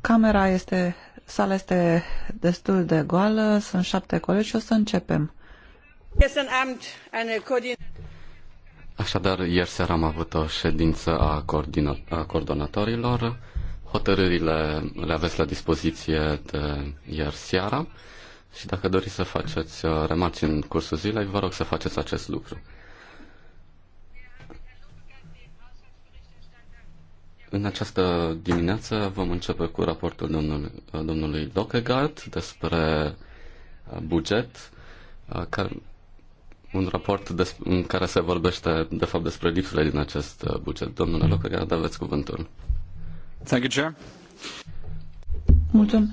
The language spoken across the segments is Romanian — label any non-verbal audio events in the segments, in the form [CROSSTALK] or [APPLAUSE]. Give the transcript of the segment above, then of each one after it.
Camera este, sala este destul de goală, sunt șapte colegi și o să începem. Așadar, ieri seara am avut o ședință a, coordina- a coordonatorilor. Hotărârile le aveți la dispoziție de ieri seara și dacă doriți să faceți uh, remarci în cursul zilei, vă rog să faceți acest lucru. În această dimineață vom începe cu raportul domnului, domnului Lockegaard despre uh, buget, uh, care, un raport des, în care se vorbește de fapt despre lipsurile din acest uh, buget. Domnule Lockegaard, aveți cuvântul. Thank you, Chair. Mulțumesc.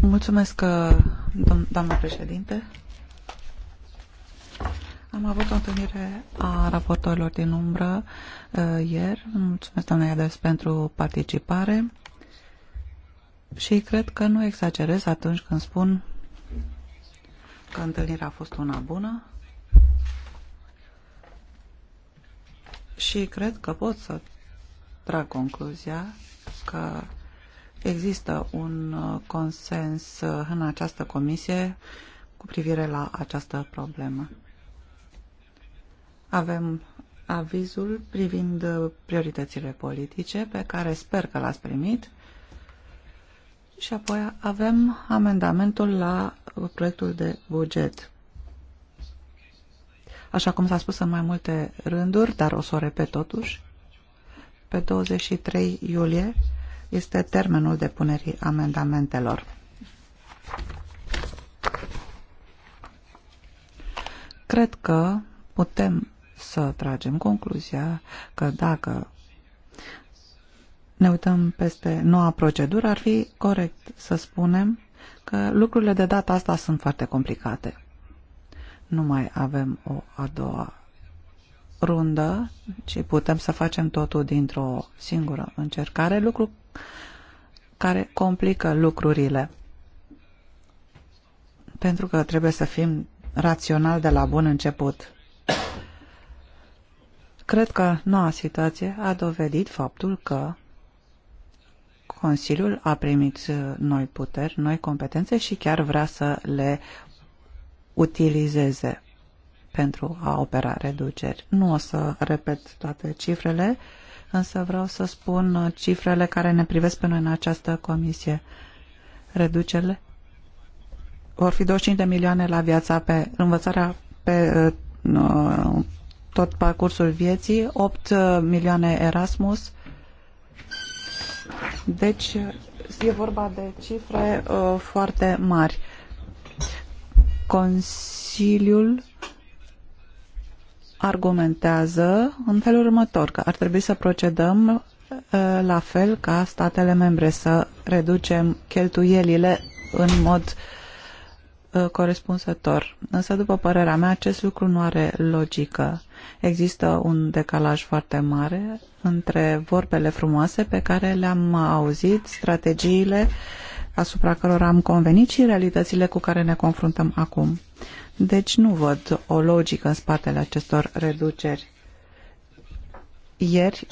Mulțumesc, doamnă președinte. Am avut o întâlnire a raportorilor din umbră uh, ieri. Mulțumesc, doamna Iades, pentru participare. Și cred că nu exagerez atunci când spun că întâlnirea a fost una bună. Și cred că pot să trag concluzia că există un uh, consens uh, în această comisie cu privire la această problemă. Avem avizul privind uh, prioritățile politice pe care sper că l-ați primit și apoi avem amendamentul la uh, proiectul de buget. Așa cum s-a spus în mai multe rânduri, dar o să o repet totuși, pe 23 iulie este termenul depunerii amendamentelor. Cred că putem să tragem concluzia că dacă ne uităm peste noua procedură, ar fi corect să spunem că lucrurile de data asta sunt foarte complicate. Nu mai avem o a doua rundă, ci putem să facem totul dintr-o singură încercare, lucru care complică lucrurile. Pentru că trebuie să fim rațional de la bun început. Cred că noua situație a dovedit faptul că Consiliul a primit uh, noi puteri, noi competențe și chiar vrea să le utilizeze pentru a opera reduceri. Nu o să repet toate cifrele, însă vreau să spun uh, cifrele care ne privesc pe noi în această comisie. Reducerile vor fi 25 de milioane la viața pe învățarea pe uh, tot parcursul vieții, 8 uh, milioane Erasmus. Deci e vorba de cifre uh, foarte mari. Consiliul argumentează în felul următor că ar trebui să procedăm uh, la fel ca statele membre să reducem cheltuielile în mod Uh, corespunzător. Însă, după părerea mea, acest lucru nu are logică. Există un decalaj foarte mare între vorbele frumoase pe care le-am auzit, strategiile asupra cărora am convenit și realitățile cu care ne confruntăm acum. Deci nu văd o logică în spatele acestor reduceri. Ieri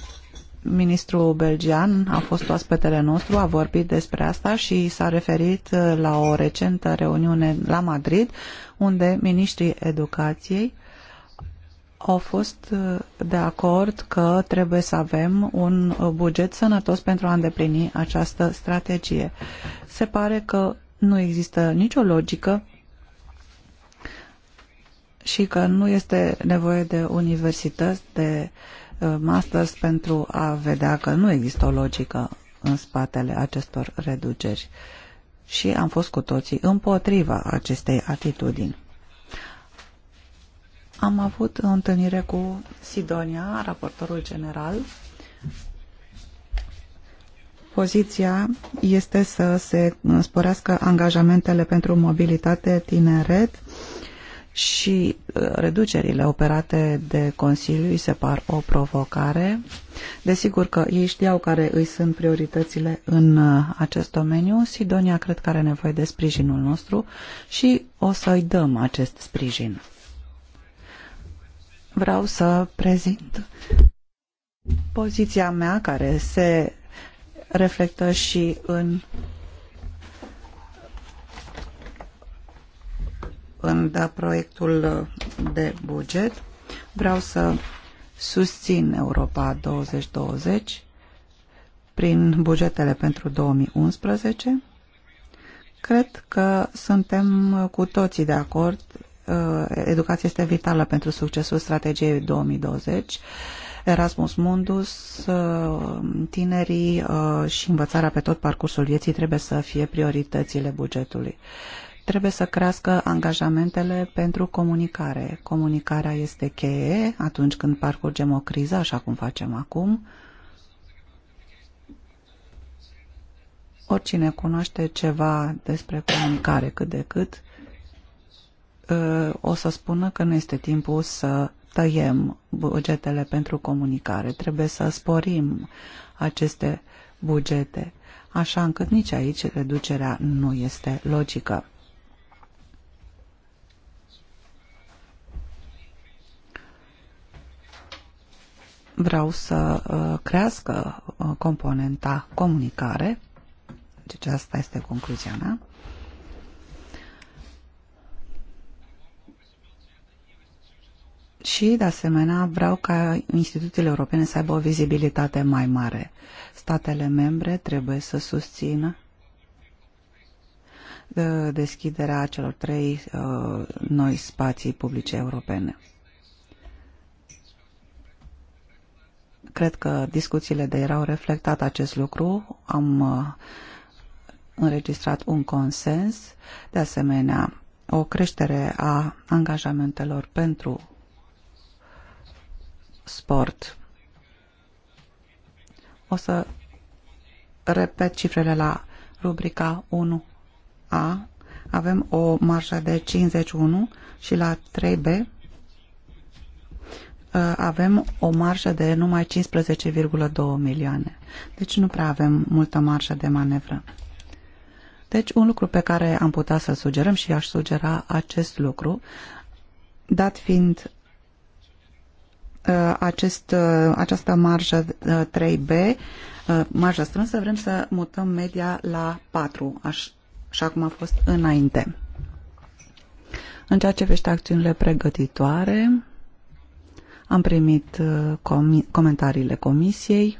Ministrul belgian a fost oaspetele nostru, a vorbit despre asta și s-a referit uh, la o recentă reuniune la Madrid, unde ministrii educației au fost uh, de acord că trebuie să avem un uh, buget sănătos pentru a îndeplini această strategie. Se pare că nu există nicio logică și că nu este nevoie de universități, de uh, Uh, masters pentru a vedea că nu există o logică în spatele acestor reduceri și am fost cu toții împotriva acestei atitudini. Am avut o întâlnire cu Sidonia, raportorul general. Poziția este să se sporească angajamentele pentru mobilitate tineret și uh, reducerile operate de Consiliu îi se par o provocare. Desigur că ei știau care îi sunt prioritățile în uh, acest domeniu. Sidonia cred că are nevoie de sprijinul nostru și o să-i dăm acest sprijin. Vreau să prezint poziția mea care se reflectă și în în da, proiectul uh, de buget. Vreau să susțin Europa 2020 prin bugetele pentru 2011. Cred că suntem cu toții de acord. Uh, educația este vitală pentru succesul strategiei 2020. Erasmus Mundus, uh, tinerii și învățarea pe tot parcursul vieții trebuie să fie prioritățile bugetului trebuie să crească angajamentele pentru comunicare. Comunicarea este cheie atunci când parcurgem o criză, așa cum facem acum. Oricine cunoaște ceva despre comunicare cât de cât, ă, o să spună că nu este timpul să tăiem bugetele pentru comunicare. Trebuie să sporim aceste bugete, așa încât nici aici reducerea nu este logică. vreau să uh, crească uh, componenta comunicare, deci asta este concluzia mea. Și, de asemenea, vreau ca instituțiile europene să aibă o vizibilitate mai mare. Statele membre trebuie să susțină uh, deschiderea celor trei uh, noi spații publice europene. Cred că discuțiile de ieri au reflectat acest lucru. Am uh, înregistrat un consens. De asemenea, o creștere a angajamentelor pentru sport. O să repet cifrele la rubrica 1A. Avem o marjă de 51 și la 3B Uh, avem o marjă de numai 15,2 milioane. Deci nu prea avem multă marjă de manevră. Deci un lucru pe care am putea să sugerăm și aș sugera acest lucru, dat fiind uh, acest, uh, această marjă 3B, marjă strânsă, vrem să mutăm media la 4, așa cum a fost înainte. În ceea ce vește acțiunile pregătitoare, am primit uh, com comentariile comisiei.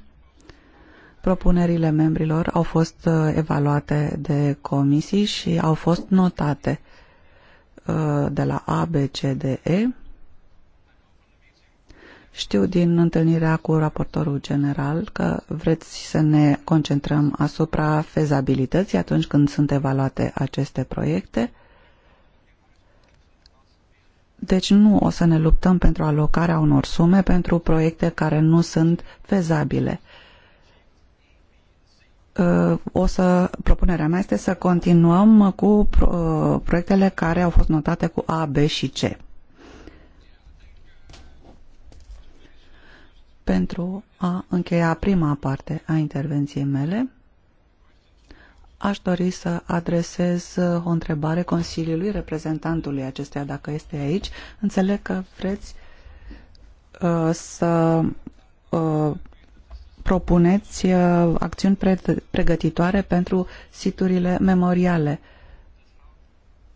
Propunerile membrilor au fost uh, evaluate de comisii și au fost notate uh, de la A, B, C, D, E. Știu din întâlnirea cu raportorul general că vreți să ne concentrăm asupra fezabilității atunci când sunt evaluate aceste proiecte. Deci nu o să ne luptăm pentru alocarea unor sume pentru proiecte care nu sunt fezabile. Uh, o să, propunerea mea este să continuăm cu uh, proiectele care au fost notate cu A, B și C. Pentru a încheia prima parte a intervenției mele, Aș dori să adresez uh, o întrebare Consiliului, reprezentantului acesteia, dacă este aici. Înțeleg că vreți uh, să uh, propuneți uh, acțiuni pre pregătitoare pentru siturile memoriale.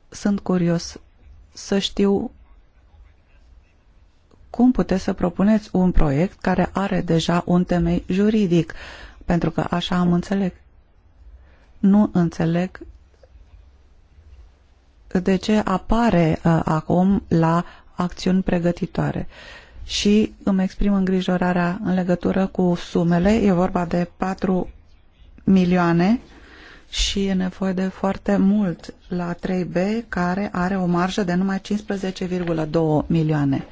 Sunt curios să știu cum puteți să propuneți un proiect care are deja un temei juridic, pentru că așa am înțeles nu înțeleg de ce apare uh, acum la acțiuni pregătitoare. Și îmi exprim îngrijorarea în legătură cu sumele. E vorba de 4 milioane și e nevoie de foarte mult la 3B, care are o marjă de numai 15,2 milioane.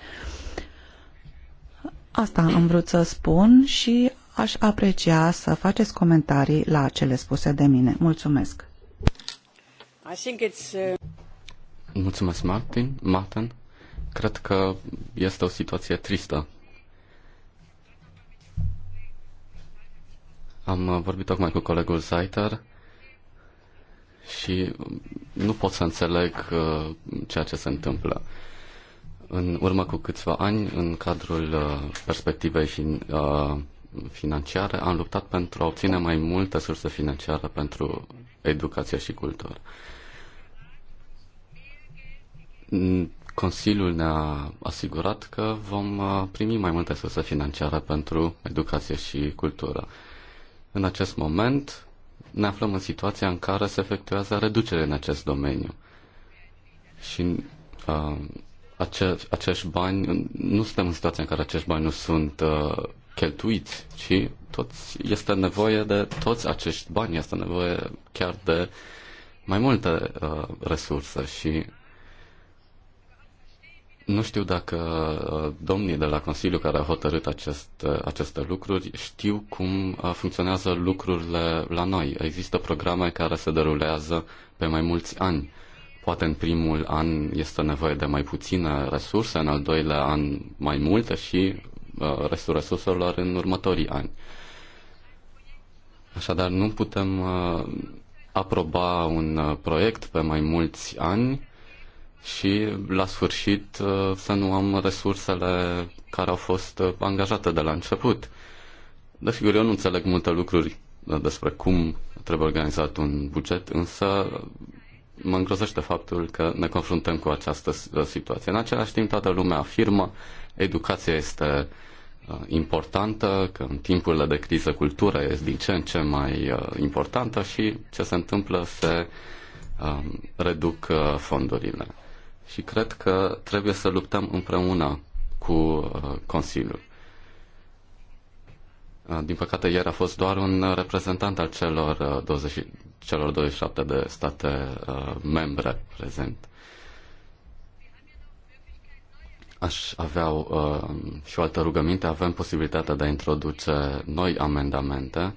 Asta am vrut să spun și Aș aprecia să faceți comentarii la cele spuse de mine. Mulțumesc! I think it's, uh, Mulțumesc, Martin. Martin. Cred că este o situație tristă. Am vorbit tocmai cu colegul Zaiter și nu pot să înțeleg uh, ceea ce se întâmplă. În urmă cu câțiva ani, în cadrul uh, perspectivei și financiară, am luptat pentru a obține mai multă sursă financiară pentru educație și cultură. Consiliul ne-a asigurat că vom uh, primi mai multă sursă financiară pentru educație și cultură. În acest moment ne aflăm în situația în care se efectuează reducere în acest domeniu. Și uh, ace- acești bani, nu suntem în situația în care acești bani nu sunt uh, cheltuit, ci toți, este nevoie de toți acești bani, este nevoie chiar de mai multe uh, resurse și nu știu dacă uh, domnii de la Consiliu care au hotărât acest, uh, aceste lucruri știu cum uh, funcționează lucrurile la noi. Există programe care se derulează pe mai mulți ani. Poate în primul an este nevoie de mai puține resurse, în al doilea an mai multe și Uh, restul resurselor în următorii ani. Așadar, nu putem uh, aproba un uh, proiect pe mai mulți ani și la sfârșit să nu am resursele care au fost angajate de la început. Desigur, eu nu înțeleg multe lucruri despre cum trebuie organizat un buget, însă mă îngrozește faptul că ne confruntăm cu această situație. În același timp, toată lumea afirmă, educația este Uh, importantă, că în timpurile de criză cultura este din ce în ce mai uh, importantă și ce se întâmplă se um, reduc uh, fondurile. Și cred că trebuie să luptăm împreună cu Consiliul. Din păcate, ieri a fost doar un reprezentant al celor, 20, celor 27 de state membre prezent. Aș avea uh, și o altă rugăminte. Avem posibilitatea de a introduce noi amendamente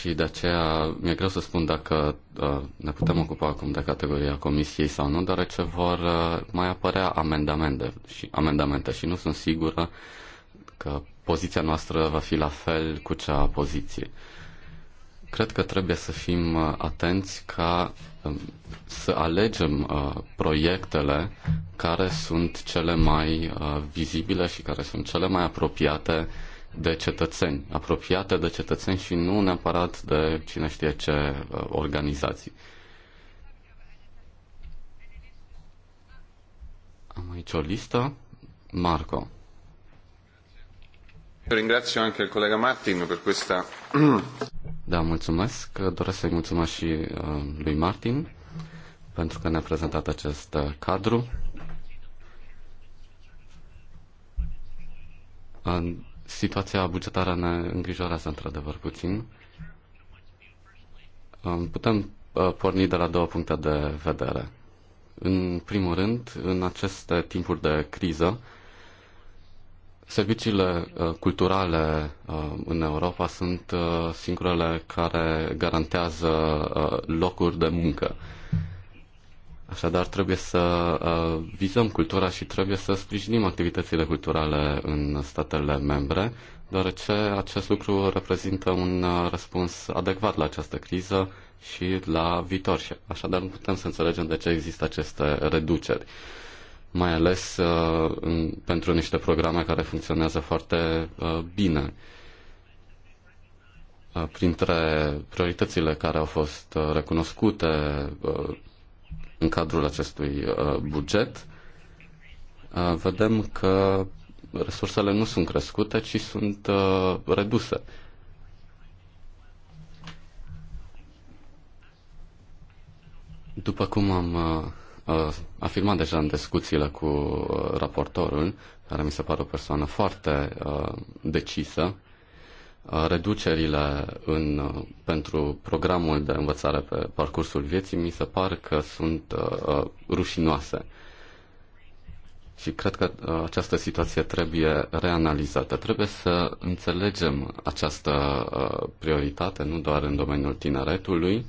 și de aceea mi-e greu să spun dacă uh, ne putem ocupa acum de categoria comisiei sau nu, deoarece vor uh, mai apărea amendamente și, amendamente și nu sunt sigură că poziția noastră va fi la fel cu cea a poziției. Cred că trebuie să fim uh, atenți ca Um, să alegem uh, proiectele care sunt cele mai uh, vizibile și care sunt cele mai apropiate de cetățeni, apropiate de cetățeni și nu neapărat de cine știe ce uh, organizații. Am aici o listă. Marco. Ringrazio anche il collega Martin per questa... [CLEARS THROAT] Da, mulțumesc. Doresc să-i mulțumesc și uh, lui Martin pentru că ne-a prezentat acest uh, cadru. Situația bugetară ne îngrijorează într-adevăr puțin. Putem uh, porni de la două puncte de vedere. În primul rând, în aceste timpuri de criză, Serviciile uh, culturale uh, în Europa sunt uh, singurele care garantează locuri de muncă. Așadar, trebuie să vizăm cultura și trebuie să sprijinim activitățile culturale în statele membre, deoarece acest lucru reprezintă un răspuns adecvat la această criză și la viitor. Așadar, nu putem să înțelegem de ce există aceste reduceri mai ales uh, în, pentru niște programe care funcționează foarte uh, bine. Uh, printre prioritățile care au fost uh, recunoscute uh, în cadrul acestui uh, buget, uh, vedem că resursele nu sunt crescute, ci sunt uh, reduse. După cum am uh, afirmat deja în discuțiile cu uh, raportorul, care mi se pare o persoană foarte uh, decisă, reducerile în, uh, pentru programul de învățare pe parcursul vieții mi se par că sunt uh, rușinoase. Și cred că această situație trebuie reanalizată. Trebuie să înțelegem această uh, prioritate, nu doar în domeniul tineretului,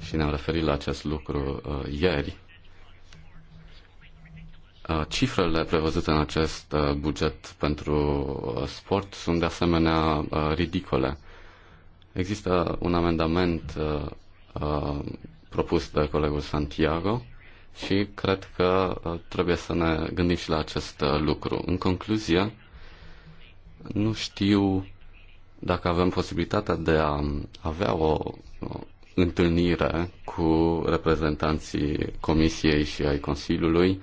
și ne-am referit la acest lucru uh, ieri, Uh, cifrele prevăzute în acest uh, buget pentru uh, sport sunt de asemenea ridicole. Există un amendament propus de colegul Santiago și cred că trebuie să ne gândim și la acest lucru. În concluzie, nu știu dacă avem posibilitatea de a avea o întâlnire cu reprezentanții Comisiei și ai Consiliului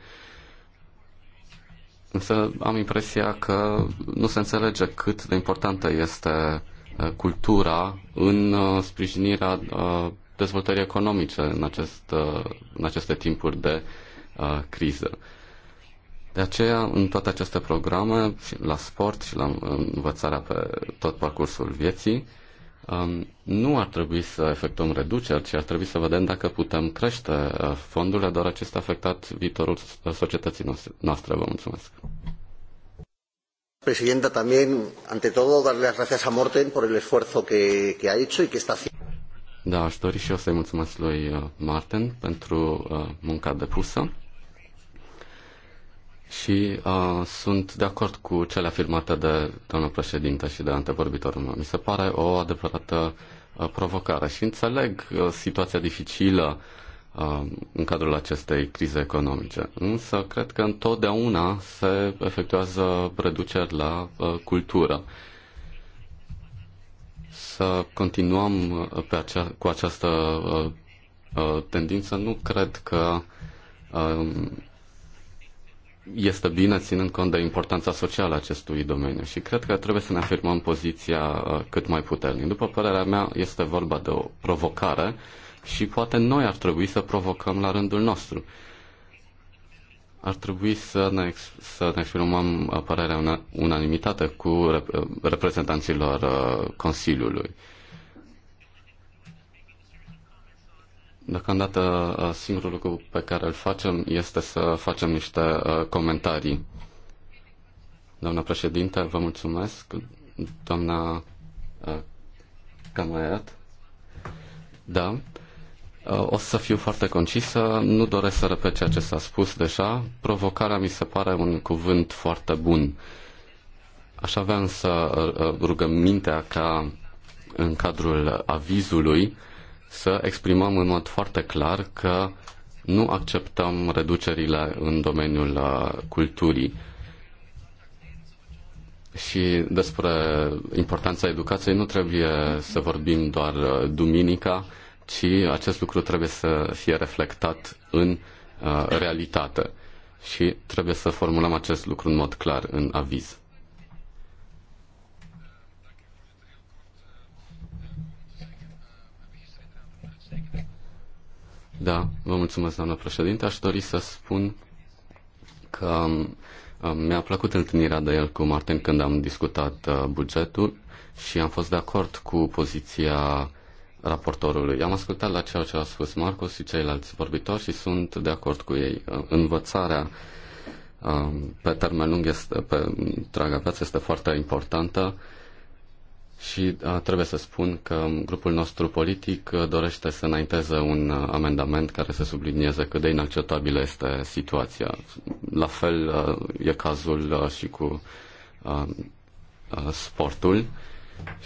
Însă am impresia că nu se înțelege cât de importantă este uh, cultura în uh, sprijinirea uh, dezvoltării economice în, acest, în aceste timpuri de criză. De aceea, în toate aceste programe, la sport și la învățarea pe tot parcursul vieții, Um, nu ar trebui să efectuăm reduceri, ci ar trebui să vedem dacă putem crește uh, fondurile, doar acest afectat viitorul uh, societății noastre. Vă mulțumesc. Presidenta, también, ante todo, darle las gracias a Morten por el esfuerzo que, que ha hecho y que está haciendo. Da, aș dori și eu să-i mulțumesc lui uh, Martin pentru uh, munca depusă și uh, sunt de acord cu cele afirmate de doamna președinte și de antevorbitorul meu. Mi se pare o adevărată uh, provocare și înțeleg uh, situația dificilă uh, în cadrul acestei crize economice. Însă cred că întotdeauna se efectuează reduceri la uh, cultură. Să continuăm pe acea, cu această uh, uh, tendință, nu cred că uh, este bine ținând cont de importanța socială a acestui domeniu și cred că trebuie să ne afirmăm poziția uh, cât mai puternic. După părerea mea, este vorba de o provocare și poate noi ar trebui să provocăm la rândul nostru. Ar trebui să ne, să ne afirmăm uh, părerea unanimitate cu uh, reprezentanților Consiliului. Deocamdată uh, singurul lucru pe care îl facem este să facem niște uh, comentarii. Doamna președinte, vă mulțumesc. Doamna uh, Camaiat. Da. O să fiu foarte concisă, nu doresc să repet ceea ce s-a spus deja. Provocarea mi se pare un cuvânt foarte bun. Aș avea însă rugămintea ca în cadrul avizului să exprimăm în mod foarte clar că nu acceptăm reducerile în domeniul uh, culturii și despre importanța educației nu trebuie să vorbim doar uh, duminica, ci acest lucru trebuie să fie reflectat în uh, realitate și trebuie să formulăm acest lucru în mod clar în aviz. Da, vă mulțumesc, doamnă președinte. Aș dori să spun că um, um, mi-a plăcut întâlnirea de el cu Martin când am discutat uh, bugetul și am fost de acord cu poziția raportorului. Am ascultat la ceea ce a spus Marcos și ceilalți vorbitori și sunt de acord cu ei. Învățarea um, pe termen lung este, pe întreaga viață este foarte importantă și a, uh, trebuie să spun că grupul nostru politic uh, dorește să înainteze un uh, amendament care să sublinieze cât de inacceptabilă este situația. La fel e cazul și cu a, a, sportul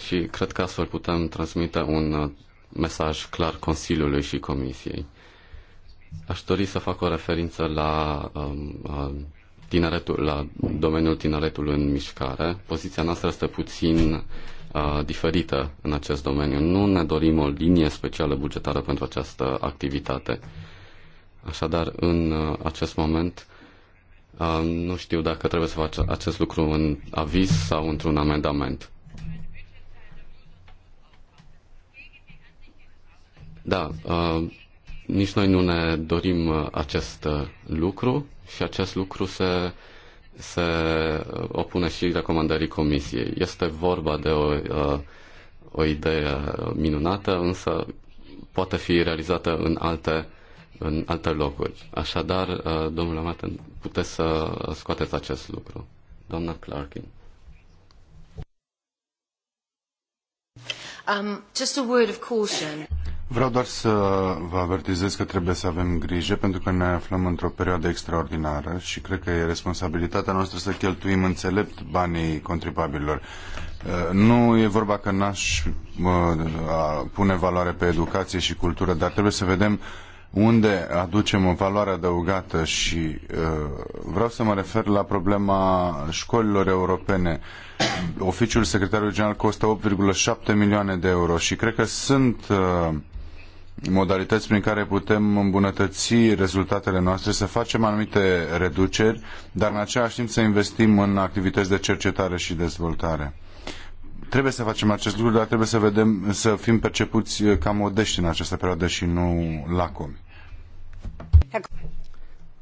și cred că astfel putem transmite un mesaj clar Consiliului și Comisiei. Aș dori să fac o referință la um, tineretul, la domeniul tineretului în mișcare. Poziția noastră este puțin Uh, diferită în acest domeniu. Nu ne dorim o linie specială bugetară pentru această activitate. Așadar, în uh, acest moment, uh, nu știu dacă trebuie să fac acest lucru în aviz sau într-un amendament. Da, nici noi nu ne dorim acest lucru și acest lucru se se opune și recomandării comisiei. Este vorba de o, uh, o idee minunată, însă poate fi realizată în alte, în alte locuri. Așadar, uh, domnule Martin, puteți să scoateți acest lucru. Doamna Clarkin. Um, just a word of caution. Vreau doar să vă avertizez că trebuie să avem grijă pentru că ne aflăm într-o perioadă extraordinară și cred că e responsabilitatea noastră să cheltuim înțelept banii contribuabililor. Uh, nu e vorba că n-aș uh, pune valoare pe educație și cultură, dar trebuie să vedem uh, unde aducem o valoare adăugată și uh, vreau să mă refer la problema școlilor europene. Oficiul secretarului general costă 8,7 milioane de euro și cred că sunt uh, modalități prin care putem îmbunătăți rezultatele noastre, să facem anumite reduceri, dar în același timp să investim în activități de cercetare și dezvoltare. Trebuie să facem acest lucru, dar trebuie să vedem, să fim percepuți eh, ca modești în această perioadă și nu lacomi.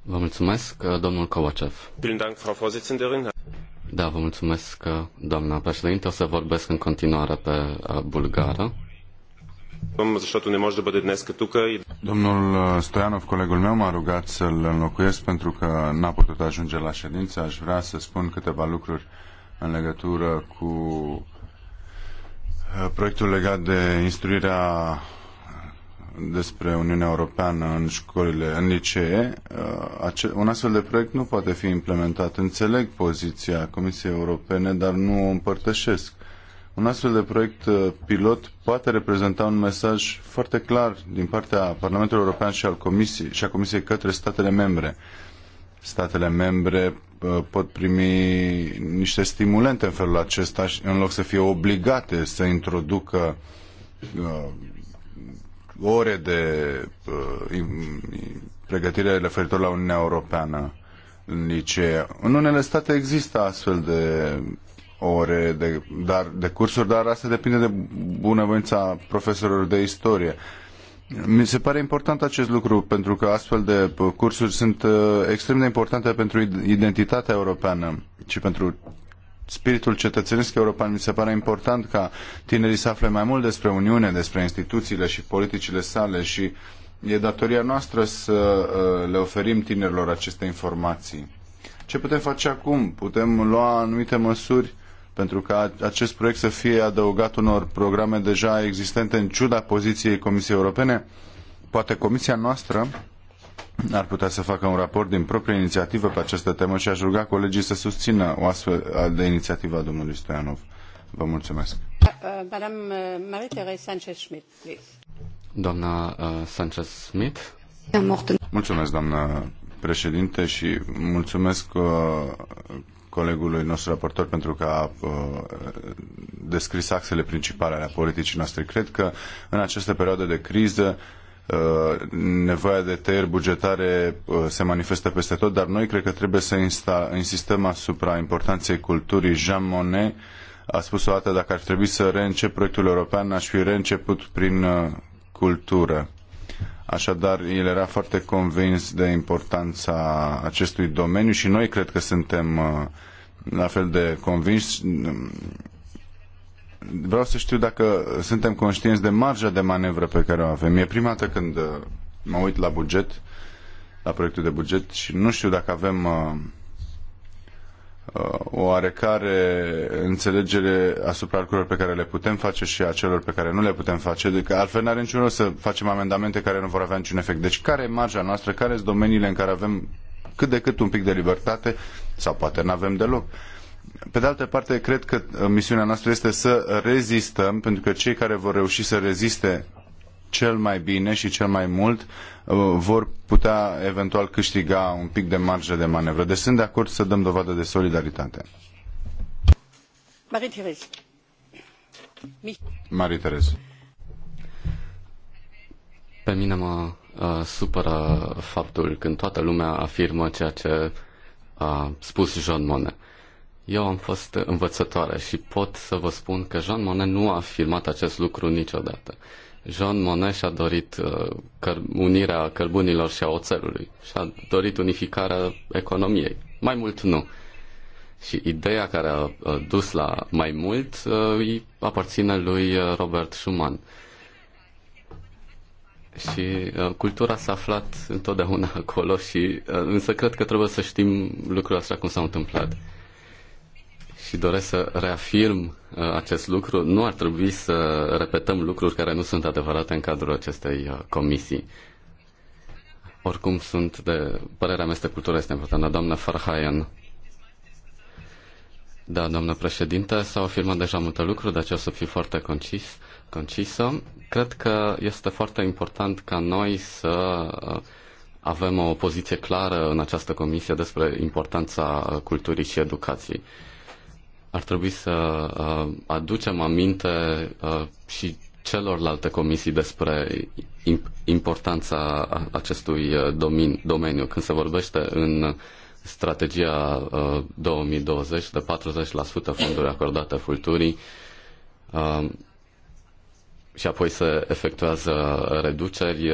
Vă mulțumesc, eh, domnul Kovacev. Da, vă mulțumesc, eh, doamna președinte. O să vorbesc în continuare pe bulgară. Domnul Stoianov, colegul meu, m-a rugat să-l înlocuiesc pentru că n-a putut ajunge la ședință. Aș vrea să spun câteva lucruri în legătură cu proiectul legat de instruirea despre Uniunea Europeană în școlile, în licee, uh, un astfel de proiect nu poate fi implementat. Înțeleg poziția Comisiei Europene, dar nu o împărtășesc. Un astfel de proiect uh, pilot poate reprezenta un mesaj foarte clar din partea Parlamentului European și, al Comisiei, și a Comisiei către statele membre statele membre uh, pot primi niște stimulente în felul acesta în loc să fie obligate să introducă uh, ore de uh, pregătire referitor la Uniunea Europeană în licee. În unele state există astfel de ore de, dar, de cursuri, dar asta depinde de bunăvoința profesorilor de istorie. Uh, mi se pare important acest lucru pentru că astfel de uh, cursuri sunt uh, extrem de importante pentru identitatea europeană și pentru spiritul cetățenesc european. Mi se pare important ca tinerii să afle mai mult despre Uniune, despre instituțiile și politicile sale și e datoria noastră să uh, le oferim tinerilor aceste informații. Ce putem face acum? Putem lua anumite măsuri pentru ca acest proiect să fie adăugat unor programe deja existente în ciuda poziției Comisiei Europene? Poate Comisia noastră ar putea să facă un raport din proprie inițiativă pe această temă și aș ruga colegii să susțină o astfel de inițiativă a domnului Stoianov. Vă mulțumesc. Uh, sanchez Doamna uh, Sanchez-Schmidt. Mulțumesc, doamnă președinte, și mulțumesc uh, colegului nostru raportor pentru că a uh, descris axele principale ale politicii noastre. Cred că în această perioadă de criză uh, nevoia de tăieri bugetare uh, se manifestă peste tot, dar noi cred că trebuie să insta, insistăm asupra importanței culturii. Jean Monnet a spus o dată, dacă ar trebui să reîncep proiectul european, aș fi reînceput prin cultură. Așadar, el era foarte convins de importanța acestui domeniu și noi cred că suntem uh, la fel de convins. Vreau să știu dacă suntem conștienți de marja de manevră pe care o avem. E prima dată când uh, mă uit la buget, la proiectul de buget și nu știu dacă avem uh, oarecare înțelegere asupra lucrurilor pe care le putem face și a celor pe care nu le putem face, de că altfel n-are niciun rost să facem amendamente care nu vor avea niciun efect. Deci care e marja noastră, care sunt domeniile în care avem cât de cât un pic de libertate sau poate nu avem deloc. Pe de altă parte, cred că uh, misiunea noastră este să rezistăm, pentru că cei care vor reuși să reziste cel mai bine și cel mai mult uh, vor putea eventual câștiga un pic de marjă de manevră. Deci sunt de acord să dăm dovadă de solidaritate. Marie Therese. Pe mine mă uh, supără faptul când toată lumea afirmă ceea ce a spus Jean Monnet. Eu am fost învățătoare și pot să vă spun că Jean Monnet nu a afirmat acest lucru niciodată. Uh, Jean Monnet și-a dorit uh, unirea cărbunilor și a oțelului și-a dorit unificarea economiei. Mai mult nu. Și ideea care a dus la mai mult uh, îi aparține lui uh, Robert Schumann. Și cultura s-a aflat întotdeauna acolo și însă cred că trebuie să știm lucrurile așa cum s-au întâmplat și doresc să reafirm uh, acest lucru, nu ar trebui să repetăm lucruri care nu sunt adevărate în cadrul acestei uh, comisii. Oricum sunt de... Părerea mea este cultura este importantă. Doamna Farhaian. Da, doamnă președinte, s-au afirmat deja multe lucruri, de aceea o să fiu foarte concis, concisă. Cred că este foarte important ca noi să uh, avem o poziție clară în această comisie despre importanța culturii și educației ar trebui să uh, aducem aminte uh, și celorlalte comisii despre importanța acestui uh, domeniu. Când se vorbește în strategia 2020 de 40% fonduri acordate culturii și apoi se efectuează reduceri,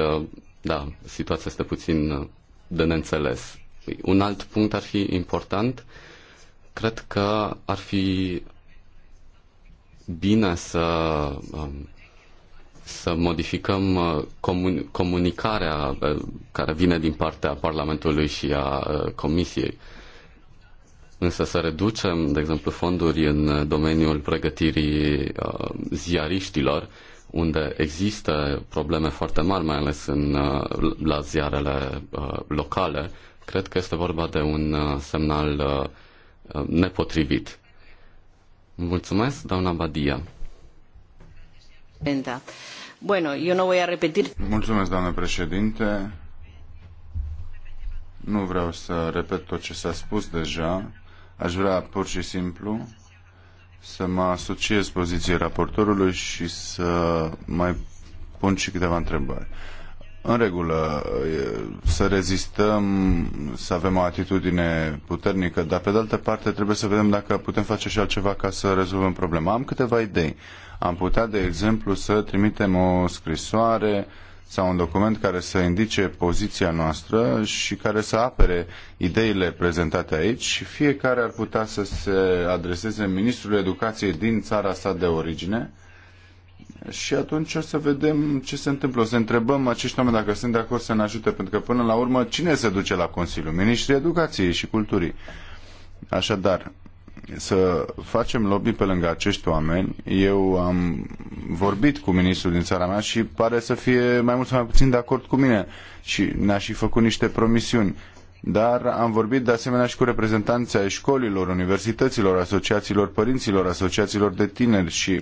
da, situația este puțin de neînțeles. Un alt punct ar fi important Cred că ar fi bine să, um, să modificăm uh, comun, comunicarea uh, care vine din partea Parlamentului și a uh, Comisiei. Însă să reducem, de exemplu, fonduri în domeniul pregătirii ziariștilor, unde există probleme foarte mari, mai ales în, la ziarele locale, cred că este vorba de un semnal Uh, nepotrivit. Mulțumesc, doamna Badia. Bueno, eu nu voi repetir. Mulțumesc, doamnă președinte. Nu vreau să repet tot ce s-a spus deja. Aș vrea pur și simplu să mă asociez poziției raportorului și să mai pun și câteva întrebări. În regulă, să rezistăm, să avem o atitudine puternică, dar pe de altă parte trebuie să vedem dacă putem face și altceva ca să rezolvăm problema. Am câteva idei. Am putea, de exemplu, să trimitem o scrisoare sau un document care să indice poziția noastră și care să apere ideile prezentate aici. Fiecare ar putea să se adreseze Ministrului Educației din țara sa de origine, și atunci o să vedem ce se întâmplă. O să întrebăm acești oameni dacă sunt de acord să ne ajute, pentru că până la urmă cine se duce la Consiliu? Ministrii Educației și Culturii. Așadar, să facem lobby pe lângă acești oameni. Eu am vorbit cu ministrul din țara mea și pare să fie mai mult sau mai puțin de acord cu mine și ne-a și făcut niște promisiuni. Dar am vorbit de asemenea și cu reprezentanții ai școlilor, universităților, asociațiilor părinților, asociațiilor de tineri și uh,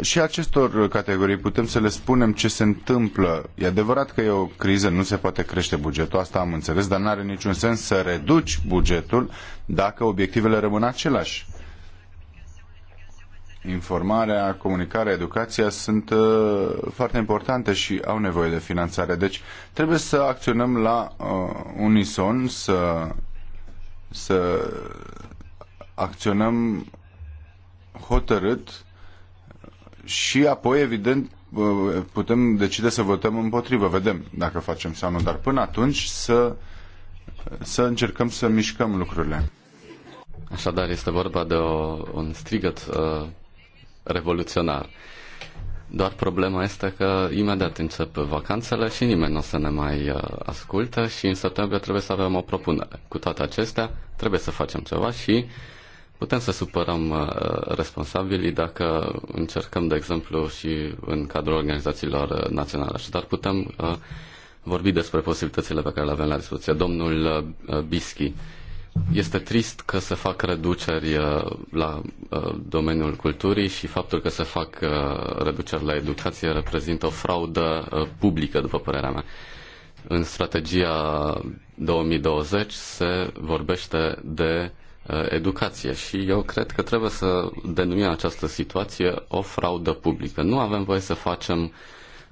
și acestor categorii putem să le spunem ce se întâmplă. E adevărat că e o criză, nu se poate crește bugetul, asta am înțeles, dar nu are niciun sens să reduci bugetul dacă obiectivele rămân aceleași. Informarea, comunicarea, educația sunt uh, foarte importante și au nevoie de finanțare. Deci trebuie să acționăm la uh, unison, să, să acționăm hotărât și apoi, evident, putem decide să votăm împotrivă. Vedem dacă facem sau nu, dar până atunci să, să încercăm să mișcăm lucrurile. Așadar, este vorba de o, un strigăt uh, revoluționar. Doar problema este că imediat încep vacanțele și nimeni nu o să ne mai uh, ascultă și în septembrie trebuie să avem o propunere. Cu toate acestea, trebuie să facem ceva și uh, Putem să supărăm uh, responsabilii dacă încercăm, de exemplu, și în cadrul organizațiilor uh, naționale. Dar putem uh, vorbi despre posibilitățile pe care le avem la dispoziție. Domnul Bischi, este trist că se fac reduceri la domeniul culturii și faptul că se fac reduceri la educație reprezintă o fraudă publică, după părerea mea. În strategia 2020 se vorbește de Uh, educație și eu cred că trebuie să denumim această situație o fraudă publică. Nu avem voie să facem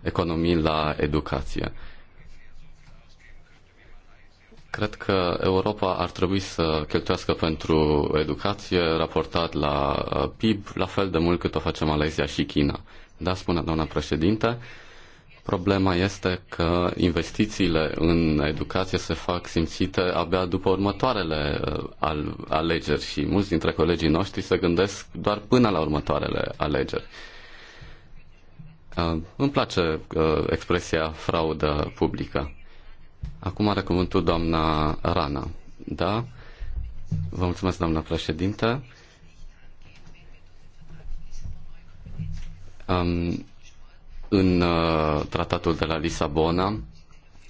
economii la educație. Cred că Europa ar trebui să cheltuiască pentru educație raportat la uh, PIB la fel de mult cât o face Malaysia și China. Da, spune doamna președinte, Problema este că investițiile în educație se fac simțite abia după următoarele uh, alegeri și mulți dintre colegii noștri se gândesc doar până la următoarele alegeri. Uh, îmi place uh, expresia fraudă publică. Acum are cuvântul doamna Rana. Da? Vă mulțumesc, doamna președinte. Um, în uh, tratatul de la Lisabona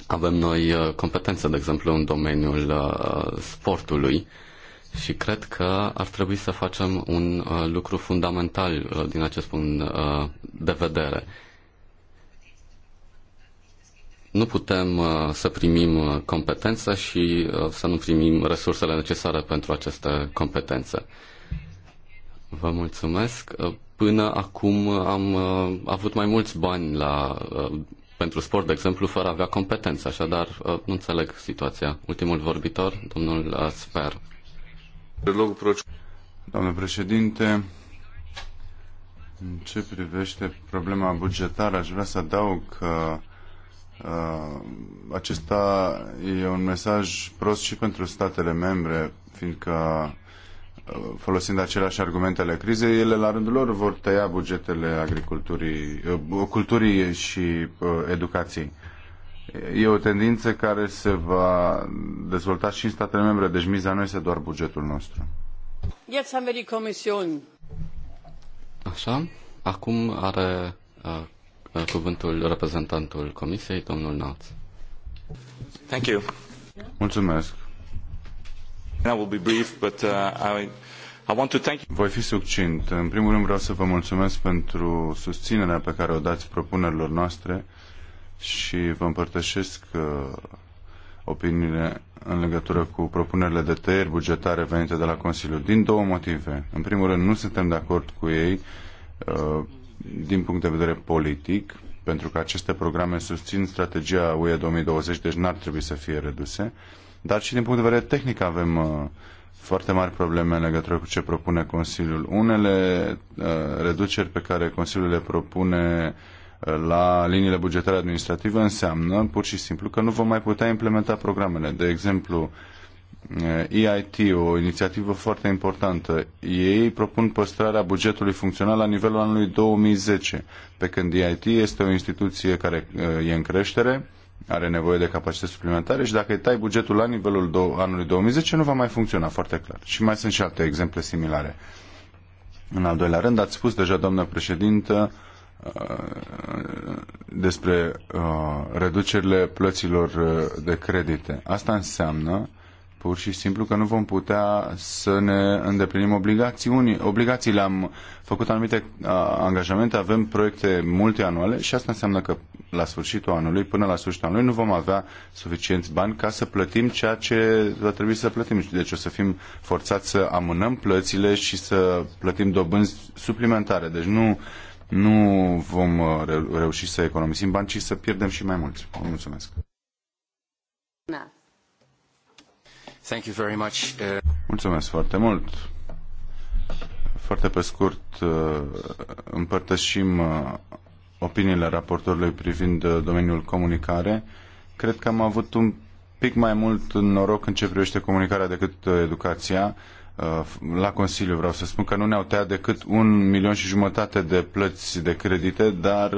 avem noi uh, competență, de exemplu, în domeniul uh, sportului și cred că ar trebui să facem un lucru fundamental din acest punct de vedere. Nu putem să primim competență și să nu primim resursele necesare pentru aceste competențe. Vă mulțumesc. Până acum am uh, avut mai mulți bani la, uh, pentru sport, de exemplu, fără a avea competență, așadar uh, nu înțeleg situația. Ultimul vorbitor, domnul uh, Sper. Domnule președinte, în ce privește problema bugetară, aș vrea să adaug că uh, acesta e un mesaj prost și pentru statele membre, fiindcă folosind aceleași argumente ale crizei, ele la rândul lor vor tăia bugetele agriculturii, uh, culturii și uh, educației. E o tendință care se va dezvolta și în statele membre, deci miza nu este doar bugetul nostru. Așa, acum are uh, uh, cuvântul reprezentantul Comisiei, domnul Naț. Mulțumesc. Voi fi succint. În primul rând vreau să vă mulțumesc pentru susținerea pe care o dați propunerilor noastre și vă împărtășesc uh, opiniile în legătură cu propunerile de tăieri bugetare venite de la Consiliu din două motive. În primul rând, nu suntem de acord cu ei uh, din punct de vedere politic, pentru că aceste programe susțin strategia UE 2020, deci n-ar trebui să fie reduse dar și din punct de vedere tehnic avem uh, foarte mari probleme în legătură cu ce propune Consiliul. Unele uh, reduceri pe care Consiliul le propune uh, la liniile bugetare administrative înseamnă pur și simplu că nu vom mai putea implementa programele. De exemplu, EIT, o inițiativă foarte importantă. Ei propun păstrarea bugetului funcțional la nivelul anului 2010, pe când EIT este o instituție care e în creștere are nevoie de capacități suplimentare și dacă îi tai bugetul la nivelul do- anului 2010 nu va mai funcționa foarte clar. Și mai sunt și alte exemple similare. În al doilea rând, ați spus deja, doamnă președintă, uh, despre uh, reducerile plăților uh, de credite. Asta înseamnă pur și simplu că nu vom putea să ne îndeplinim obligațiuni. obligațiile. Am făcut anumite angajamente, avem proiecte multianuale și asta înseamnă că la sfârșitul anului, până la sfârșitul anului, nu vom avea suficienți bani ca să plătim ceea ce va trebui să plătim. Deci o să fim forțați să amânăm plățile și să plătim dobânzi suplimentare. Deci nu, nu vom reuși să economisim bani, ci să pierdem și mai mulți. Mulțumesc. Na. Thank you very much. Uh, Mulțumesc foarte mult. Foarte pe scurt, uh, împărtășim uh, opiniile raportorului privind domeniul comunicare. Cred că am avut un pic mai mult noroc în ce privește comunicarea decât educația. La Consiliu vreau să spun că nu ne-au tăiat decât un milion și jumătate de plăți de credite, dar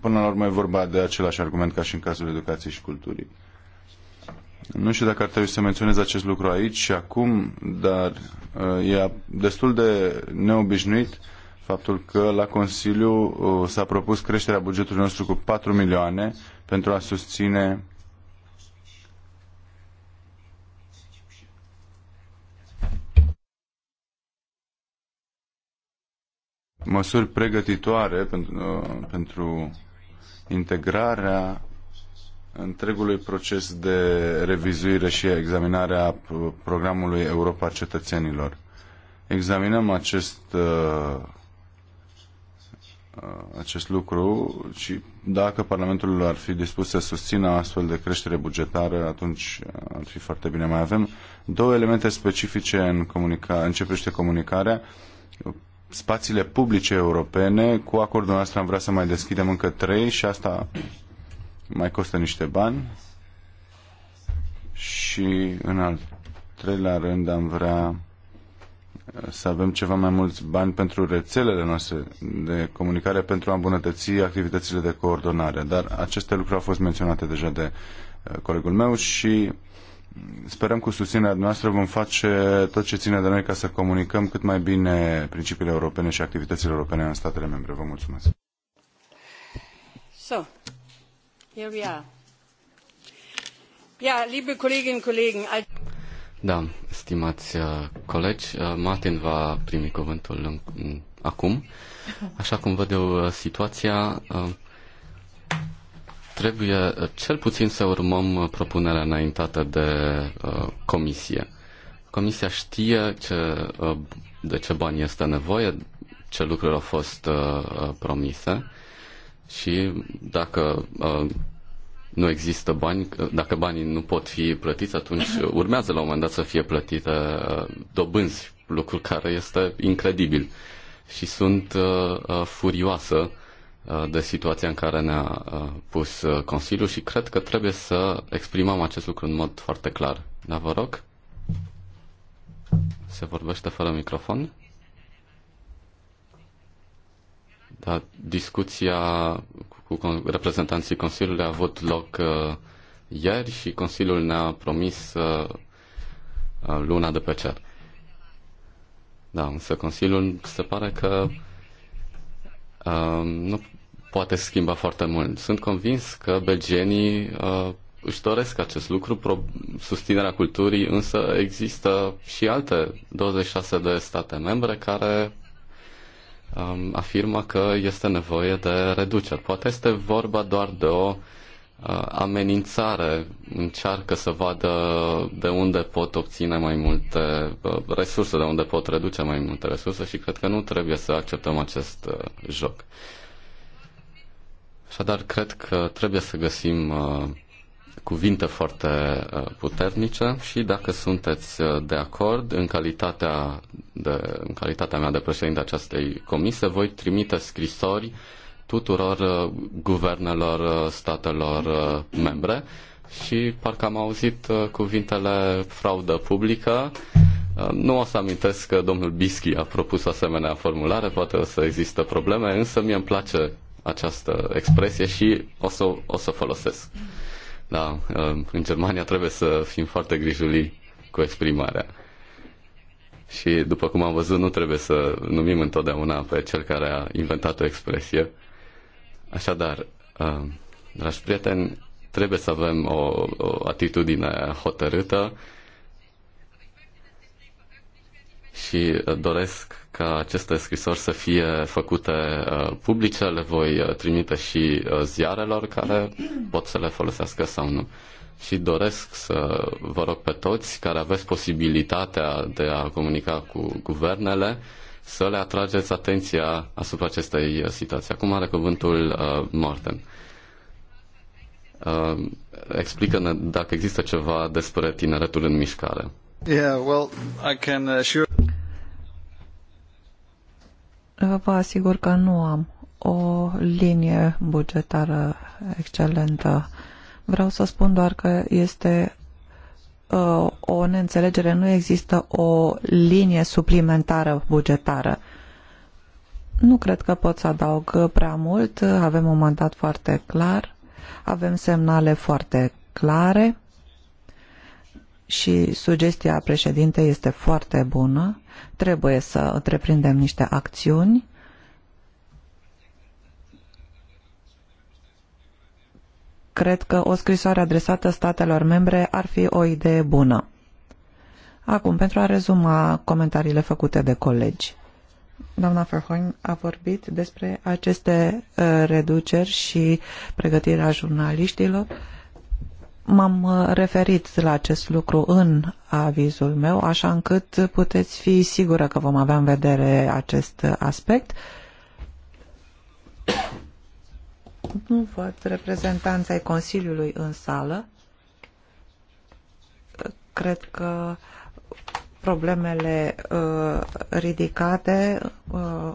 până la urmă e vorba de același argument ca și în cazul educației și culturii. Nu știu dacă ar trebui să menționez acest lucru aici și acum, dar uh, e destul de neobișnuit faptul că la Consiliu uh, s-a propus creșterea bugetului nostru cu 4 milioane pentru a susține măsuri pregătitoare pentru, uh, pentru integrarea întregului proces de revizuire și examinare a programului Europa Cetățenilor. Examinăm acest, uh, uh, acest lucru și dacă Parlamentul ar fi dispus să susțină astfel de creștere bugetară, atunci uh, ar fi foarte bine. Mai avem două elemente specifice în comunica, privește comunicarea spațiile publice europene. Cu acordul nostru am vrea să mai deschidem încă trei și asta mai costă niște bani și în al treilea rând am vrea uh, să avem ceva mai mulți bani pentru rețelele noastre de comunicare pentru a îmbunătăți activitățile de coordonare. Dar aceste lucruri au fost menționate deja de uh, colegul meu și sperăm cu susținerea noastră vom face tot ce ține de noi ca să comunicăm cât mai bine principiile europene și activitățile europene în statele membre. Vă mulțumesc! So, da, stimați uh, colegi, uh, Martin va primi cuvântul acum. Așa cum văd eu uh, situația, trebuie cel puțin să urmăm propunerea înaintată de comisie. Comisia știe ce, de ce bani este nevoie, ce lucruri au fost promise și dacă uh, nu există bani, uh, dacă banii nu pot fi plătiți, atunci urmează la un moment dat să fie plătite uh, dobânzi, lucru care este incredibil. Și sunt uh, uh furioasă de situația în care ne-a pus Consiliul și cred că trebuie să exprimăm acest lucru în mod foarte clar. Dar vă rog, se vorbește fără microfon. Da, discuția cu reprezentanții Consiliului a avut loc uh, ieri și Consiliul ne-a promis uh, uh, luna de pe cer. Da, însă Consiliul se pare că uh, nu poate schimba foarte mult. Sunt convins că belgenii uh, își doresc acest lucru, pro- susținerea culturii, însă există și alte 26 de state membre care Um, afirmă că este nevoie de reduceri. Poate este vorba doar de o uh, amenințare, încearcă să vadă de unde pot obține mai multe uh, resurse, de unde pot reduce mai multe resurse și cred că nu trebuie să acceptăm acest uh, joc. Așadar, cred că trebuie să găsim uh, cuvinte foarte uh, puternice și dacă sunteți uh, de acord, în calitatea, de, în calitatea mea de președinte acestei comise, voi trimite scrisori tuturor uh, guvernelor statelor membre și parcă am auzit cuvintele fraudă publică. Nu o să amintesc că domnul Bischi a propus o asemenea formulare, poate o să există probleme, însă mie îmi place această expresie și o să o să folosesc. Da, um, în Germania trebuie să fim foarte grijuli cu exprimarea. Și după cum am văzut, nu trebuie să numim întotdeauna pe cel care a inventat o expresie. Așadar, um, dragi prieteni, trebuie să avem o, o atitudine hotărâtă și doresc ca aceste scrisori să fie făcute uh, publice, le voi uh, trimite și uh, ziarelor care pot să le folosească sau nu. Și doresc să vă rog pe toți care aveți posibilitatea de a comunica cu guvernele să le atrageți atenția asupra acestei situații. Acum are cuvântul uh, Morten. Uh, explică-ne dacă există ceva despre tineretul în mișcare. Yeah, well, I can assure... Vă asigur că nu am o linie bugetară excelentă. Vreau să spun doar că este uh, o neînțelegere, nu există o linie suplimentară bugetară. Nu cred că pot să adaug prea mult, avem un mandat foarte clar, avem semnale foarte clare și sugestia președintei este foarte bună Trebuie să întreprindem niște acțiuni Cred că o scrisoare adresată statelor membre ar fi o idee bună. Acum, pentru a rezuma comentariile făcute de colegi. Doamna Ferhoin a vorbit despre aceste uh, reduceri și pregătirea jurnaliștilor. Uh, M-am uh, referit la acest lucru în avizul meu, așa încât puteți fi sigură că vom avea în vedere acest aspect. Nu văd reprezentanța Consiliului în sală. Cred că problemele uh, ridicate uh,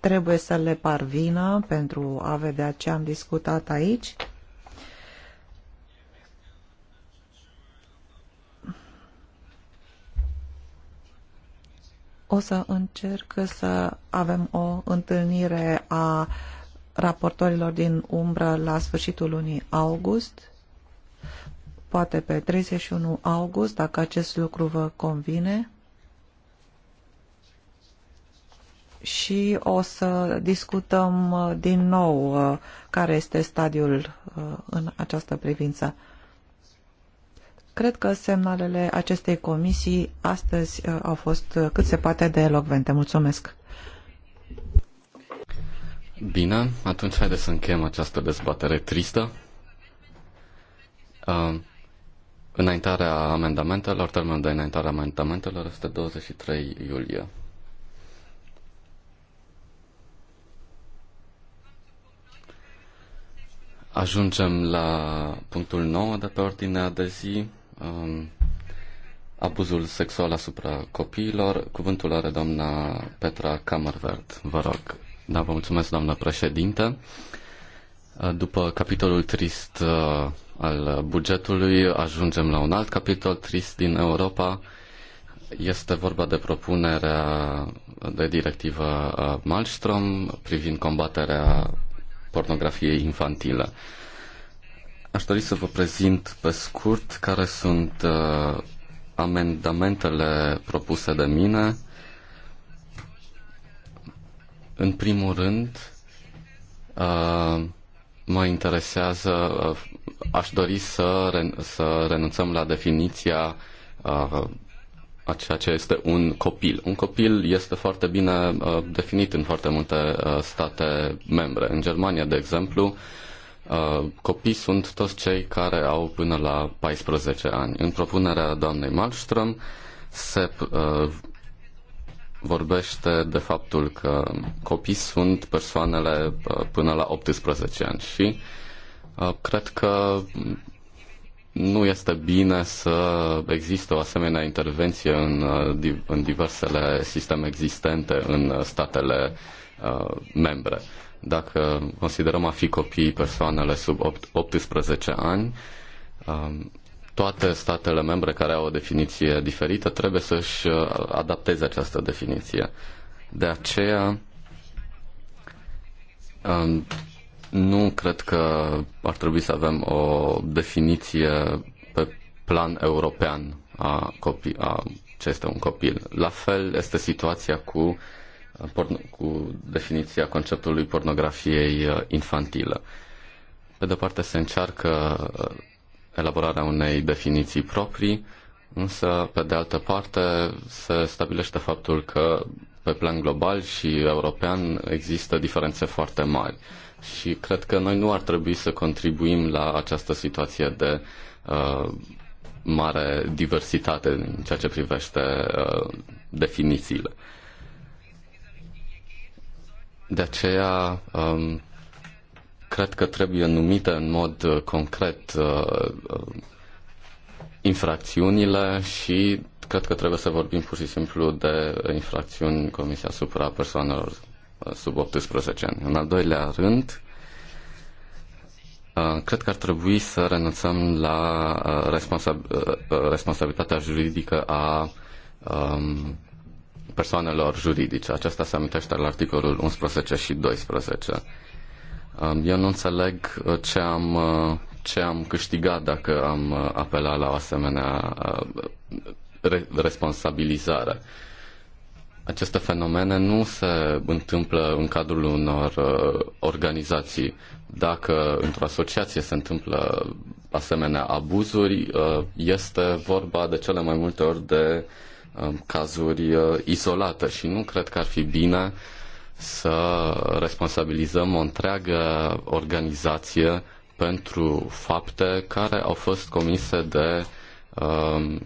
trebuie să le parvină pentru a vedea ce am discutat aici. O să încerc să avem o întâlnire a raportorilor din umbră la sfârșitul lunii august, poate pe 31 august, dacă acest lucru vă convine. Și o să discutăm uh, din nou uh, care este stadiul uh, în această privință. Cred că semnalele acestei comisii astăzi uh, au fost uh, cât se poate de elocvente. Mulțumesc! Bine, atunci haideți să încheiem această dezbatere tristă. Uh, înaintarea amendamentelor, termenul de înaintare a amendamentelor este 23 iulie. Ajungem la punctul 9 de pe ordinea de zi, um, abuzul sexual asupra copiilor. Cuvântul are doamna Petra Camervert. Vă rog. Da, vă mulțumesc, doamna președinte. După capitolul trist uh, al bugetului, ajungem la un alt capitol trist din Europa. Este vorba de propunerea de directivă uh, Malmström privind combaterea pornografiei infantile. Aș dori să vă prezint pe scurt care sunt uh, amendamentele propuse de mine. În primul rând, uh, mă interesează, uh, aș dori să, ren- să renunțăm la definiția uh, a ceea ce este un copil. Un copil este foarte bine uh, definit în foarte multe uh, state membre. În Germania, de exemplu, uh, Uh, copii sunt toți cei care au până la 14 ani. În propunerea doamnei Malmström se uh, vorbește de faptul că copii sunt persoanele uh, până la 18 ani și uh, cred că nu este bine să există o asemenea intervenție în, uh, în diversele sisteme existente în statele uh, membre dacă considerăm a fi copii persoanele sub 8, 18 ani, um, toate statele membre care au o definiție diferită trebuie să-și uh, adapteze această definiție. De aceea, um, nu cred că ar trebui să avem o definiție pe plan european a, copii, a ce este un copil. La fel este situația cu cu definiția conceptului pornografiei uh, infantilă. Pe de parte se încearcă uh, elaborarea unei definiții proprii, însă pe de altă parte se stabilește faptul că pe plan global și european există diferențe foarte mari și cred că noi nu ar trebui să contribuim la această situație de uh, mare diversitate în ceea ce privește uh, definițiile. De aceea, um, cred că trebuie numite în mod uh, concret uh, uh, infracțiunile și cred că trebuie să vorbim pur și simplu de infracțiuni comise asupra persoanelor uh, sub 18 ani. În al doilea rând, cred că ar trebui să renunțăm la responsabilitatea juridică a um, persoanelor juridice. Aceasta se amintește la articolul 11 și 12. Eu nu înțeleg uh, ce am, uh, ce am câștigat dacă am uh, apelat la o asemenea responsabilizare. Aceste fenomene nu se întâmplă în cadrul unor organizații. Dacă într-o asociație se întâmplă asemenea abuzuri, este vorba de cele mai multe ori de uh, Um, cazuri uh, izolate și nu cred că ar fi bine să responsabilizăm o întreagă organizație pentru fapte care au fost comise de um,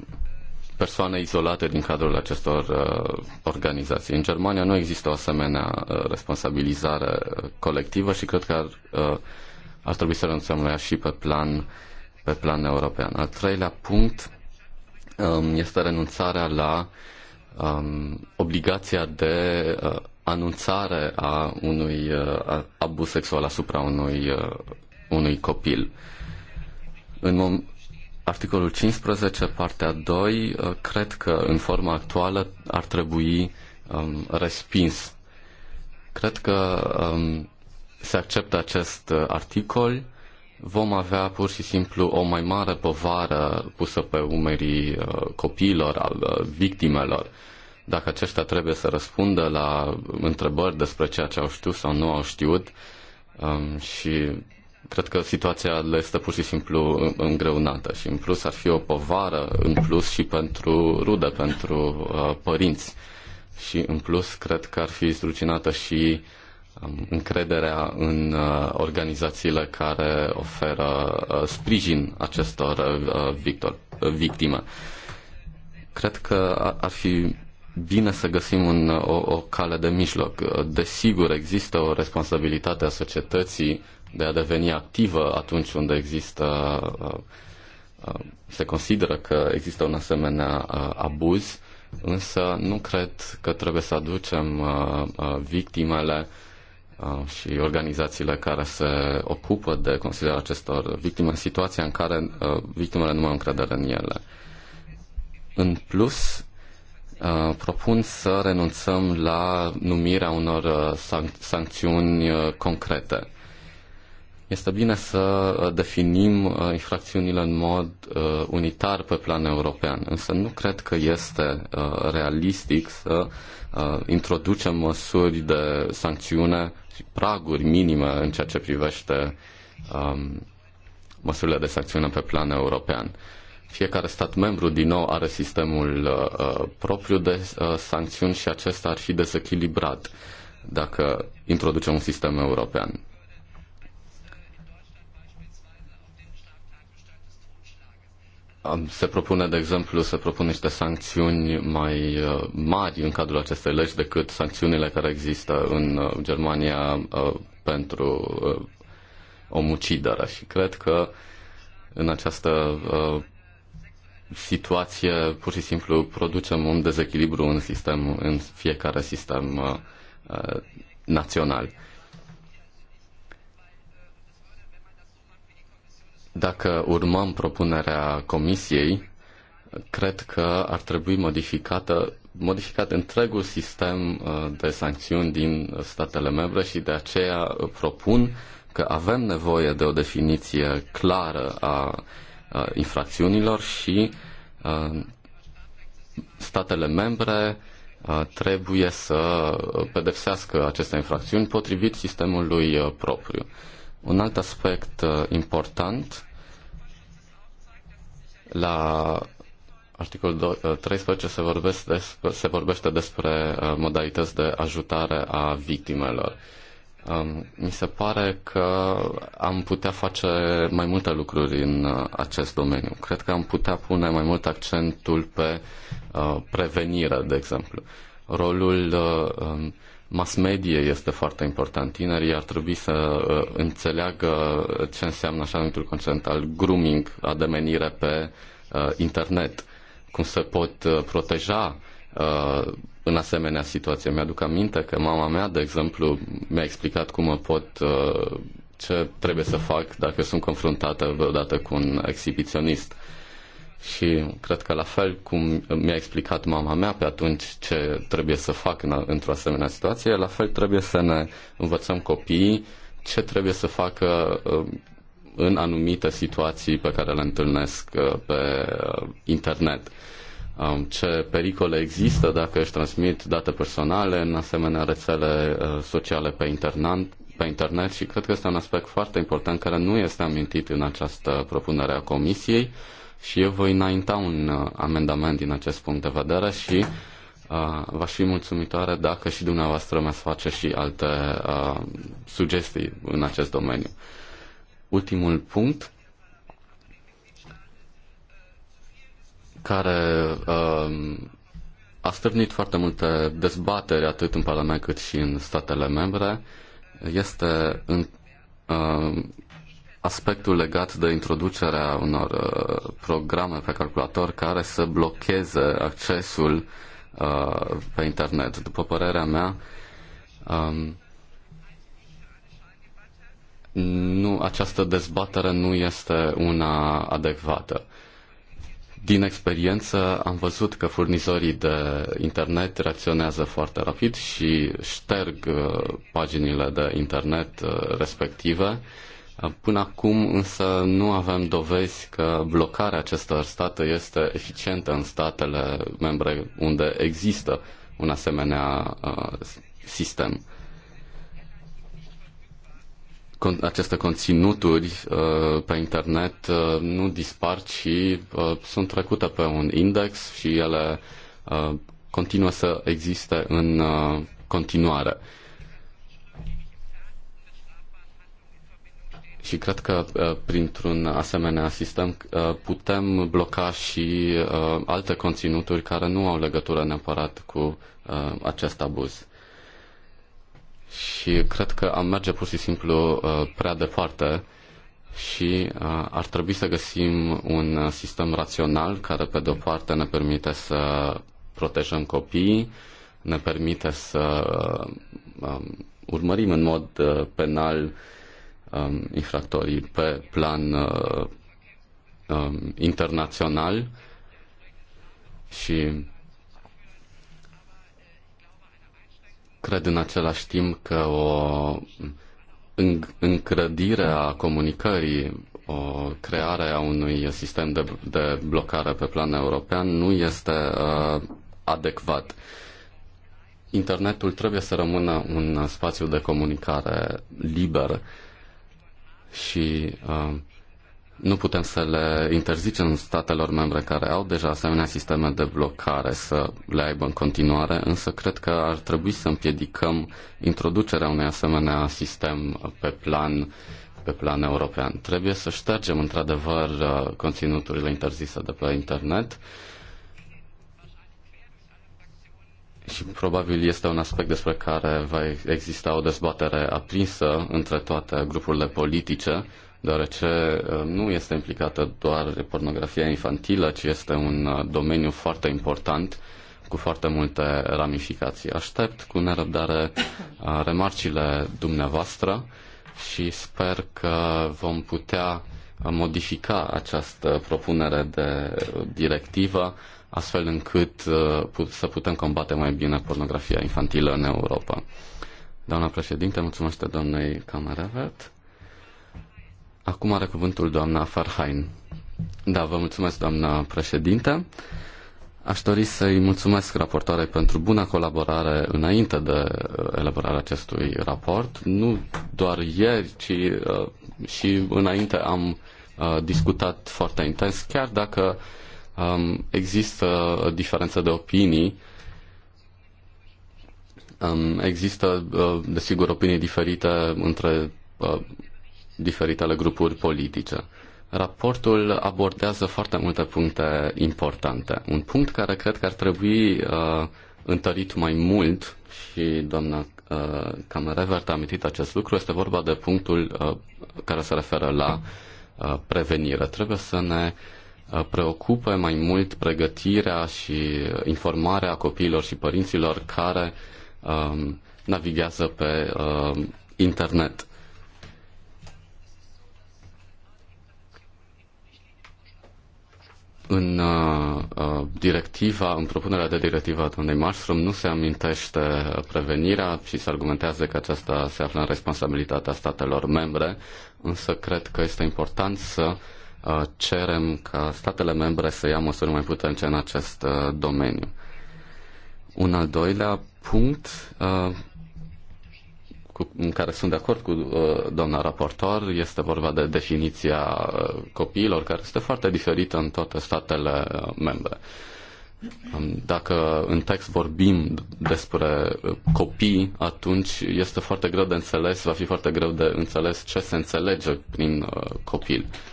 persoane izolate din cadrul acestor uh, organizații. În Germania nu există o asemenea uh, responsabilizare colectivă și cred că ar, ar trebui să renunțăm la ea și pe plan, pe plan european. Al treilea punct Um, este renunțarea la um, obligația de uh, anunțare a unui uh, abuz sexual asupra unui, uh, unui copil. În articolul 15, partea 2, cred că în forma actuală ar trebui um, respins. Cred că um, se acceptă acest articol vom avea pur și simplu o mai mare povară pusă pe umerii uh, copiilor, al uh, victimelor, dacă aceștia trebuie să răspundă la întrebări despre ceea ce au știut sau nu au știut um, și cred că situația le este pur și simplu uh, îngreunată și în plus ar fi o povară în plus și pentru rude, pentru părinți și în plus cred că ar fi strucinată și uh, încrederea în uh, organizațiile care oferă uh, sprijin acestor uh, victor, victime. Cred că ar fi bine să găsim un, o, o cale de mijloc. Desigur, există o responsabilitate a societății de a deveni activă atunci unde există se consideră că există un asemenea abuz, însă nu cred că trebuie să aducem victimele Ah, și organizațiile care se ocupă de considerarea acestor victime în situația în care ah, victimele nu mai au încredere în ele. În plus, ah, propun să renunțăm la numirea unor sancțiuni concrete. Este bine să uh, definim uh, infracțiunile în mod uh, unitar pe plan european, însă nu cred că este realistic să introducem măsuri de sancțiune și praguri minime în ceea ce privește um, măsurile de sancțiune pe plan european. Fiecare stat membru, din nou, are sistemul uh, propriu de uh, sancțiuni și acesta ar fi dezechilibrat dacă introducem un sistem european. se propune, de exemplu, se propun niște sancțiuni mai uh, mari în cadrul acestei legi decât sancțiunile care există în uh, Germania uh, pentru omucidere și cred că în această situație pur și simplu producem un dezechilibru în sistem, în fiecare sistem național. Dacă urmăm propunerea Comisiei, cred că ar trebui modificată modificat întregul sistem uh, de sancțiuni din statele membre și de aceea uh, propun că avem nevoie de o definiție clară a uh, infracțiunilor și statele membre trebuie să pedepsească aceste infracțiuni potrivit sistemului propriu. Un alt aspect uh, important la articolul 13 uh, se, vorbesc despre, se vorbește despre uh, modalități de ajutare a victimelor. Um, mi se pare că am putea face mai multe lucruri în acest domeniu. Cred că am putea pune mai mult accentul pe prevenire, de exemplu. Rolul um, mass media este foarte important. Tinerii ar trebui să uh, înțeleagă ce înseamnă așa numitul concept al grooming, ademenire pe uh, internet, cum se pot uh, proteja în asemenea situație. Mi-aduc aminte că mama mea, de exemplu, mi-a explicat cum mă pot ce trebuie să fac dacă sunt confruntată vreodată cu un exhibiționist și cred că la fel cum mi-a explicat mama mea pe atunci ce trebuie să fac în, într-o asemenea situație, la fel trebuie să ne învățăm copiii ce trebuie să facă ă, în anumite situații pe care le întâlnesc ă, pe ă, internet. Ce pericole există dacă își transmit date personale în asemenea rețele sociale pe internet, pe internet și cred că este un aspect foarte important care nu este amintit în această propunere a Comisiei și eu voi înainta un uh, amendament din acest punct de vedere și uh, v-aș fi mulțumitoare dacă și dumneavoastră mi-ați face și alte uh, sugestii în acest domeniu. Ultimul punct care uh, a stârnit foarte multe dezbateri atât în Parlament cât și în statele membre este în, uh, aspectul legat de introducerea unor uh, programe pe calculator care să blocheze accesul uh, pe internet. După părerea mea, um, nu, această dezbatere nu este una adecvată. Din experiență am văzut că furnizorii de internet reacționează foarte rapid și șterg uh, paginile de internet uh, respective Până acum însă nu avem dovezi că blocarea acestor state este eficientă în statele membre unde există un asemenea uh, sistem. Aceste conținuturi uh, pe internet uh, nu dispar, ci sunt trecute pe un index și ele continuă să existe în continuare. Și cred că uh, printr-un asemenea sistem uh, putem bloca și uh, alte conținuturi care nu au legătură neapărat cu acest abuz. Și cred că am merge pur și simplu prea departe și ar trebui să găsim un sistem rațional care, pe de-o parte, ne permite să protejăm copiii, ne permite să um, urmărim în mod penal uh, um, infractorii pe plan uh, um, internațional și cred în același timp că o încredire a comunicării, o creare a unui sistem de, de blocare pe plan european nu este uh, adecvat. Internetul trebuie să rămână un spațiu de comunicare liber și uh, nu putem să le interzicem statelor membre care au deja asemenea sisteme de blocare să le aibă în continuare, însă cred că ar trebui să împiedicăm introducerea unui asemenea sistem pe plan pe plan european. Trebuie să ștergem într-adevăr uh, conținuturile interzise de pe internet și probabil este un aspect despre care va exista o dezbatere aprinsă între toate grupurile politice, deoarece uh, nu este implicată doar pornografia infantilă, ci este un uh, domeniu foarte important cu foarte multe ramificații. Aștept cu nerăbdare uh, remarcile dumneavoastră și sper că vom putea modifica această propunere de directivă astfel încât uh, să putem combate mai bine pornografia infantilă în Europa. Doamna președinte, mulțumesc doamnei Camaravet. Acum are cuvântul doamna Farhain. Da, vă mulțumesc, doamna președinte. Aș dori să-i mulțumesc raportoarei pentru buna colaborare înainte de uh, elaborarea acestui raport. Nu doar ieri, ci uh, și înainte am uh, discutat foarte intens, chiar dacă uh, um, există diferență de opinii, um, există, uh, desigur, opinii diferite între uh, diferitele grupuri politice. Raportul abordează foarte multe puncte importante. Un punct care cred că ar trebui uh, întărit mai mult și doamna uh, Camerevert a amintit acest lucru, este vorba de punctul uh, care se referă la uh, prevenire. Trebuie să ne uh, Uh, preocupe mai mult pregătirea și informarea copiilor și părinților care um, navighează pe um, internet. În uh, uh directiva, în propunerea de directivă a doamnei Marstrom, nu se amintește prevenirea și se argumentează că aceasta se află în responsabilitatea statelor membre, însă cred că este important să uh, Uh, cerem ca statele membre să ia măsuri mai puternice în acest uh, domeniu. Un al doilea punct uh, cu, în care sunt de acord cu doamna raportor este vorba de definiția copiilor, care este foarte diferită în toate statele membre. Um, dacă în text vorbim despre copii, atunci este foarte greu de înțeles, va fi foarte greu de înțeles ce se înțelege prin copil. Uh,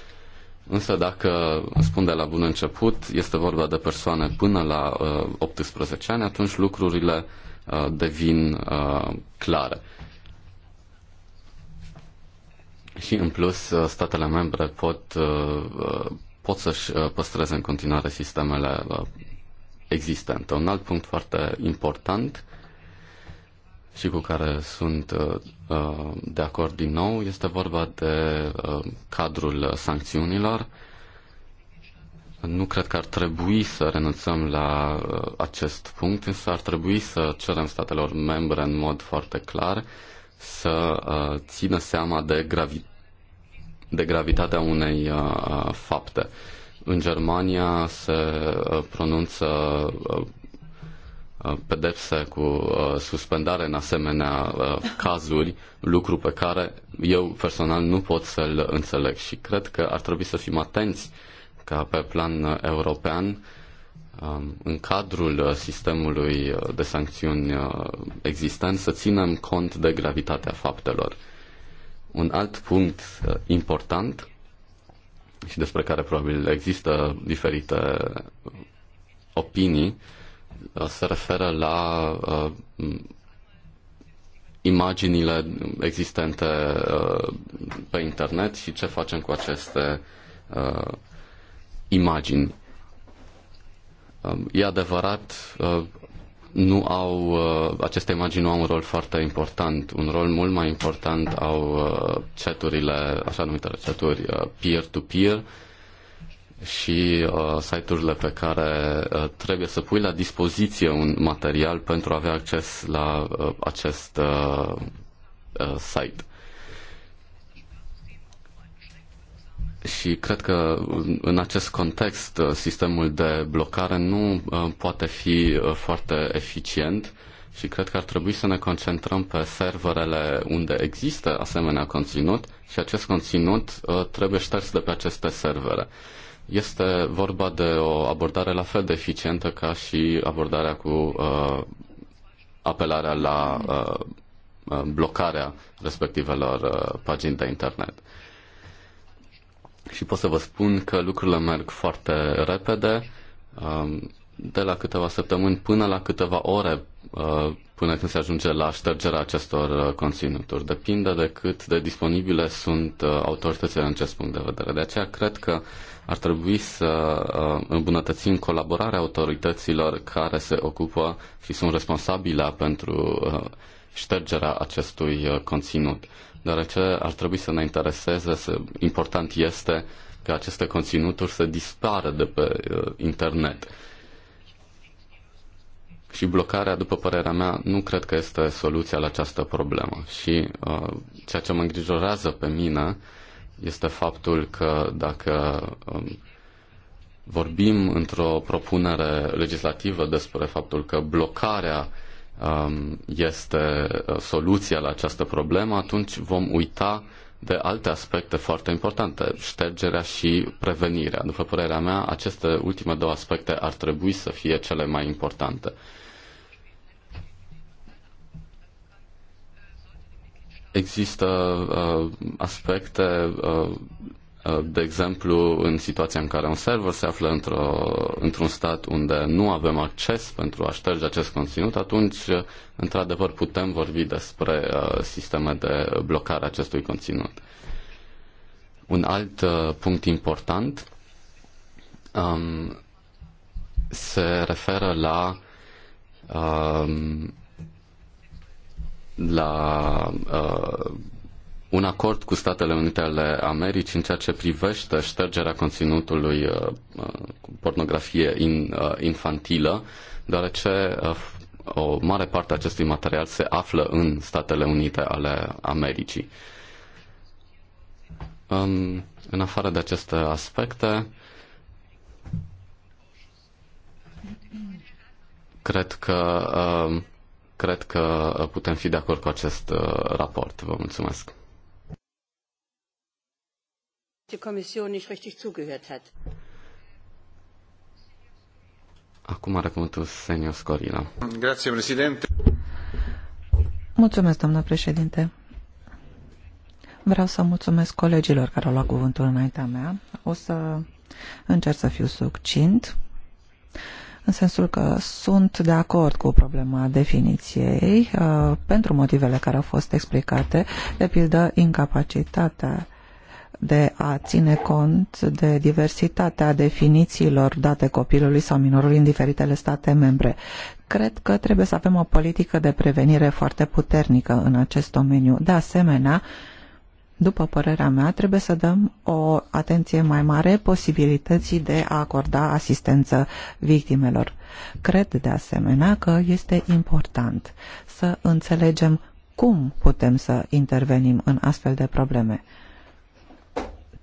Însă dacă spun de la bun început, este vorba de persoane până la uh, 18 ani, atunci lucrurile uh, devin uh, clare. Și în plus, uh, statele membre pot, uh, uh pot să-și uh, păstreze în continuare sistemele uh, existente. Un alt punct foarte important uh, și cu care sunt uh, uh, de acord din nou. Este vorba de uh, cadrul sancțiunilor. Nu cred că ar trebui să renunțăm la acest punct, însă ar trebui să cerem statelor membre în mod foarte clar să țină seama de, gravi- de gravitatea unei fapte. În Germania se pronunță Uh, pedepse cu uh, suspendare în asemenea uh, cazuri, lucru pe care eu personal nu pot să-l înțeleg și cred că ar trebui să fim atenți ca pe plan european um, în cadrul sistemului de sancțiuni existent să ținem cont de gravitatea faptelor. Un alt punct important și despre care probabil există diferite opinii Uh, se referă la uh, imaginile existente uh, pe internet și ce facem cu aceste imagini. E adevărat, nu au, aceste imagini nu au un rol foarte important. Un rol mult mai important au ceturile, așa numitele chaturi peer-to-peer, -peer, și uh, site-urile pe care uh, trebuie să pui la dispoziție un material pentru a avea acces la uh, acest uh, uh, site. Și cred că în acest context uh, sistemul de blocare nu uh, poate fi uh, foarte eficient și cred că ar trebui să ne concentrăm pe serverele unde există asemenea conținut și acest conținut trebuie șters de pe aceste servere. Uh, este vorba de o abordare la fel de eficientă ca și abordarea cu uh, apelarea la uh, uh blocarea respectivelor uh, pagini de internet. Și pot să vă spun că lucrurile merg foarte repede. Uh, de la câteva săptămâni până la câteva ore uh, până când se ajunge la ștergerea acestor uh, conținuturi. Depinde de cât de disponibile sunt uh, autoritățile în acest punct de vedere. De aceea cred că ar trebui să uh, îmbunătățim colaborarea autorităților care se ocupă și sunt responsabile pentru ștergerea acestui conținut. Deoarece ar trebui să ne intereseze, să, important este că aceste conținuturi să dispară de pe internet și blocarea, după părerea mea, nu cred că este soluția la această problemă. Și uh, ceea ce mă îngrijorează pe mine este faptul că dacă um, vorbim într-o propunere legislativă despre faptul că blocarea um, este uh, soluția la această problemă, atunci vom uita de alte aspecte foarte importante, ștergerea și prevenirea. După părerea mea, aceste ultime două aspecte ar trebui să fie cele mai importante. Există uh, aspecte uh, Uh, de exemplu, în situația în care un server se află într-o, într-un stat unde nu avem acces pentru a șterge acest conținut, atunci, uh, într-adevăr, putem vorbi despre uh, sisteme de blocare a acestui conținut. Un alt punct important um, se referă la um, la uh, un acord cu Statele Unite ale Americii în ceea ce privește ștergerea conținutului uh, uh pornografie uh, infantilă, deoarece uh, o mare parte a acestui material se află în Statele Unite ale Americii. Um, în afară de aceste aspecte, cred că, cred că putem fi de acord cu acest raport. Vă mulțumesc. Die Kommission nicht richtig zugehört hat. Acum are cuvântul senior Scorila. Grazie, Mulțumesc, domnule președinte. Vreau să mulțumesc colegilor care au luat cuvântul înaintea mea. O să încerc să fiu succint, în sensul că sunt de acord cu problema definiției, uh, pentru motivele care au fost explicate, de pildă incapacitatea de a ține cont de diversitatea definițiilor date copilului sau minorului în diferitele state membre. Cred că trebuie să avem o politică de prevenire foarte puternică în acest domeniu. De asemenea, după părerea mea, trebuie să dăm o atenție mai mare posibilității de a acorda asistență victimelor. Cred de asemenea că este important să înțelegem cum putem să intervenim în astfel de probleme.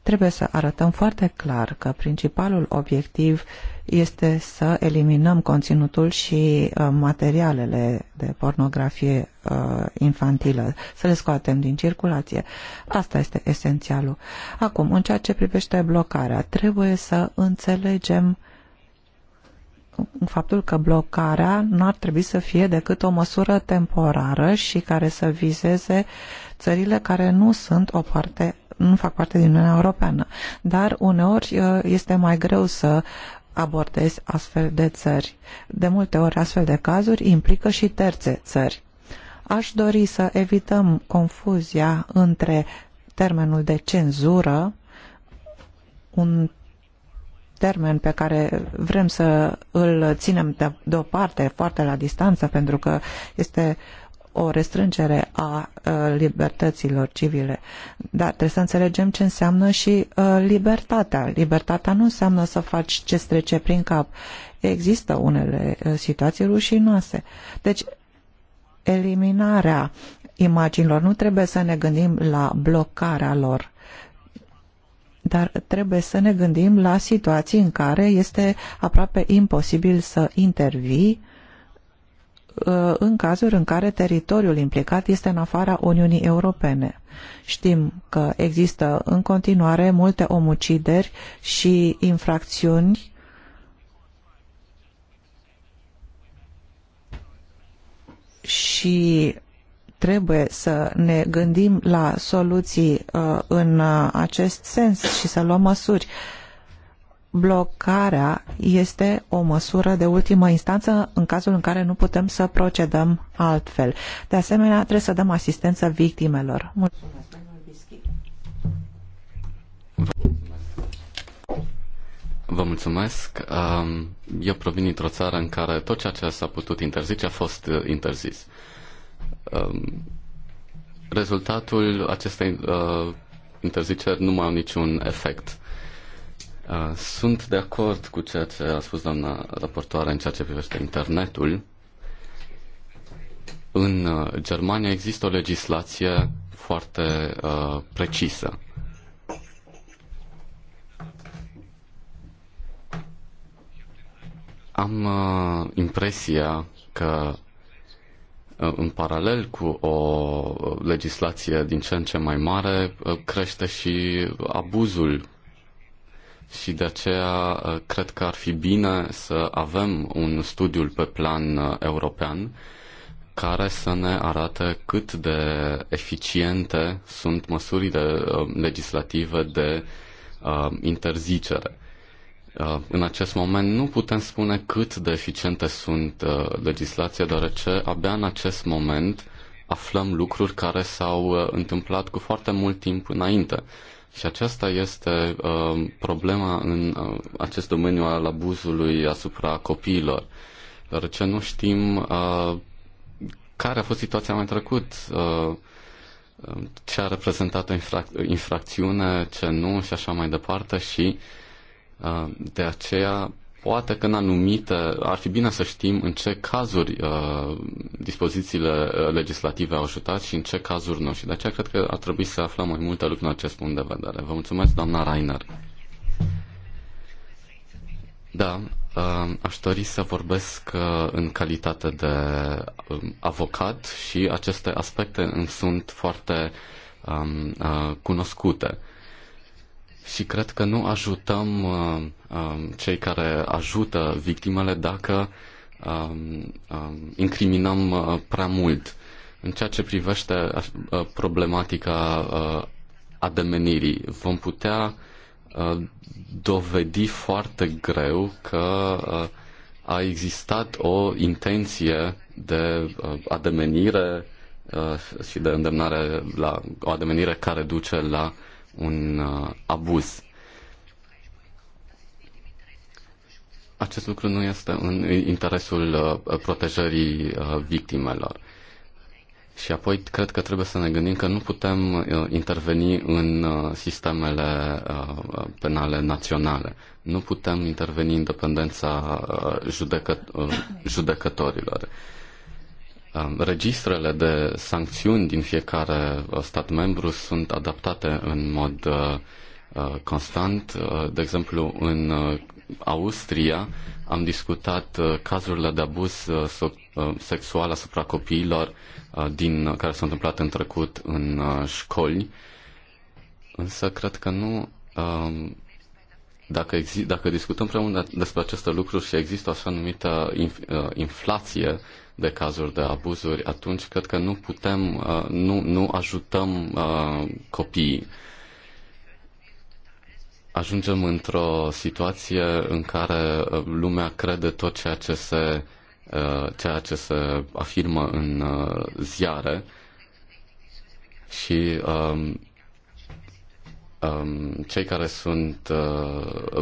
Trebuie să arătăm foarte clar că principalul obiectiv este să eliminăm conținutul și uh, materialele de pornografie uh, infantilă, să le scoatem din circulație. Asta este esențialul. Acum, în ceea ce privește blocarea, trebuie să înțelegem faptul că blocarea nu ar trebui să fie decât o măsură temporară și care să vizeze țările care nu sunt o parte nu fac parte din Uniunea Europeană, dar uneori uh, este mai greu să abordezi astfel de țări. De multe ori astfel de cazuri implică și terțe țări. Aș dori să evităm confuzia între termenul de cenzură, un termen pe care vrem să îl ținem deoparte, foarte la distanță, pentru că este uh, o restrângere a uh, libertăților civile. Dar trebuie să înțelegem ce înseamnă și uh, libertatea. Libertatea nu înseamnă să faci ce trece prin cap. Există unele uh, situații rușinoase. Deci, eliminarea imaginilor. Nu trebuie să ne gândim la blocarea lor, dar trebuie să ne gândim la situații în care este aproape imposibil să intervii uh, Uh, în cazuri în care teritoriul implicat este în afara Uniunii Europene. Știm că există în continuare multe omucideri și infracțiuni și trebuie să ne gândim la soluții uh, în uh, acest sens și să luăm măsuri blocarea este o măsură de ultimă instanță în cazul în care nu putem să procedăm altfel. De asemenea, trebuie să dăm asistență victimelor. Mulțumesc. Vă mulțumesc. Um, eu provin dintr-o țară în care tot ceea ce s-a putut interzice a fost uh, interzis. Um, rezultatul acestei uh, interziceri nu mai au niciun efect Uh, sunt de acord cu ceea ce a spus doamna raportoare în ceea ce privește internetul. În uh, Germania există o legislație foarte uh, precisă. Am uh, impresia că uh, în paralel cu o legislație din ce în ce mai mare, crește și abuzul și de aceea uh, cred că ar fi bine să avem un studiu pe plan uh, european care să ne arate cât de eficiente sunt măsurile uh, legislative de interzicere. În acest moment nu putem spune cât de eficiente sunt legislația, deoarece abia în acest moment aflăm lucruri care s-au întâmplat cu foarte mult timp înainte. Și aceasta este uh, problema în uh, acest domeniu al abuzului asupra copiilor, Dar ce nu știm uh, care a fost situația mai trecut, uh, um, ce a reprezentat o infrac- infracțiune, ce nu și așa mai departe și uh, de aceea Poate că în anumite ar fi bine să știm în ce cazuri uh, dispozițiile uh, legislative au ajutat și în ce cazuri nu. Și de aceea cred că ar trebui să aflăm mai multe lucruri în acest punct de vedere. Vă mulțumesc, doamna Rainer. Da, uh, aș dori să vorbesc uh, în calitate de um, avocat și aceste aspecte îmi sunt foarte um, cunoscute și cred că nu ajutăm uh, uh, cei care ajută victimele dacă uh, uh, incriminăm uh, prea mult. În ceea ce privește uh, problematica uh, ademenirii, vom putea uh, dovedi foarte greu că uh, a existat o intenție de uh, ademenire uh, și de îndemnare la o ademenire care duce la uh, un uh, abuz. Acest lucru nu este în interesul uh, protejării uh, victimelor. Și apoi cred că trebuie să ne gândim că nu putem uh, interveni în uh, sistemele uh, penale naționale. Nu putem interveni în independența uh, judecă- uh, judecătorilor. Uh, Um, registrele de sancțiuni din fiecare uh, stat membru sunt adaptate în mod uh, uh, constant. De exemplu, în Austria am discutat cazurile de abuz sexual asupra copiilor din, care s-au întâmplat în trecut în școli, însă cred că nu um, dacă, exi- dacă discutăm prea mult despre aceste lucruri și există o așa numită inflație de cazuri de abuzuri, atunci cred că nu putem, uh, nu, nu ajutăm uh, copiii. Ajungem într-o situație în care uh, lumea crede tot ceea ce se, ceea ce se afirmă în ziare și um, um, cei care sunt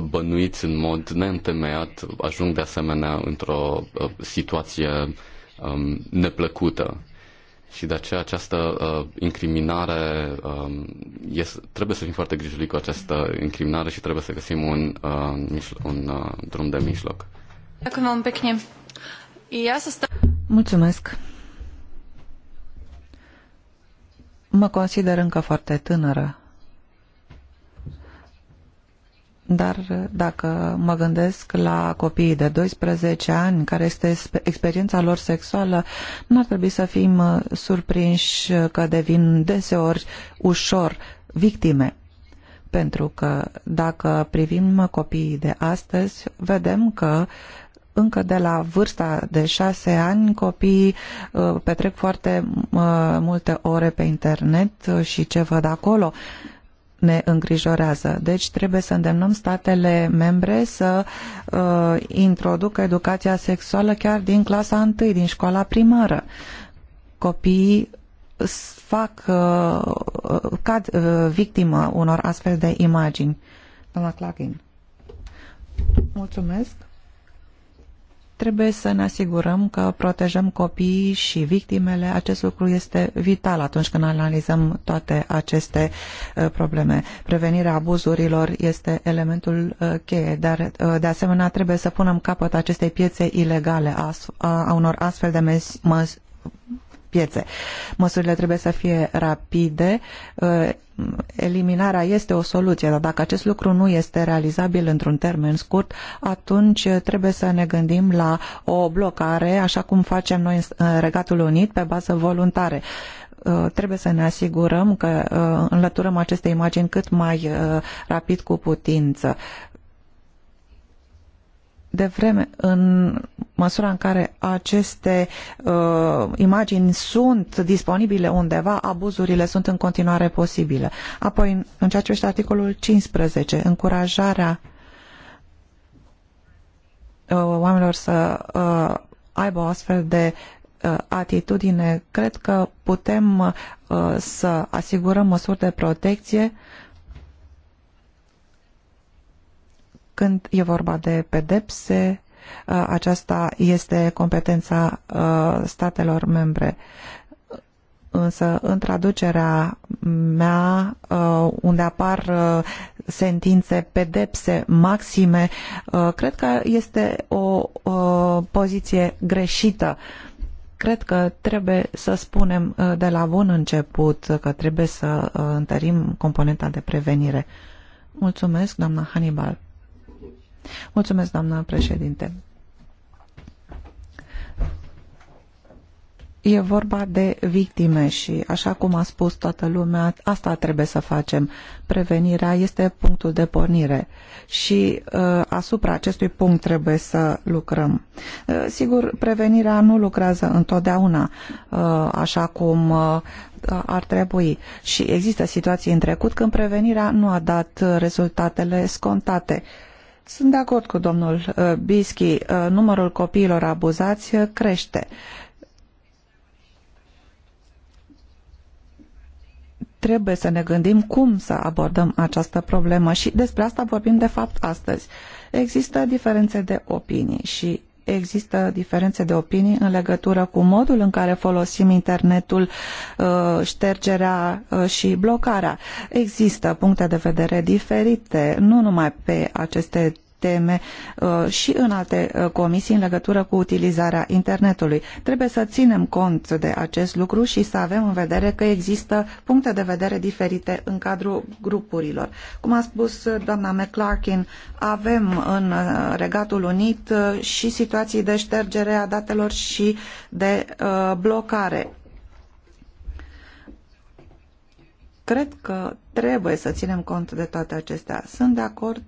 bănuiți în mod neîntemeiat ajung de asemenea într-o situație um, neplăcută. Și de aceea această uh, incriminare, um, este, trebuie să fim foarte grijuli cu această incriminare și trebuie să găsim un, uh, un uh, drum de mijloc. Mulțumesc. Mă consider încă foarte tânără dar uh, dacă mă gândesc la copiii de 12 ani, care este experiența lor sexuală, nu ar trebui să fim uh, surprinși că devin deseori ușor victime. Pentru că dacă privim copiii de astăzi, vedem că încă de la vârsta de șase ani copiii uh, petrec foarte multe ore pe internet și ce văd acolo ne îngrijorează. Deci trebuie să îndemnăm statele membre să uh, introducă educația sexuală chiar din clasa 1, din școala primară. Copiii fac, uh, uh, cad uh, victimă unor astfel de imagini. Doamna Clagin. Mulțumesc. Trebuie să ne asigurăm că protejăm copiii și victimele. Acest lucru este vital atunci când analizăm toate aceste uh, probleme. Prevenirea abuzurilor este elementul uh, cheie, dar uh, de asemenea trebuie să punem capăt acestei piețe ilegale a, unor astfel de mes, piețe. Măsurile trebuie să fie rapide, uh, eliminarea este o soluție, dar dacă acest lucru nu este realizabil într-un termen scurt, atunci uh, trebuie să ne gândim la o blocare, așa cum facem noi în Regatul Unit, pe bază voluntare uh, trebuie să ne asigurăm că înlăturăm aceste imagini cât mai rapid cu putință de vreme în măsura în care aceste uh, imagini sunt disponibile undeva, abuzurile sunt în continuare posibile. Apoi, în, în ceea ce este articolul 15, încurajarea uh, oamenilor să uh, aibă o astfel de uh, atitudine, cred că putem uh, să asigurăm măsuri de protecție uh, Când e vorba de pedepse, uh, aceasta este competența uh, statelor membre. Însă, în traducerea mea, uh, unde apar sentințe, pedepse maxime, cred că este o poziție greșită. Cred că trebuie să spunem de la bun început că trebuie să întărim componenta de prevenire. Mulțumesc, doamna Hannibal. Mulțumesc, doamnă președinte. E vorba de victime și, așa cum a spus toată lumea, asta trebuie să facem. Prevenirea este punctul de pornire și uh, asupra acestui punct trebuie să lucrăm. Uh, sigur, prevenirea nu lucrează întotdeauna uh, așa cum uh, ar trebui și există situații în trecut când prevenirea nu a dat rezultatele scontate. Uh, sunt de acord cu domnul uh, Bischi, uh, numărul copiilor abuzați uh, crește. Trebuie să ne gândim cum să abordăm această problemă și despre asta vorbim de fapt astăzi. Există diferențe de opinii și există diferențe de opinii în legătură cu modul în care folosim internetul, uh, ștergerea uh, și blocarea. Există puncte de vedere diferite, nu numai pe aceste teme uh, și în alte uh, comisii în legătură cu utilizarea internetului. Trebuie să ținem cont de acest lucru și să avem în vedere că există puncte de vedere diferite în cadrul grupurilor. Cum a spus uh, doamna McClarkin, avem în Regatul Unit și situații de ștergere a datelor și de blocare cred că trebuie să ținem cont de toate acestea. Sunt de acord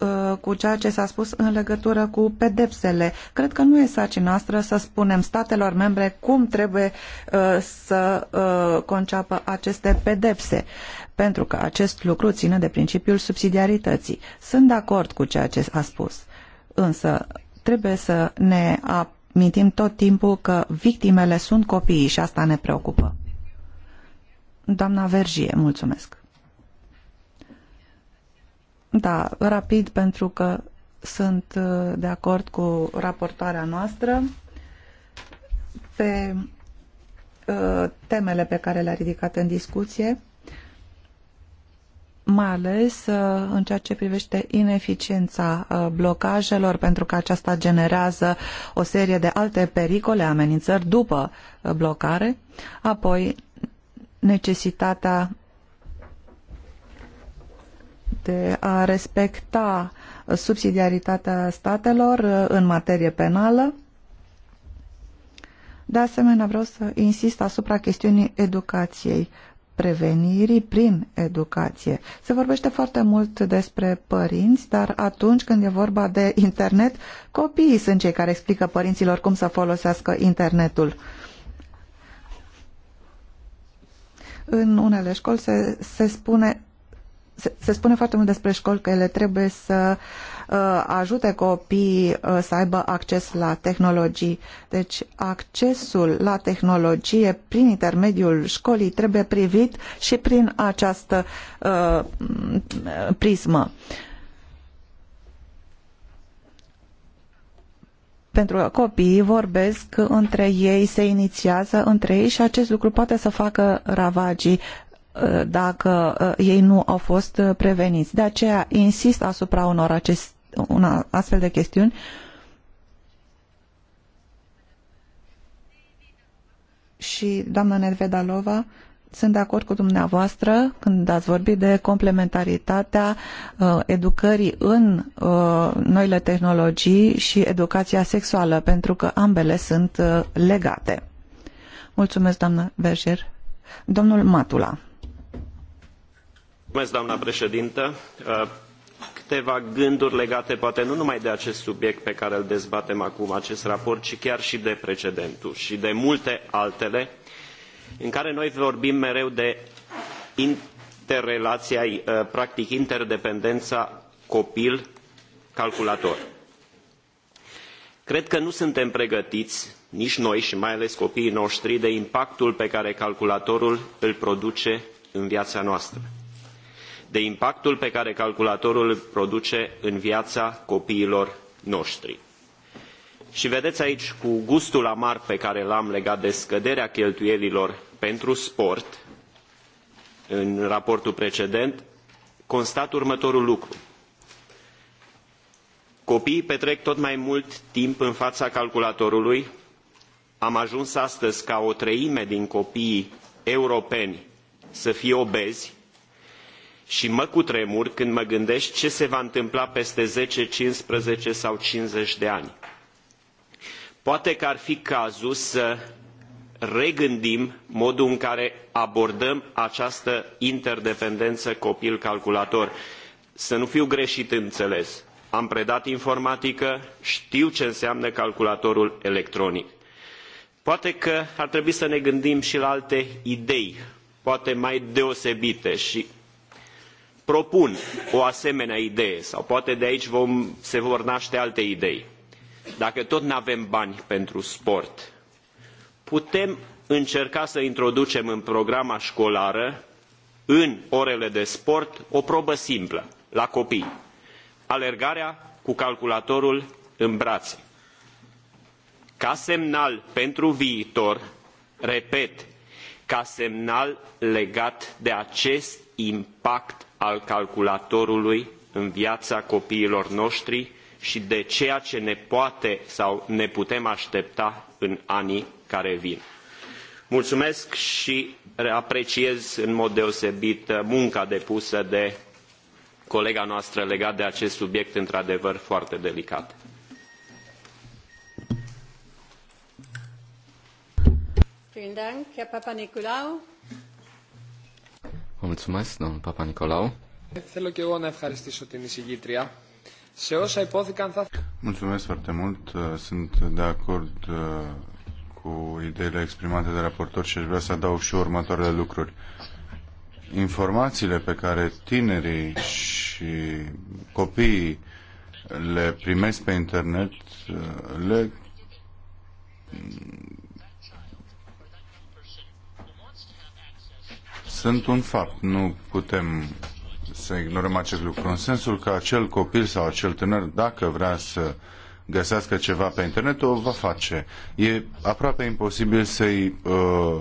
Uh, cu ceea ce s-a spus în legătură cu pedepsele. Cred că nu e sarcina noastră să spunem statelor membre cum trebuie uh, să uh, conceapă aceste pedepse, pentru că acest lucru ține de principiul subsidiarității. Sunt de acord cu ceea ce a spus, însă trebuie să ne amintim tot timpul că victimele sunt copiii și asta ne preocupă. Doamna Vergie, mulțumesc. Da, rapid pentru că sunt uh, de acord cu raportarea noastră pe uh, temele pe care le-a ridicat în discuție, mai ales uh, în ceea ce privește ineficiența blocajelor, pentru că aceasta generează o serie de alte pericole, amenințări după blocare, apoi necesitatea de a respecta subsidiaritatea statelor uh, în materie penală. De asemenea, vreau să insist asupra chestiunii educației, prevenirii prin educație. Se vorbește foarte mult despre părinți, dar atunci când e vorba de internet, copiii sunt cei care explică părinților cum să folosească internetul. În unele școli se, se spune se, spune foarte mult despre școli că ele trebuie să uh, ajute copiii uh, să aibă acces la tehnologii. Deci accesul la tehnologie prin intermediul școlii trebuie privit și prin această uh, prismă. pentru că copiii vorbesc între ei, se inițiază între ei și acest lucru poate să facă ravagii dacă uh, ei nu au fost uh, preveniți. De aceea insist asupra unor acest, una, astfel de chestiuni și doamna Nedvedalova, sunt de acord cu dumneavoastră când ați vorbit de complementaritatea uh, educării în uh, noile tehnologii și educația sexuală, pentru că ambele sunt uh, legate. Mulțumesc, doamnă Berger. Domnul Matula. Uh, câteva gânduri legate poate nu numai de acest subiect pe care îl dezbatem acum, acest raport, ci chiar și de precedentul și de multe altele, în care noi vorbim mereu de interrelaia uh, practic interdependența copil-calculator. Cred că nu suntem pregătiți, nici noi și mai ales copiii noștri, de impactul pe care calculatorul îl produce în viața noastră de impactul pe care calculatorul îl produce în viața copiilor noștri. Și vedeți aici cu gustul amar pe care l-am legat de scăderea cheltuielilor pentru sport, în raportul precedent, constat următorul lucru. Copiii petrec tot mai mult timp în fața calculatorului. Am ajuns astăzi ca o treime din copiii europeni să fie obezi, și mă cutremur când mă gândesc ce se va întâmpla peste zece, 15 sau 50 de ani. Poate că ar fi cazul să regândim modul în care abordăm această interdependență copil-calculator. Să nu fiu greșit înțeles. Am predat informatică, știu ce înseamnă calculatorul electronic. Poate că ar trebui să ne gândim și la alte idei, poate mai deosebite și propun o asemenea idee sau poate de aici vom, se vor naște alte idei. Dacă tot nu avem bani pentru sport, putem încerca să introducem în programa școlară, în orele de sport, o probă simplă la copii. Alergarea cu calculatorul în brațe. Ca semnal pentru viitor, repet, ca semnal legat de acest impact al calculatorului în viața copiilor noștri și de ceea ce ne poate sau ne putem aștepta în anii care vin. Mulțumesc și apreciez în mod deosebit munca depusă de colega noastră legat de acest subiect într-adevăr foarte delicat. Vielen Dank, Herr Papa mulțumesc, domnul Papa Nicolau. Mulțumesc foarte mult. Sunt de acord uh, cu ideile exprimate de raportor și aș vrea să adaug și următoarele lucruri. Informațiile pe care tinerii și copiii le primesc pe internet uh, le sunt un fapt. Nu putem să ignorăm acest lucru. În sensul că acel copil sau acel tânăr, dacă vrea să găsească ceva pe internet, o va face. E aproape imposibil să-i uh,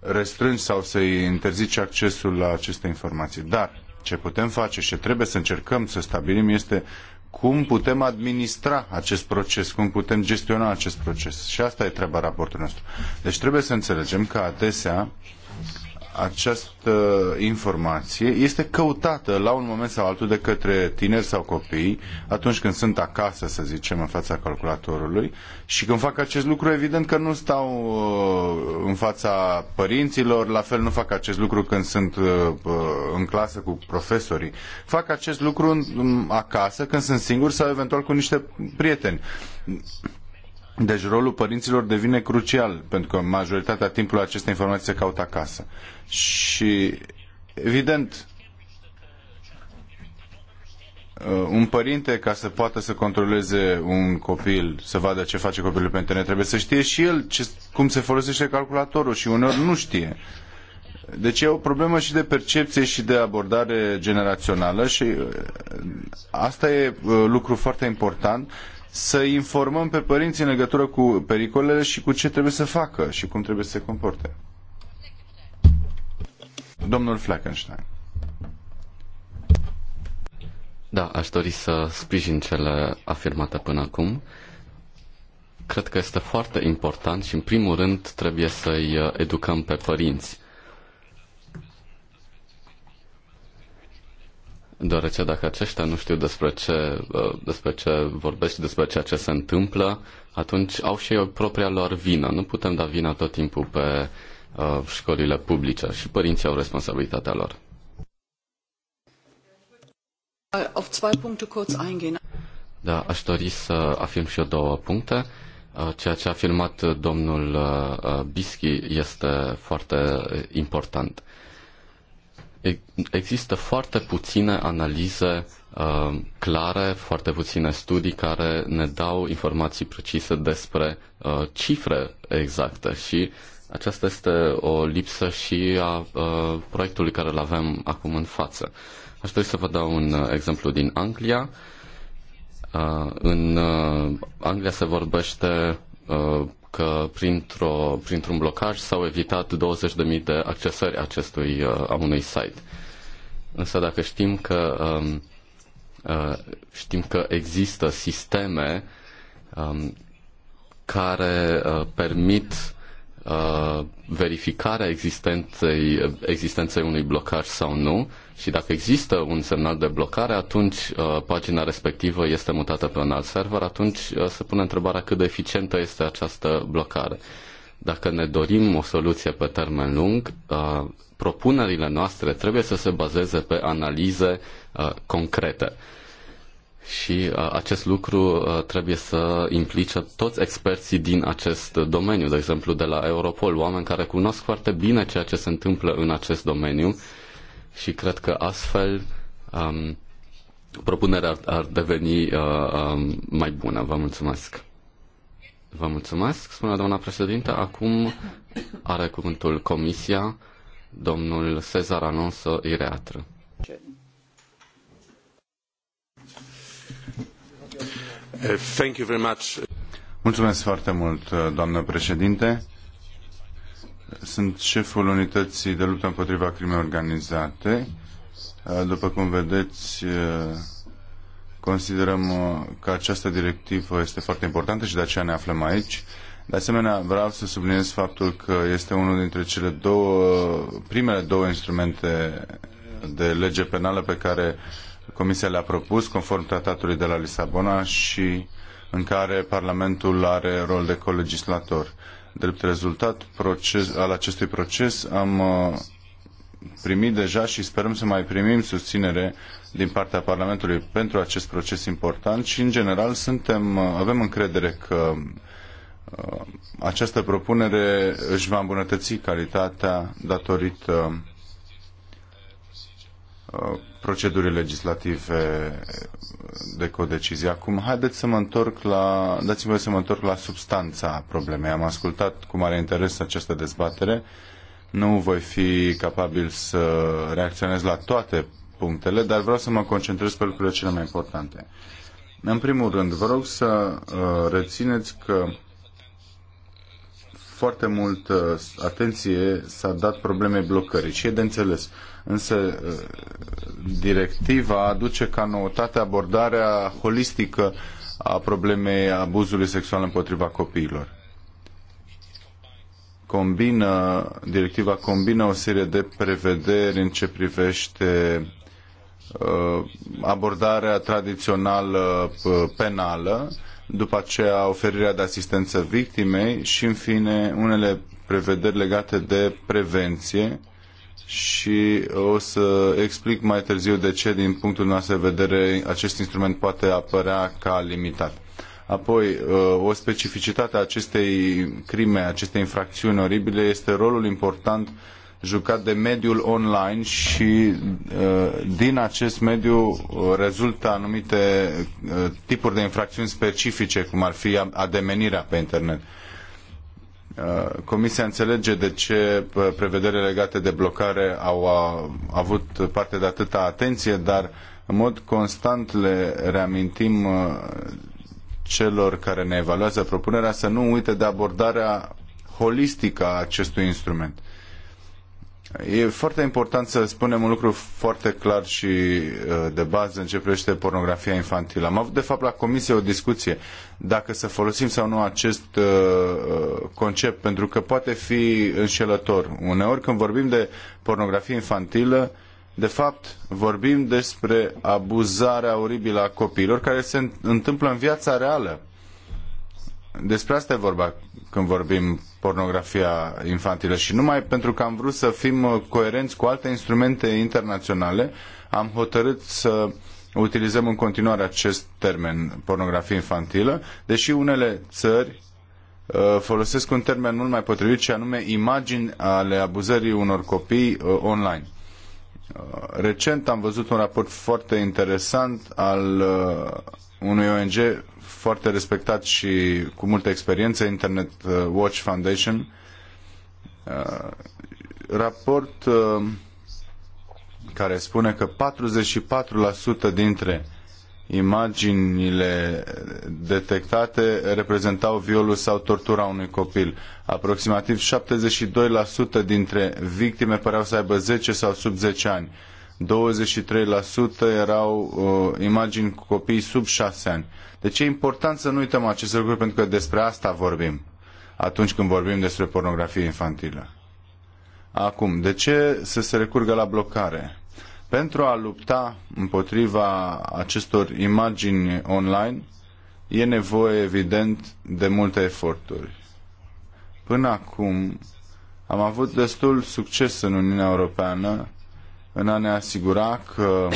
restrângi sau să-i interzici accesul la aceste informații. Dar ce putem face și ce trebuie să încercăm să stabilim este cum putem administra acest proces, cum putem gestiona acest proces. Și asta e treaba raportului nostru. Deci trebuie să înțelegem că adesea această informație este căutată la un moment sau altul de către tineri sau copii atunci când sunt acasă, să zicem, în fața calculatorului și când fac acest lucru, evident că nu stau uh, în fața părinților, la fel nu fac acest lucru când sunt uh, uh, în clasă cu profesorii. Fac acest lucru acasă când sunt singur sau eventual cu niște prieteni. Deci rolul părinților devine crucial, pentru că majoritatea timpului aceste informații se caută acasă. Și, evident, uh, un părinte, ca să poată să controleze un copil, să vadă ce face copilul pe internet, trebuie să știe și el ce, cum se folosește calculatorul și uneori nu știe. Deci e o problemă și de percepție și de abordare generațională și uh, asta e uh, lucru foarte important să informăm pe părinți în legătură cu pericolele și cu ce trebuie să facă și cum trebuie să se comporte. Domnul Fleckenstein. Da, aș dori să sprijin cele afirmate până acum. Cred că este foarte important și, în primul rând, trebuie să-i educăm pe părinți deoarece dacă aceștia nu știu despre ce, uh, despre ce vorbesc și despre ceea ce se întâmplă, atunci au și ei propria lor vină. Nu putem da vina tot timpul pe uh, școlile publice și părinții au responsabilitatea lor. Da, aș dori să afirm și eu două puncte. Uh, ceea ce a afirmat domnul uh, Bischi este foarte important există foarte puține analize uh, clare, foarte puține studii care ne dau informații precise despre uh, cifre exacte și aceasta este o lipsă și a uh, proiectului care îl avem acum în față. Aș dori să vă dau un uh, exemplu din Anglia. Uh, în uh, Anglia se vorbește uh, că printr-o, printr-un blocaj s-au evitat 20.000 de accesări acestui, uh, a unui site. Însă dacă știm că, um, uh, știm că există sisteme um, care uh, permit Uh, verificarea existenței, existenței unui blocaj sau nu și dacă există un semnal de blocare, atunci uh, pagina respectivă este mutată pe un alt server, atunci uh, se pune întrebarea cât de eficientă este această blocare. Dacă ne dorim o soluție pe termen lung, uh, propunerile noastre trebuie să se bazeze pe analize uh, concrete. Uh, și uh, acest lucru uh, trebuie să implice toți experții din acest domeniu, de exemplu de la Europol, oameni care cunosc foarte bine ceea ce se întâmplă în acest domeniu și cred că astfel um, propunerea ar, ar deveni uh, um, mai bună. Vă mulțumesc. Vă mulțumesc, spune doamna președinte. Acum are cuvântul Comisia, domnul Cezar Anonso Ireatră. Uh, Mulțumesc foarte mult, uh, președinte. Sunt șeful unității de luptă împotriva crimei organizate. Uh, după cum vedeți, considerăm că această directivă este foarte importantă și de aceea ne aflăm aici. De asemenea, vreau să subliniez faptul că este unul dintre cele două, primele două instrumente de lege penală pe care Comisia le-a propus conform tratatului de la Lisabona și în care Parlamentul are rol de colegislator. Drept rezultat proces, al acestui proces am uh, primit deja și sperăm să mai primim susținere din partea Parlamentului pentru acest proces important și în general suntem, uh, avem încredere că uh, această propunere își va îmbunătăți calitatea datorită procedurii legislative de codecizie. Acum, haideți să mă întorc la, dați-mi voi să mă întorc la substanța problemei. Am ascultat cu mare interes această dezbatere. Nu voi fi capabil să reacționez la toate punctele, dar vreau să mă concentrez pe lucrurile cele mai importante. În primul rând, vă rog să uh, rețineți că foarte mult uh, atenție s-a dat problemei blocării și e de înțeles. Însă uh, directiva aduce ca noutate abordarea holistică a problemei abuzului sexual împotriva copiilor. Combină, directiva combină o serie de prevederi în ce privește uh, abordarea tradițională uh, penală, după aceea oferirea de asistență victimei și, în fine, unele prevederi legate de prevenție și o să explic mai târziu de ce, din punctul nostru de vedere, acest instrument poate apărea ca limitat. Apoi, uh, o specificitate a acestei crime, acestei infracțiuni oribile, este rolul important jucat de mediul online și uh, din acest mediu uh, rezultă anumite tipuri de infracțiuni specifice, cum ar fi ademenirea pe internet. Uh, Comisia înțelege de ce uh, prevederile legate de blocare au avut parte de atâta atenție, dar în mod constant le reamintim uh, celor care ne evaluează propunerea să nu uite de abordarea holistică a acestui instrument. E foarte important să spunem un lucru foarte clar și uh, de bază în ce privește pornografia infantilă. Am avut, de fapt, la comisie o discuție dacă să folosim sau nu acest uh, uh, concept, pentru că poate fi înșelător. Uneori, când vorbim de pornografie infantilă, de fapt, vorbim despre abuzarea oribilă a copiilor care se întâmplă în viața reală despre asta e vorba când vorbim pornografia infantilă și numai pentru că am vrut să fim uh, coerenți cu alte instrumente internaționale, am hotărât să utilizăm în continuare acest termen, pornografie infantilă, deși unele țări uh, folosesc un termen mult mai potrivit, și anume imagini ale abuzării unor copii uh, online. Recent am văzut un raport foarte interesant al unui ONG foarte respectat și cu multă experiență, Internet uh, Watch Foundation. Uh, raport uh, care spune că 44% dintre imaginile detectate reprezentau violul sau tortura unui copil. Aproximativ 72% dintre victime păreau să aibă 10 sau sub 10 ani 23% erau uh, imagini cu copii sub 6 ani. Deci e important să nu uităm acest lucru pentru că despre asta vorbim atunci când vorbim despre pornografie infantilă. Acum, de ce să se recurgă la blocare? Pentru a lupta împotriva acestor imagini online, e nevoie, evident, de multe eforturi. Până acum, am avut destul succes în Uniunea Europeană în a ne asigura că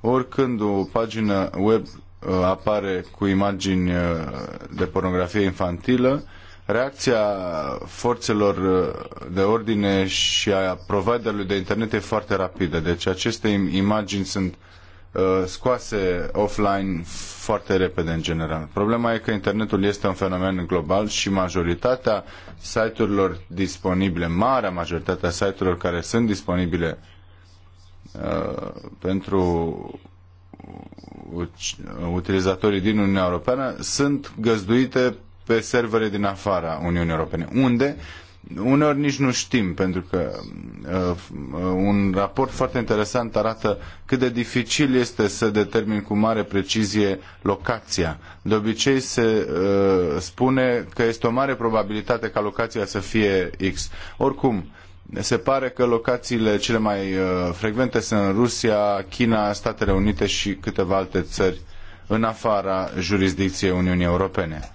oricând o pagină web uh, apare cu imagini uh, de pornografie infantilă, reacția forțelor uh, de ordine și a providerului de internet e foarte rapidă. Deci aceste imagini sunt Uh, scoase offline foarte repede în general. Problema e că internetul este un fenomen global și majoritatea site-urilor disponibile, marea majoritatea site-urilor care sunt disponibile uh, pentru utilizatorii din Uniunea Europeană sunt găzduite pe servere din afara Uniunii Europene, unde uneori nici nu știm, pentru că uh, un raport foarte interesant arată cât de dificil este să determin cu mare precizie locația. De obicei se uh, spune că este o mare probabilitate ca locația să fie X. Oricum, se pare că locațiile cele mai uh, frecvente sunt în Rusia, China, Statele Unite și câteva alte țări în afara jurisdicției Uniunii Europene.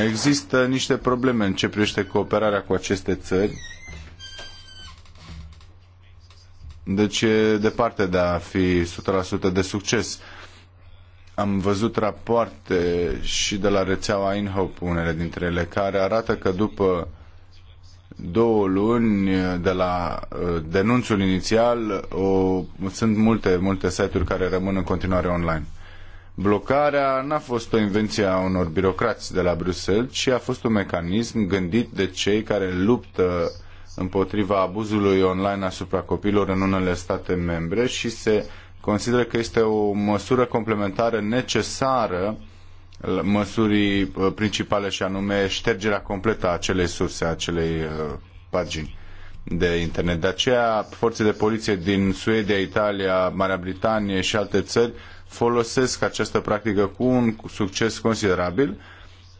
Există niște probleme în ce privește cooperarea cu aceste țări. Deci e departe de a fi 100% de succes. Am văzut rapoarte și de la rețeaua InHope, unele dintre ele, care arată că după două luni de la uh, denunțul inițial o, sunt multe, multe site-uri care rămân în continuare online. Blocarea n-a fost o invenție a unor birocrați de la Bruxelles, ci a fost un mecanism gândit de cei care luptă împotriva abuzului online asupra copiilor în unele state membre și se consideră că este o măsură complementară necesară măsurii uh, principale și anume ștergerea completă a acelei surse, a acelei uh, pagini de internet. De aceea, forțe de poliție din Suedia, Italia, Marea Britanie și alte țări folosesc această practică cu un succes considerabil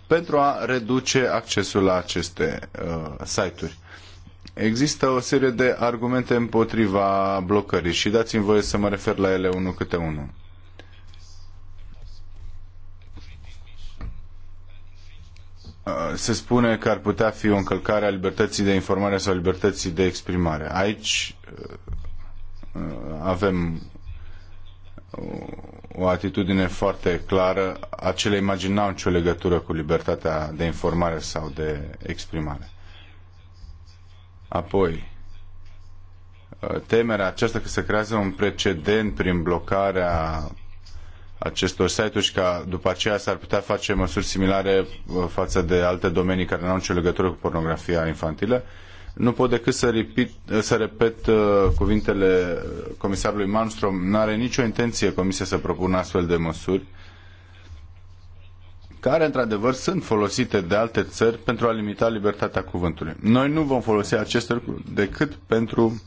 pentru a reduce accesul la aceste uh, site-uri. Există o serie de argumente împotriva blocării și dați-mi voie să mă refer la ele unul câte unul. Uh, se spune că ar putea fi o încălcare a libertății de informare sau libertății de exprimare. Aici uh, uh, avem o atitudine foarte clară, acele imagini n-au nicio legătură cu libertatea de informare sau de exprimare. Apoi, temerea aceasta că se creează un precedent prin blocarea acestor site-uri și ca după aceea s-ar putea face măsuri similare uh, față de alte domenii care nu au nicio legătură cu pornografia infantilă, nu pot decât să, repet, să repet uh, cuvintele comisarului Malmström. Nu are nicio intenție Comisia să propună astfel de măsuri care într-adevăr sunt folosite de alte țări pentru a limita libertatea cuvântului. Noi nu vom folosi aceste lucruri decât pentru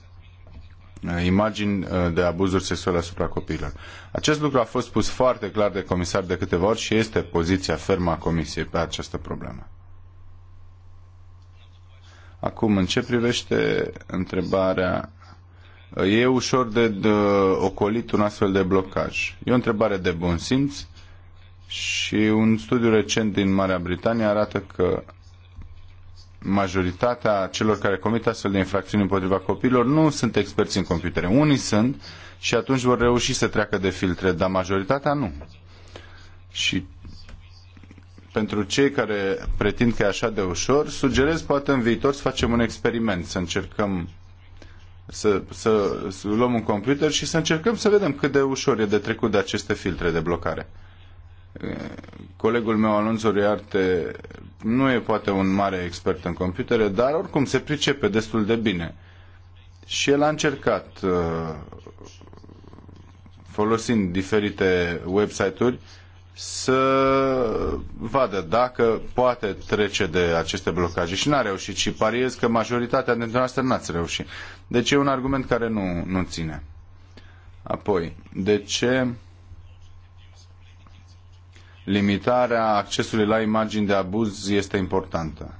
uh, imagini uh, de abuzuri sexuale asupra copiilor. Acest lucru a fost spus foarte clar de comisar de câteva ori și este poziția fermă a Comisiei pe această problemă. Acum, în ce privește întrebarea, e ușor de, de ocolit un astfel de blocaj. E o întrebare de bun simț și un studiu recent din Marea Britanie arată că majoritatea celor care comit astfel de infracțiuni împotriva copiilor nu sunt experți în computere. Unii sunt și atunci vor reuși să treacă de filtre, dar majoritatea nu. Și pentru cei care pretind că e așa de ușor, sugerez poate în viitor să facem un experiment, să încercăm să, să, să luăm un computer și să încercăm să vedem cât de ușor e de trecut de aceste filtre de blocare. Colegul meu, Alonso Riarte, nu e poate un mare expert în computere, dar oricum se pricepe destul de bine. Și el a încercat, uh, folosind diferite website-uri, să vadă dacă poate trece de aceste blocaje și n-a reușit și pariez că majoritatea dintre noastre n-ați reușit. Deci e un argument care nu, nu ține. Apoi, de ce limitarea accesului la imagini de abuz este importantă?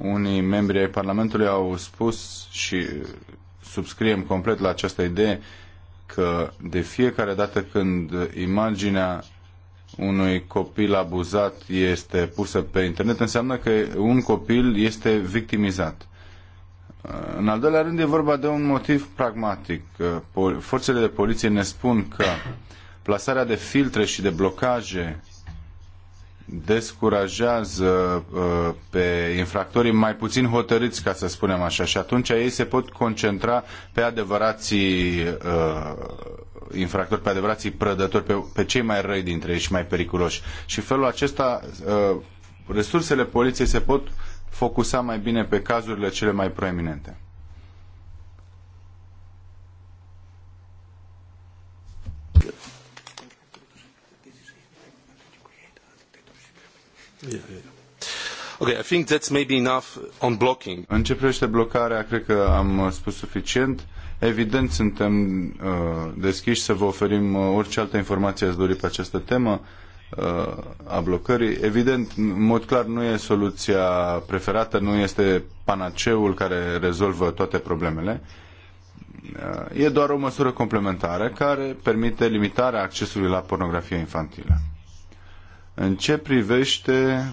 Unii membri ai Parlamentului au spus și subscriem complet la această idee că de fiecare dată când imaginea unui copil abuzat este pusă pe internet, înseamnă că un copil este victimizat. În al doilea rând e vorba de un motiv pragmatic. Forțele de poliție ne spun că plasarea de filtre și de blocaje descurajează uh, pe infractorii mai puțin hotărâți, ca să spunem așa, și atunci ei se pot concentra pe adevărații uh, infractori, pe adevărații prădători, pe, pe cei mai răi dintre ei și mai periculoși. Și felul acesta, uh, resursele poliției se pot focusa mai bine pe cazurile cele mai proeminente. I think that's maybe enough on blocking. În ce privește blocarea, cred că am uh, spus suficient. Evident, suntem uh, deschiși să vă oferim uh, orice altă informație ați dori pe această temă uh, a blocării. Evident, în mod clar, nu e soluția preferată, nu este panaceul care rezolvă toate problemele. Uh, e doar o măsură complementară care permite limitarea accesului la pornografie infantilă. În ce privește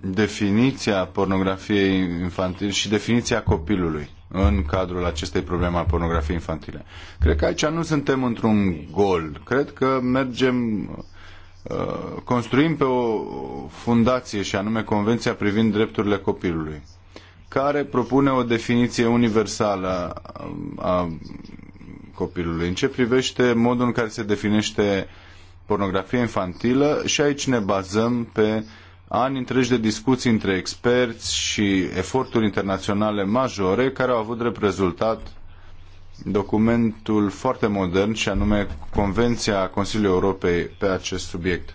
definiția pornografiei infantile și definiția copilului în cadrul acestei probleme a pornografiei infantile. Cred că aici nu suntem într-un gol. Cred că mergem, uh, construim pe o fundație și anume Convenția privind drepturile copilului, care propune o definiție universală uh, a copilului în ce privește modul în care se definește pornografie infantilă și aici ne bazăm pe ani întregi de discuții între experți și eforturi internaționale majore care au avut drept rezultat documentul foarte modern și anume Convenția Consiliului Europei pe acest subiect.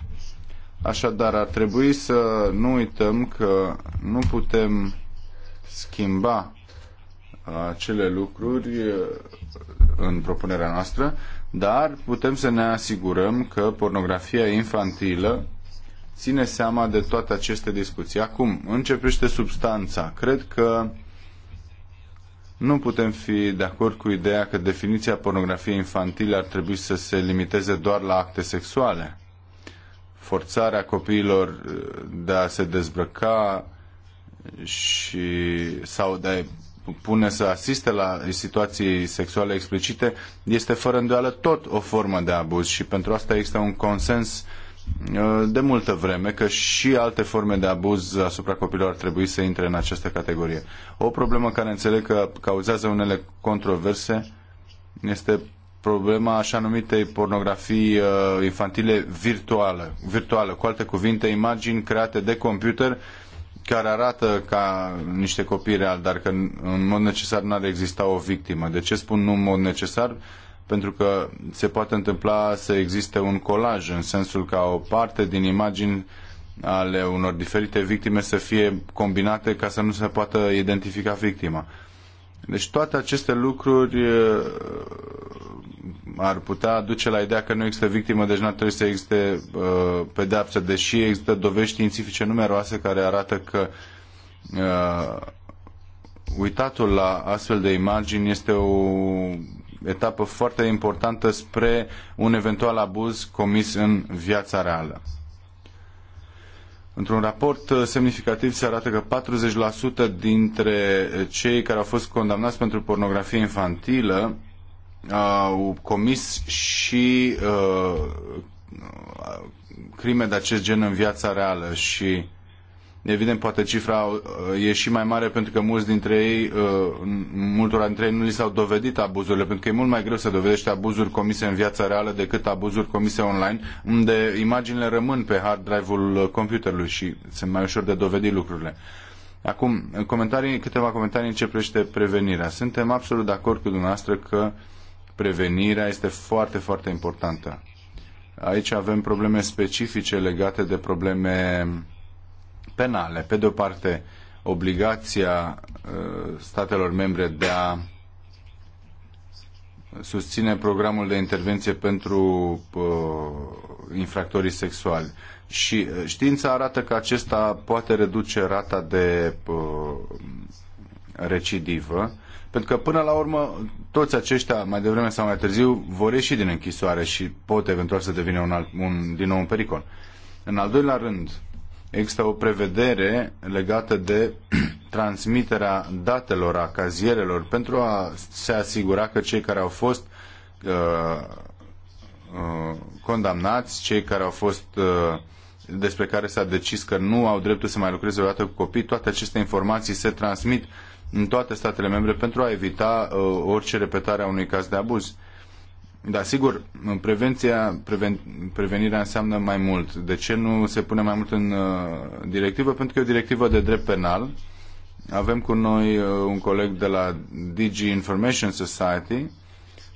Așadar, ar trebui să nu uităm că nu putem schimba uh, acele lucruri uh, în propunerea noastră, dar putem să ne asigurăm că pornografia infantilă ține seama de toate aceste discuții. Acum, începește substanța. Cred că nu putem fi de acord cu ideea că definiția pornografiei infantile ar trebui să se limiteze doar la acte sexuale. Forțarea copiilor eh, de a se dezbrăca și, sau de pune să asiste la situații sexuale explicite este fără îndoială tot o formă de abuz și pentru asta există un consens uh, de multă vreme că și alte forme de abuz asupra copilor ar trebui să intre în această categorie. O problemă care înțeleg că cauzează unele controverse este problema așa numitei pornografii uh, infantile virtuală, virtuală, cu alte cuvinte, imagini create de computer uh, care arată ca niște copii reali, dar că în mod necesar n-ar exista o victimă. De ce spun nu în mod necesar? Pentru că se poate întâmpla să existe un colaj, în sensul ca o parte din imagini ale unor diferite victime să fie combinate ca să nu se poată identifica victima. Deci toate aceste lucruri ar putea duce la ideea că nu există victimă, deci nu ar trebui să existe uh, pedeapsă, deși există dovești științifice numeroase care arată că uh, uitatul la astfel de imagini este o etapă foarte importantă spre un eventual abuz comis în viața reală. Într-un raport uh, semnificativ se arată că 40% dintre cei care au fost condamnați pentru pornografie infantilă au comis și uh, crime de acest gen în viața reală și evident poate cifra uh, e și mai mare pentru că mulți dintre ei, uh, multora dintre ei nu li s-au dovedit abuzurile, pentru că e mult mai greu să dovedești abuzuri comise în viața reală decât abuzuri comise online, unde imaginile rămân pe hard drive-ul computerului și sunt mai ușor de dovedit lucrurile. Acum, comentarii, câteva comentarii în ce privește prevenirea. Suntem absolut de acord cu dumneavoastră că uh, prevenirea este foarte, foarte importantă. Aici avem probleme specifice legate de probleme penale. Pe de o parte, obligația uh, statelor membre de a susține programul de intervenție pentru uh, infractorii sexuali. Și uh, știința arată că acesta poate reduce rata de uh, recidivă pentru că până la urmă toți aceștia, mai devreme sau mai târziu, vor ieși din închisoare și pot eventual să devină un, alt, un, din nou un pericol. În al doilea rând, există o prevedere legată de [CLEARS THROAT] transmiterea datelor a cazierelor pentru a se asigura că cei care au fost uh, uh, condamnați, cei care au fost uh, despre care s-a decis că nu au dreptul să mai lucreze odată cu copii, toate aceste informații se transmit în toate statele membre pentru a evita uh, orice repetare a unui caz de abuz. Da, sigur, prevenția, preven, prevenirea înseamnă mai mult. De ce nu se pune mai mult în uh, directivă? Pentru că e o directivă de drept penal. Avem cu noi uh, un coleg de la DG Information Society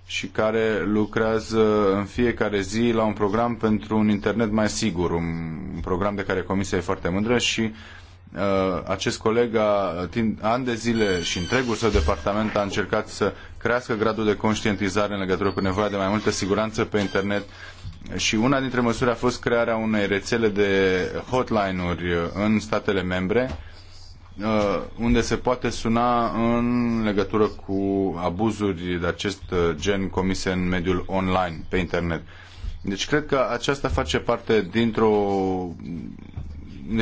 și care lucrează în fiecare zi la un program pentru un internet mai sigur, un program de care Comisia e foarte mândră și uh, Uh, acest coleg a, timp, ani de zile și întregul său departament a încercat să crească gradul de conștientizare în legătură cu nevoia de mai multă siguranță pe internet și una dintre măsuri a fost crearea unei rețele de hotline-uri în statele membre uh, unde se poate suna în legătură cu abuzuri de acest uh, gen comise în mediul online, pe internet. Deci cred că aceasta face parte dintr-o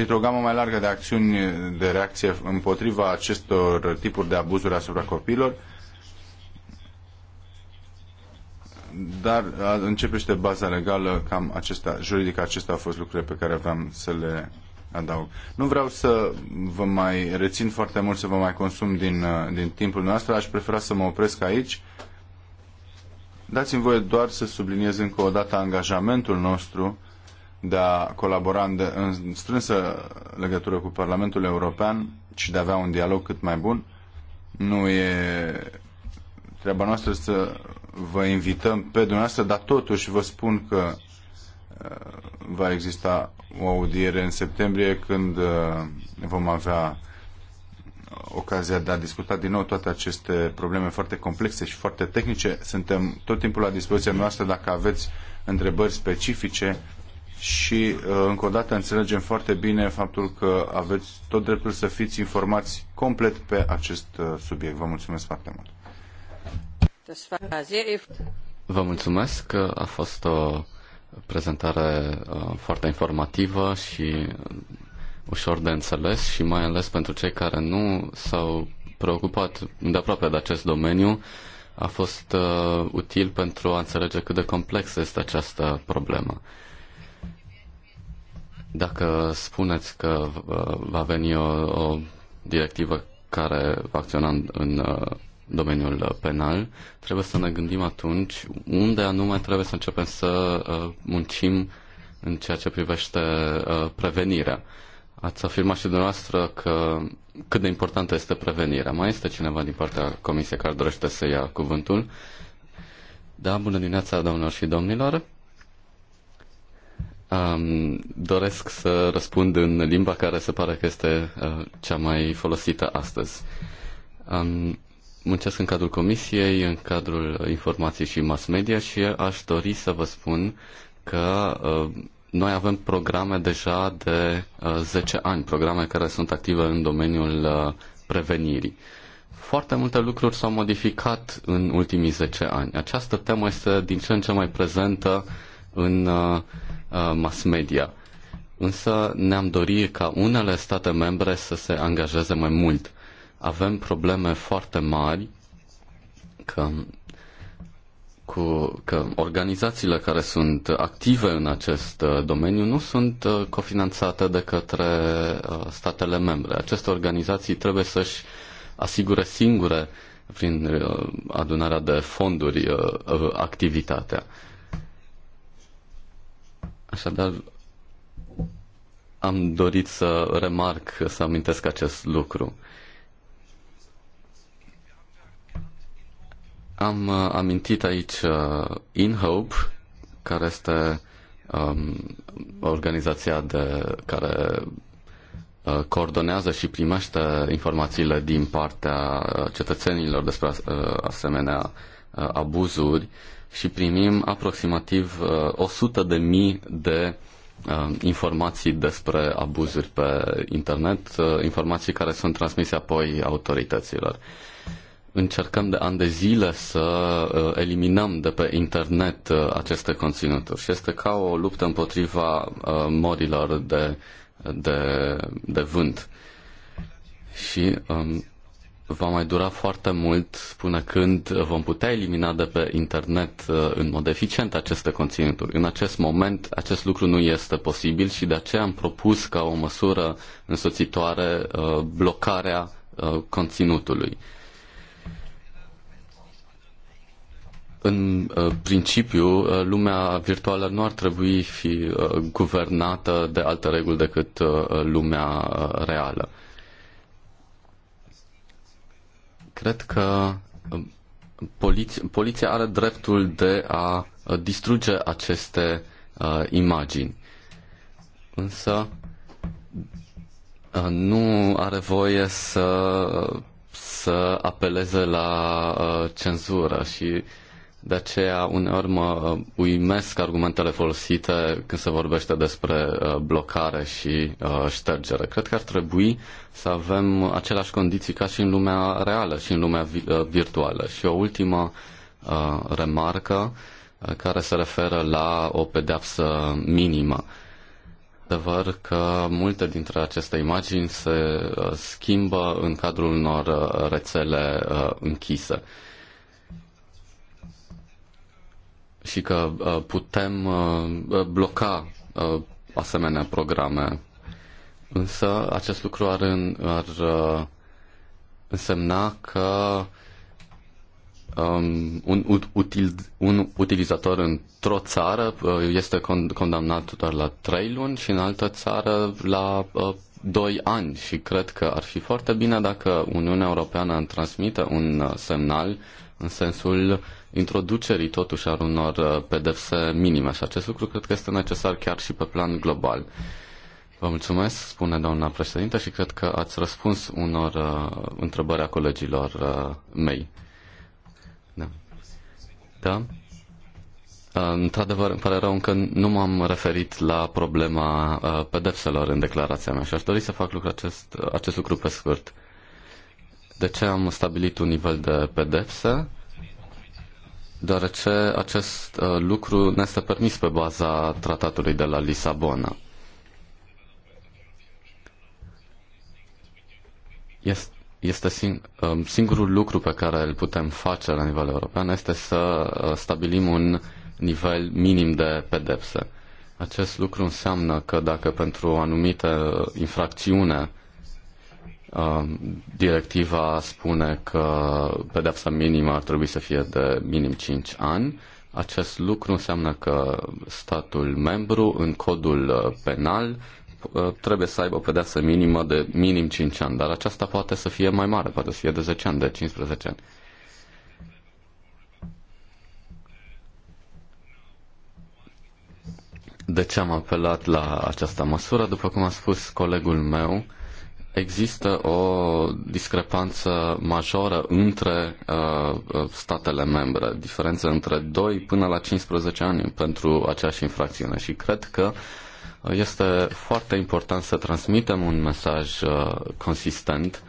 o gamă mai largă de acțiuni de reacție împotriva acestor tipuri de abuzuri asupra copiilor, dar începește baza legală, cam acesta, juridică, acestea au fost lucrurile pe care aveam să le adaug. Nu vreau să vă mai rețin foarte mult, să vă mai consum din, din timpul nostru, aș prefera să mă opresc aici. Dați-mi voie doar să subliniez încă o dată angajamentul nostru de a colabora în strânsă legătură cu Parlamentul European și de a avea un dialog cât mai bun. Nu e treaba noastră să vă invităm pe dumneavoastră, dar totuși vă spun că uh, va exista o audiere în septembrie când uh, vom avea ocazia de a discuta din nou toate aceste probleme foarte complexe și foarte tehnice. Suntem tot timpul la dispoziția noastră dacă aveți întrebări specifice și uh, încă o dată înțelegem foarte bine faptul că aveți tot dreptul să fiți informați complet pe acest uh, subiect. Vă mulțumesc foarte mult. Vă mulțumesc că a fost o prezentare uh, foarte informativă și ușor de înțeles și mai ales pentru cei care nu s-au preocupat de aproape de acest domeniu a fost uh, util pentru a înțelege cât de complexă este această problemă. Dacă spuneți că uh, va veni o, o directivă care va acționa în, în uh, domeniul penal, trebuie să ne gândim atunci unde anume trebuie să începem să uh, muncim în ceea ce privește prevenirea. Ați afirmat și dumneavoastră că cât de importantă este prevenirea. Mai este cineva din partea comisiei care dorește să ia cuvântul? Da, bună dimineața, domnilor și domnilor. Um, doresc să răspund în limba care se pare că este uh, cea mai folosită astăzi. Um, muncesc în cadrul comisiei, în cadrul informației și mass media și aș dori să vă spun că uh, noi avem programe deja de uh, 10 ani, programe care sunt active în domeniul uh, prevenirii. Foarte multe lucruri s-au modificat în ultimii 10 ani. Această temă este din ce în ce mai prezentă în uh, Uh, mass media. Însă ne-am dorit ca unele state membre să se angajeze mai mult. Avem probleme foarte mari că, cu, că organizațiile care sunt active în acest uh, domeniu nu sunt uh, cofinanțate de către statele membre. Aceste organizații trebuie să-și asigure singure prin adunarea de fonduri activitatea. Așadar, am dorit să remarc, să amintesc acest lucru. Am uh, amintit aici uh, InHope, care este um, organizația de, care uh, coordonează și primește informațiile din partea uh, cetățenilor despre uh, asemenea uh, abuzuri și primim aproximativ 100 uh, de mii de uh, informații despre abuzuri pe internet, uh, informații care sunt transmise apoi autorităților. Încercăm de ani de zile să eliminăm de pe internet aceste conținuturi și este ca o luptă împotriva morilor de, de, de vânt. Și um, va mai dura foarte mult până când vom putea elimina de pe internet uh, în mod eficient aceste conținuturi. În acest moment acest lucru nu este posibil și de aceea am propus ca o măsură însoțitoare uh, blocarea uh, conținutului. În principiu, lumea virtuală nu ar trebui fi guvernată de alte reguli decât lumea reală. Cred că um, poliția, poliția are dreptul de a uh, distruge aceste uh, imagini. Însă uh, nu are voie să, să apeleze la uh, cenzură și uh, de aceea, uneori mă uh, uimesc argumentele folosite când se vorbește despre uh, blocare și uh, ștergere. Cred că ar trebui să avem aceleași condiții ca și în lumea reală și în lumea virtuală. Și o ultimă remarcă care se referă la o pedeapsă minimă. Adevăr că multe dintre aceste imagini se schimbă în cadrul unor rețele închise și că uh, putem uh, uh, bloca asemenea programe. Însă acest lucru ar, ar însemna că um, un, util, un utilizator într-o țară este condamnat doar la 3 luni și în altă țară la uh, 2 ani și cred că ar fi foarte bine dacă Uniunea Europeană transmite un semnal în sensul introducerii totuși ar unor uh, pedepse minime și acest lucru cred că este necesar chiar și pe plan global. Vă mulțumesc, spune doamna președinte, și cred că ați răspuns unor uh, întrebări a colegilor uh, mei. Da. Da? Uh, într-adevăr, îmi pare rău că nu m-am referit la problema uh, pedepselor în declarația mea și aș dori să fac lucru acest, acest lucru pe scurt. De ce am stabilit un nivel de pedepse? deoarece acest uh, lucru ne este permis pe baza tratatului de la Lisabona. Este, este sing, um, singurul lucru pe care îl putem face la nivel european este să uh, stabilim un nivel minim de pedepse. Acest lucru înseamnă că dacă pentru o anumită infracțiune Um, directiva spune că pedepsa minimă ar trebui să fie de minim 5 ani. Acest lucru înseamnă că statul membru în codul uh, penal uh, trebuie să aibă o pedeapsă minimă de minim 5 ani, dar aceasta poate să fie mai mare, poate să fie de 10 ani, de 15 ani. De ce am apelat la această măsură? După cum a spus colegul meu, există o discrepanță majoră între uh, statele membre, diferență între 2 până la 15 ani pentru aceeași infracțiune și cred că este foarte important să transmitem un mesaj uh, consistent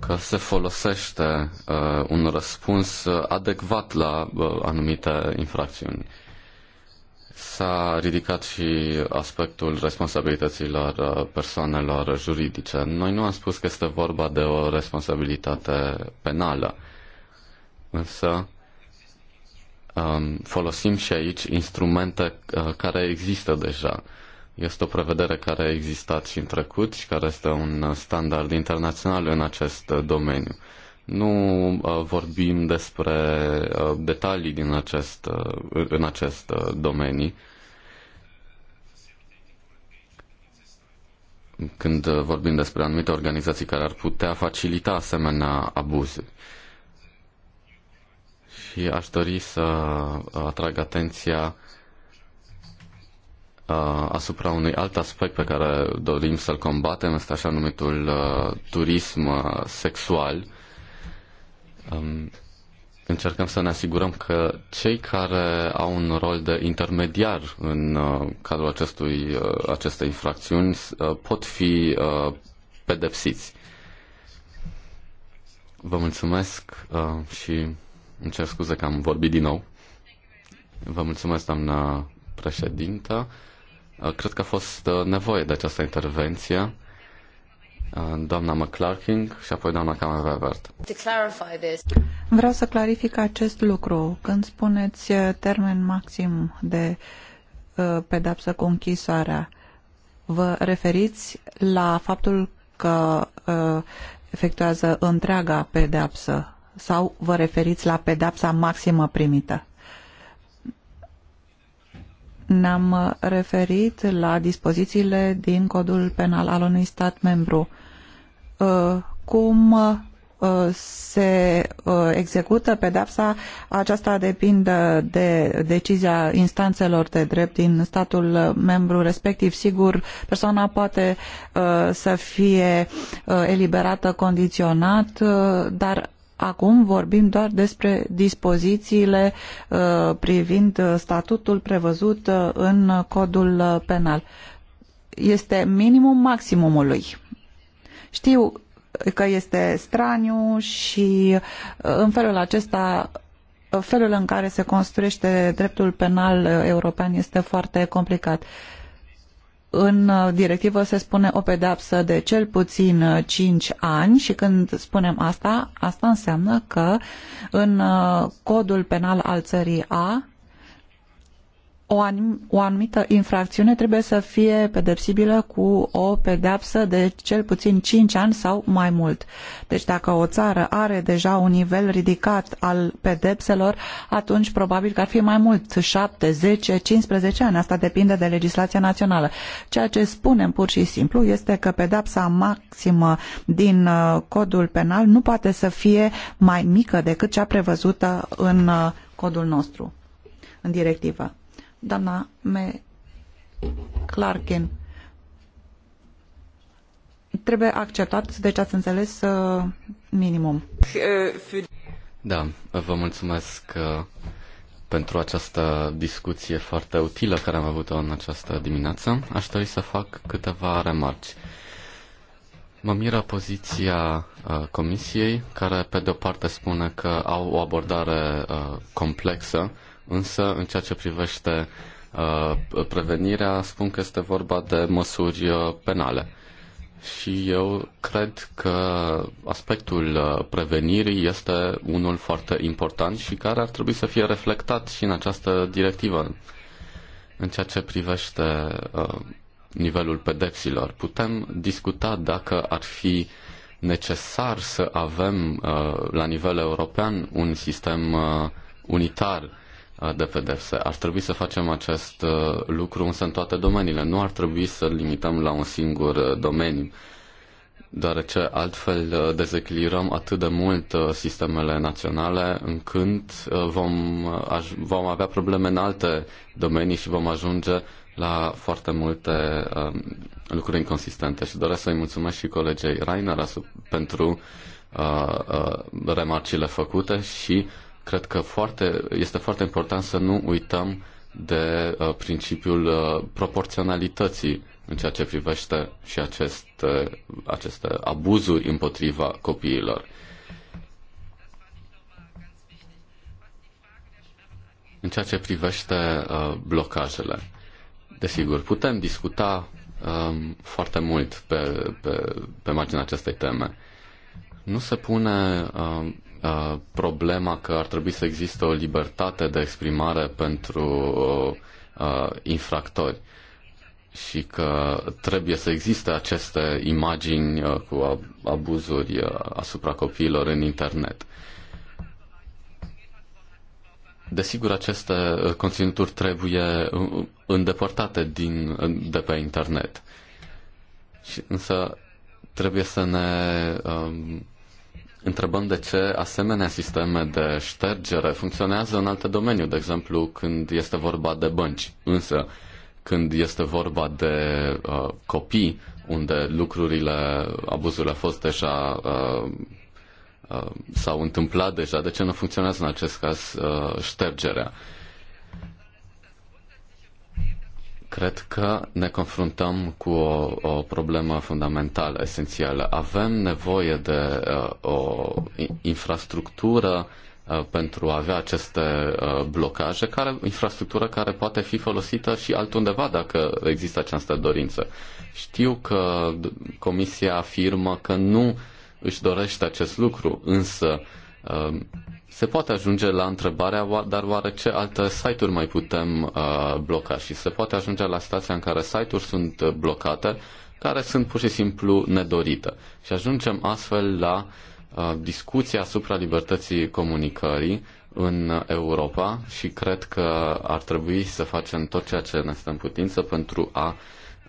că se folosește uh, un răspuns adecvat la uh, anumite infracțiuni. Uh, S-a ridicat și aspectul responsabilităților uh, persoanelor juridice. Noi nu am spus că este vorba de o responsabilitate penală, însă um, folosim și aici instrumente uh, care există deja. Este o prevedere care a existat și în trecut și care este un standard internațional în acest domeniu. Nu uh, vorbim despre uh, detalii din acest, uh, în acest domeniu. când vorbim despre anumite organizații care ar putea facilita asemenea abuzuri. Și aș dori să atrag atenția asupra unui alt aspect pe care dorim să-l combatem, este așa numitul turism sexual um, încercăm să ne asigurăm că cei care au un rol de intermediar în uh, cadrul acestui, uh, acestei infracțiuni uh, pot fi uh, pedepsiți. Vă mulțumesc uh, și îmi cer scuze că am vorbit din nou. Vă mulțumesc, doamna președintă. Uh, cred că a fost uh, nevoie de această intervenție Uh, doamna și apoi doamna Camerevert. Vreau să clarific acest lucru. Când spuneți uh, termen maxim de uh, pedapsă cu închisoarea, vă referiți la faptul că efectuează întreaga pedapsă sau vă referiți la pedapsa maximă primită? ne-am uh, referit la dispozițiile din codul penal al unui stat membru. Uh, cum uh, se execută pedepsa, aceasta depinde de decizia instanțelor de drept din statul membru respectiv. Sigur, persoana poate să fie eliberată condiționat, dar Acum vorbim doar despre dispozițiile uh, privind uh, statutul prevăzut uh, în codul penal. Este minimum maximumului. Știu că este straniu și în felul acesta felul în care se construiește dreptul penal european este foarte complicat în directivă se spune o pedapsă de cel puțin 5 ani și când spunem asta, asta înseamnă că în codul penal al țării A o, anum, o anumită infracțiune trebuie să fie pedepsibilă cu o pedeapsă de cel puțin 5 ani sau mai mult. Deci dacă o țară are deja un nivel ridicat al pedepselor, atunci probabil că ar fi mai mult, 7, 10, 15 ani. Asta depinde de legislația națională. Ceea ce spunem pur și simplu este că pedepsa maximă din uh, codul penal nu poate să fie mai mică decât cea prevăzută în uh, codul nostru, în directivă doamna Me Clarkin. Trebuie acceptat, deci ați înțeles, uh, minimum. Da, vă mulțumesc uh, pentru această discuție foarte utilă care am avut-o în această dimineață. Aș dori să fac câteva remarci. Mă miră poziția uh, Comisiei, care pe de o parte spune că au o abordare uh, complexă însă în ceea ce privește uh, prevenirea, spun că este vorba de măsuri uh, penale. Și eu cred că aspectul uh, prevenirii este unul foarte important și care ar trebui să fie reflectat și în această directivă. În ceea ce privește nivelul pedepsilor, putem discuta dacă ar fi necesar să avem la nivel european un sistem unitar de pedepse. Ar trebui să facem acest lucru însă în toate domeniile. Nu ar trebui să limităm la un singur domeniu, deoarece altfel dezechilibrăm atât de mult sistemele naționale încât vom, vom avea probleme în alte domenii și vom ajunge la foarte multe um, lucruri inconsistente și doresc să-i mulțumesc și colegei Rainer pentru uh, uh, remarcile făcute și Cred că foarte, este foarte important să nu uităm de uh, principiul uh, proporționalității în ceea ce privește și aceste, aceste abuzuri împotriva copiilor. În ceea ce privește uh, blocajele, desigur, putem discuta um, foarte mult pe, pe, pe marginea acestei teme. Nu se pune uh, Uh, problema că ar trebui să existe o libertate de exprimare pentru uh, uh, infractori și că trebuie să existe aceste imagini cu abuzuri asupra copiilor în internet. Desigur, aceste conținuturi trebuie îndepărtate din, de pe internet. Și, însă trebuie să ne Uh, întrebăm de ce asemenea sisteme de ștergere funcționează în alte domenii, de exemplu când este vorba de bănci. Însă, când este vorba de uh, copii, unde lucrurile, abuzurile au fost deja uh, uh, s-au întâmplat deja, de ce nu funcționează în acest caz uh, ștergerea? Uh, cred că ne confruntăm cu o, o problemă fundamentală, esențială. Avem nevoie de uh, o infrastructură uh, pentru a avea aceste uh, blocaje, care, infrastructură care poate fi folosită și altundeva dacă există această dorință. Știu că Comisia afirmă că nu își dorește acest lucru, însă uh, se poate ajunge la întrebarea, dar oare ce alte site-uri mai putem uh, bloca și se poate ajunge la stația în care site-uri sunt uh, blocate, care sunt pur și simplu nedorite. Și ajungem astfel la uh, discuția asupra libertății comunicării în Europa și cred că ar trebui să facem tot ceea ce ne stăm în putință pentru a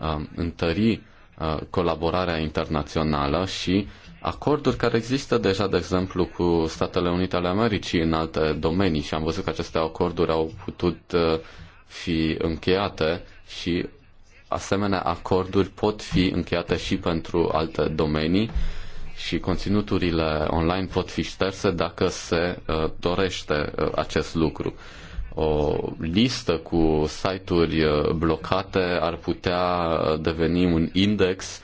uh, întări Uh, colaborarea internațională și acorduri care există deja, de exemplu, cu Statele Unite ale Americii în alte domenii și am văzut că aceste acorduri au putut uh, fi încheiate și asemenea acorduri pot fi încheiate și pentru alte domenii și conținuturile online pot fi șterse dacă se uh, dorește acest lucru o listă cu site-uri uh, blocate ar putea uh, deveni un index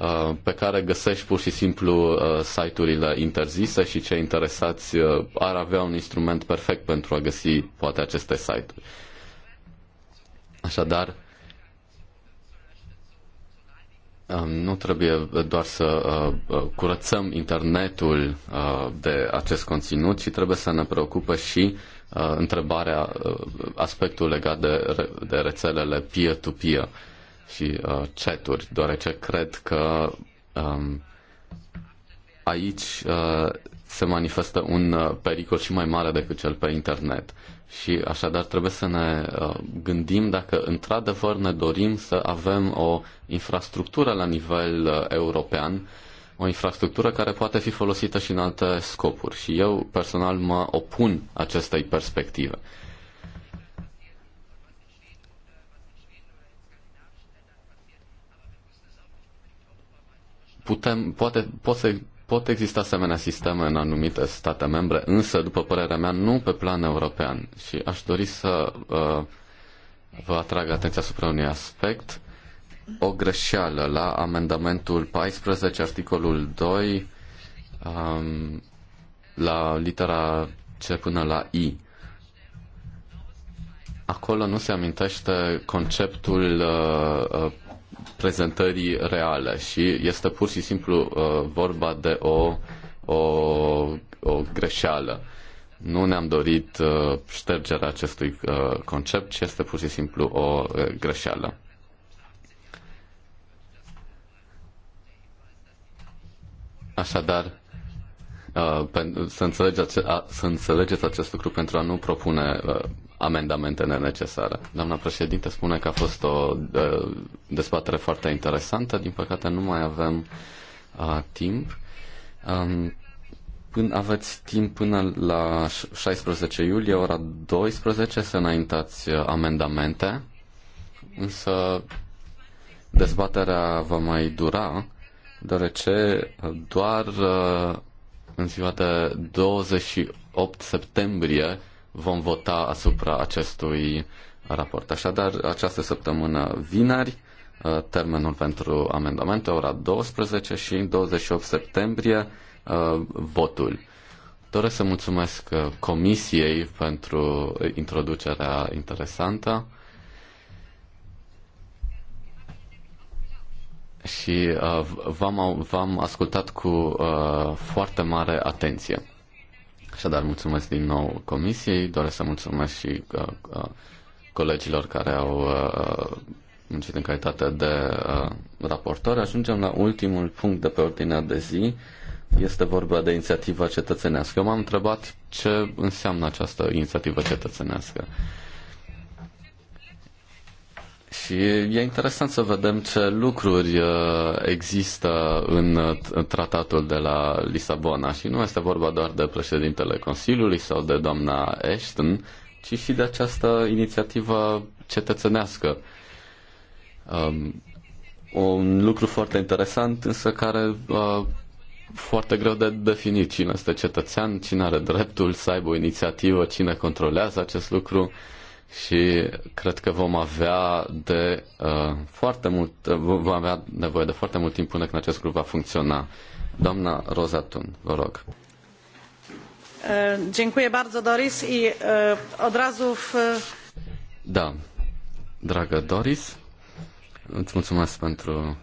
uh, pe care găsești pur și simplu site-urile interzise și cei interesați ar avea un instrument perfect pentru a găsi poate aceste site-uri. Așadar, um, nu trebuie doar să curățăm internetul de acest conținut, ci trebuie să ne preocupe și Uh, întrebarea, uh, aspectul legat de, de rețelele peer-to-peer -peer și uh, chat-uri, deoarece cred că um, aici uh, se manifestă un uh, pericol și mai mare decât cel pe internet. Și așadar trebuie să ne gândim dacă într-adevăr ne dorim să avem o infrastructură la nivel european o infrastructură care poate fi folosită și în alte scopuri. Și eu personal mă opun acestei perspective. Putem, poate, pot să Pot exista asemenea sisteme în anumite state membre, însă, după părerea mea, nu pe plan european. Și aș dori să uh, vă atrag atenția asupra unui aspect o greșeală la amendamentul 14, articolul 2, um, la litera C până la I. Acolo nu se amintește conceptul uh, uh, prezentării reale și este pur și simplu uh, vorba de o, o, o greșeală. Nu ne-am dorit uh, ștergerea acestui uh, concept, ci este pur și simplu o uh, greșeală. Așadar, uh, să înțelegeți, să înțelegeți acest lucru pentru a nu propune uh, amendamente nenecesare. Doamna președinte spune că a fost o uh, dezbatere foarte interesantă. Din păcate nu mai avem timp. Um, până, aveți timp până la 16 iulie, ora 12, să înaintați amendamente, însă dezbaterea va mai dura deoarece doar uh, în ziua de 28 septembrie vom vota asupra acestui raport. Așadar, această săptămână vineri, uh, termenul pentru amendamente, ora 12 și 28 septembrie, uh, votul. Doresc să mulțumesc Comisiei pentru introducerea interesantă și uh, v-am, v-am ascultat cu uh, foarte mare atenție. Așadar, mulțumesc din nou comisiei, doresc să mulțumesc și uh, uh, colegilor care au uh, muncit în calitate de uh, raportor. Ajungem la ultimul punct de pe ordinea de zi. Este vorba de inițiativa cetățenească. Eu m-am întrebat ce înseamnă această inițiativă cetățenească. Uh, și e interesant să vedem ce lucruri uh, există uh, în tratatul de la Lisabona. Și nu este vorba doar de președintele Consiliului sau de doamna Ashton, ci și de această inițiativă cetățenească. Um, un lucru foarte interesant, însă care uh, foarte greu de definit cine este cetățean, cine are dreptul să aibă o inițiativă, cine controlează acest lucru. Uh, și cred că vom avea de uh, foarte mult, uh, vom avea nevoie de foarte mult timp până când acest grup va funcționa. Doamna Rozatun, vă rog. Uh, dziękuję bardzo, Doris, i uh, od razu w... Da, dragă Doris, îți mulțumesc pentru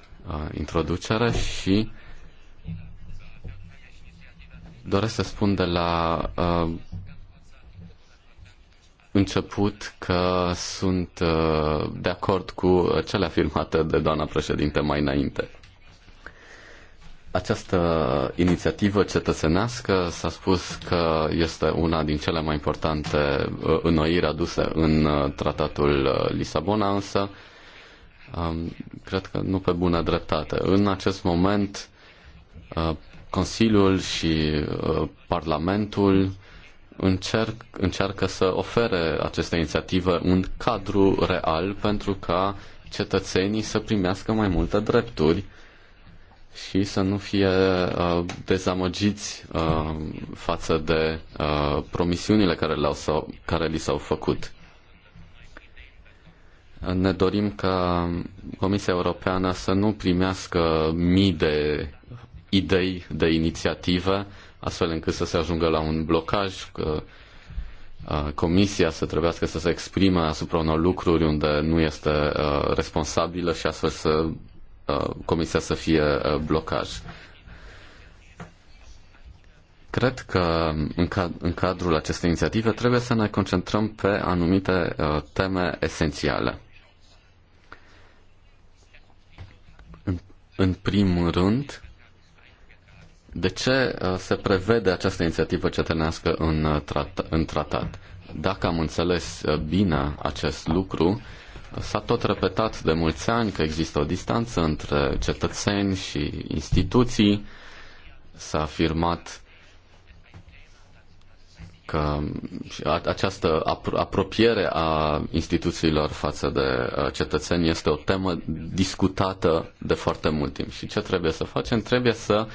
introducere și doresc să spun de la început că sunt uh, de acord cu cele afirmate de doamna președinte mai înainte. Această inițiativă cetățenească s-a spus că este una din cele mai importante uh, înnoiri aduse în uh, tratatul Lisabona, însă um, cred că nu pe bună dreptate. În acest moment, Consiliul și Parlamentul încerc, încearcă să ofere aceste inițiative un cadru real pentru ca cetățenii să primească mai multe drepturi și să nu fie uh, dezamăgiți uh, față de uh, promisiunile care, le-au, care li s-au făcut. Ne dorim ca Comisia Europeană să nu primească mii de idei, de inițiative astfel încât să se ajungă la un blocaj, că comisia să trebuiască să se exprime asupra unor lucruri unde nu este responsabilă și astfel să comisia să fie blocaj. Cred că în, cadrul acestei inițiative trebuie să ne concentrăm pe anumite teme esențiale. în primul rând, de ce uh, se prevede această inițiativă cetănească în, uh, trat, în tratat? Dacă am înțeles uh, bine acest lucru, s-a tot repetat de mulți ani că există o distanță între cetățeni și instituții. S-a afirmat că această apropiere a instituțiilor față de cetățeni este o temă discutată de foarte mult timp. Și ce trebuie să facem? Trebuie să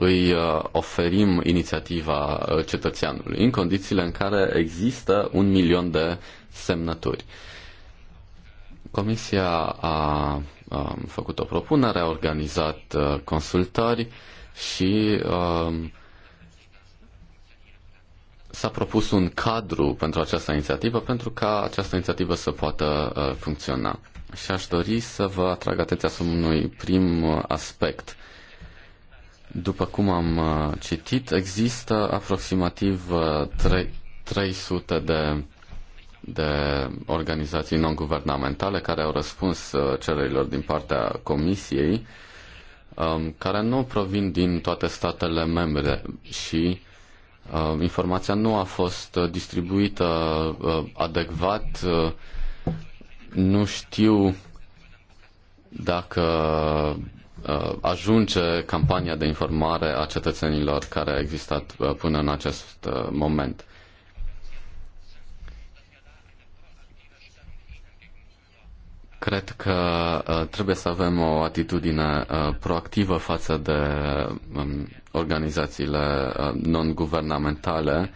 îi uh, oferim inițiativa uh, cetățeanului, în condițiile în care există un milion de semnături. Comisia a, a um, făcut o propunere, a organizat uh, consultări și um, s-a propus un cadru pentru această inițiativă, pentru ca această inițiativă să poată funcționa. Și aș dori să vă atrag atenția asupra unui prim aspect după cum am uh, citit, există aproximativ 300 uh, de, de organizații non-guvernamentale care au răspuns uh, cererilor din partea Comisiei, um, care nu provin din toate statele membre și informația nu a fost distribuită adecvat. Nu știu dacă Uh, ajunge campania de informare a cetățenilor care a existat uh, până în acest uh, moment. Cred că trebuie să avem o atitudine proactivă față de um, organizațiile non-guvernamentale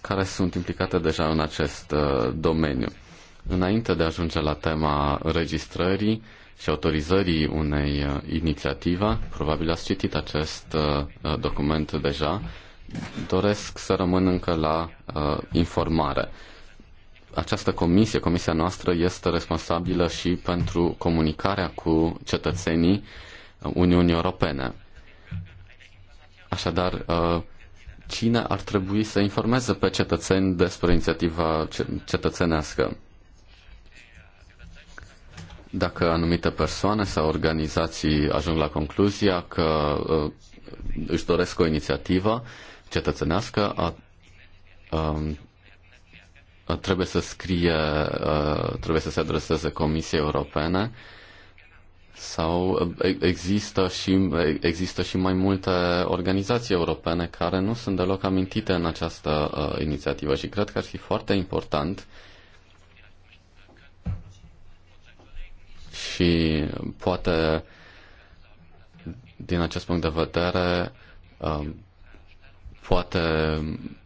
care sunt implicate deja în acest domeniu. Înainte de a ajunge la tema registrării, și autorizării unei uh, inițiative, probabil ați citit acest uh, uh, document deja, doresc să rămân încă la informare această comisie, comisia noastră, este responsabilă și pentru comunicarea cu cetățenii Uniunii Europene. Așadar, cine ar trebui să informeze pe cetățeni despre inițiativa cetățenească? Dacă anumite persoane sau organizații ajung la concluzia că uh, își doresc o inițiativă cetățenească, a, uh, a, trebuie să scrie, uh, trebuie să se adreseze Comisiei Europene sau uh, există și, există și mai multe organizații europene care nu sunt deloc amintite în această uh, inițiativă și cred că ar fi foarte important uh, și poate din acest punct de vedere um, poate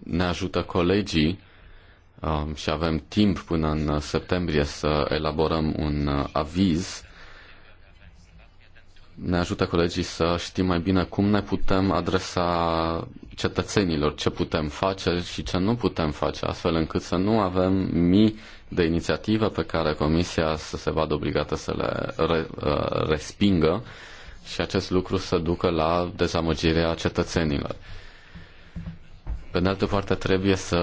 ne ajută colegii um, și avem timp până în septembrie să elaborăm un uh, aviz. Ne ajută colegii să știm mai bine cum ne putem adresa cetățenilor, ce putem face și ce nu putem face, astfel încât să nu avem mii de inițiative pe care Comisia să se vadă obligată să le re, uh, respingă și acest lucru să ducă la dezamăgirea cetățenilor. Pe de altă parte, trebuie să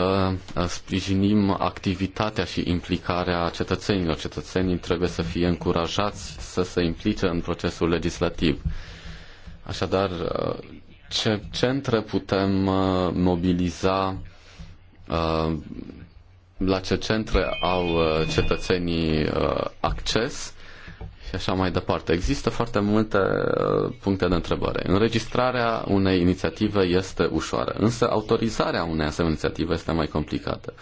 uh, sprijinim activitatea și implicarea cetățenilor. Cetățenii trebuie să fie încurajați să se implice în procesul legislativ. Așadar, uh, ce centre putem mobiliza la ce centre au uh, cetățenii uh, acces și așa mai departe. Există foarte multe uh, puncte de întrebare. Înregistrarea unei inițiative este ușoară, însă autorizarea unei asemenea inițiative este mai complicată.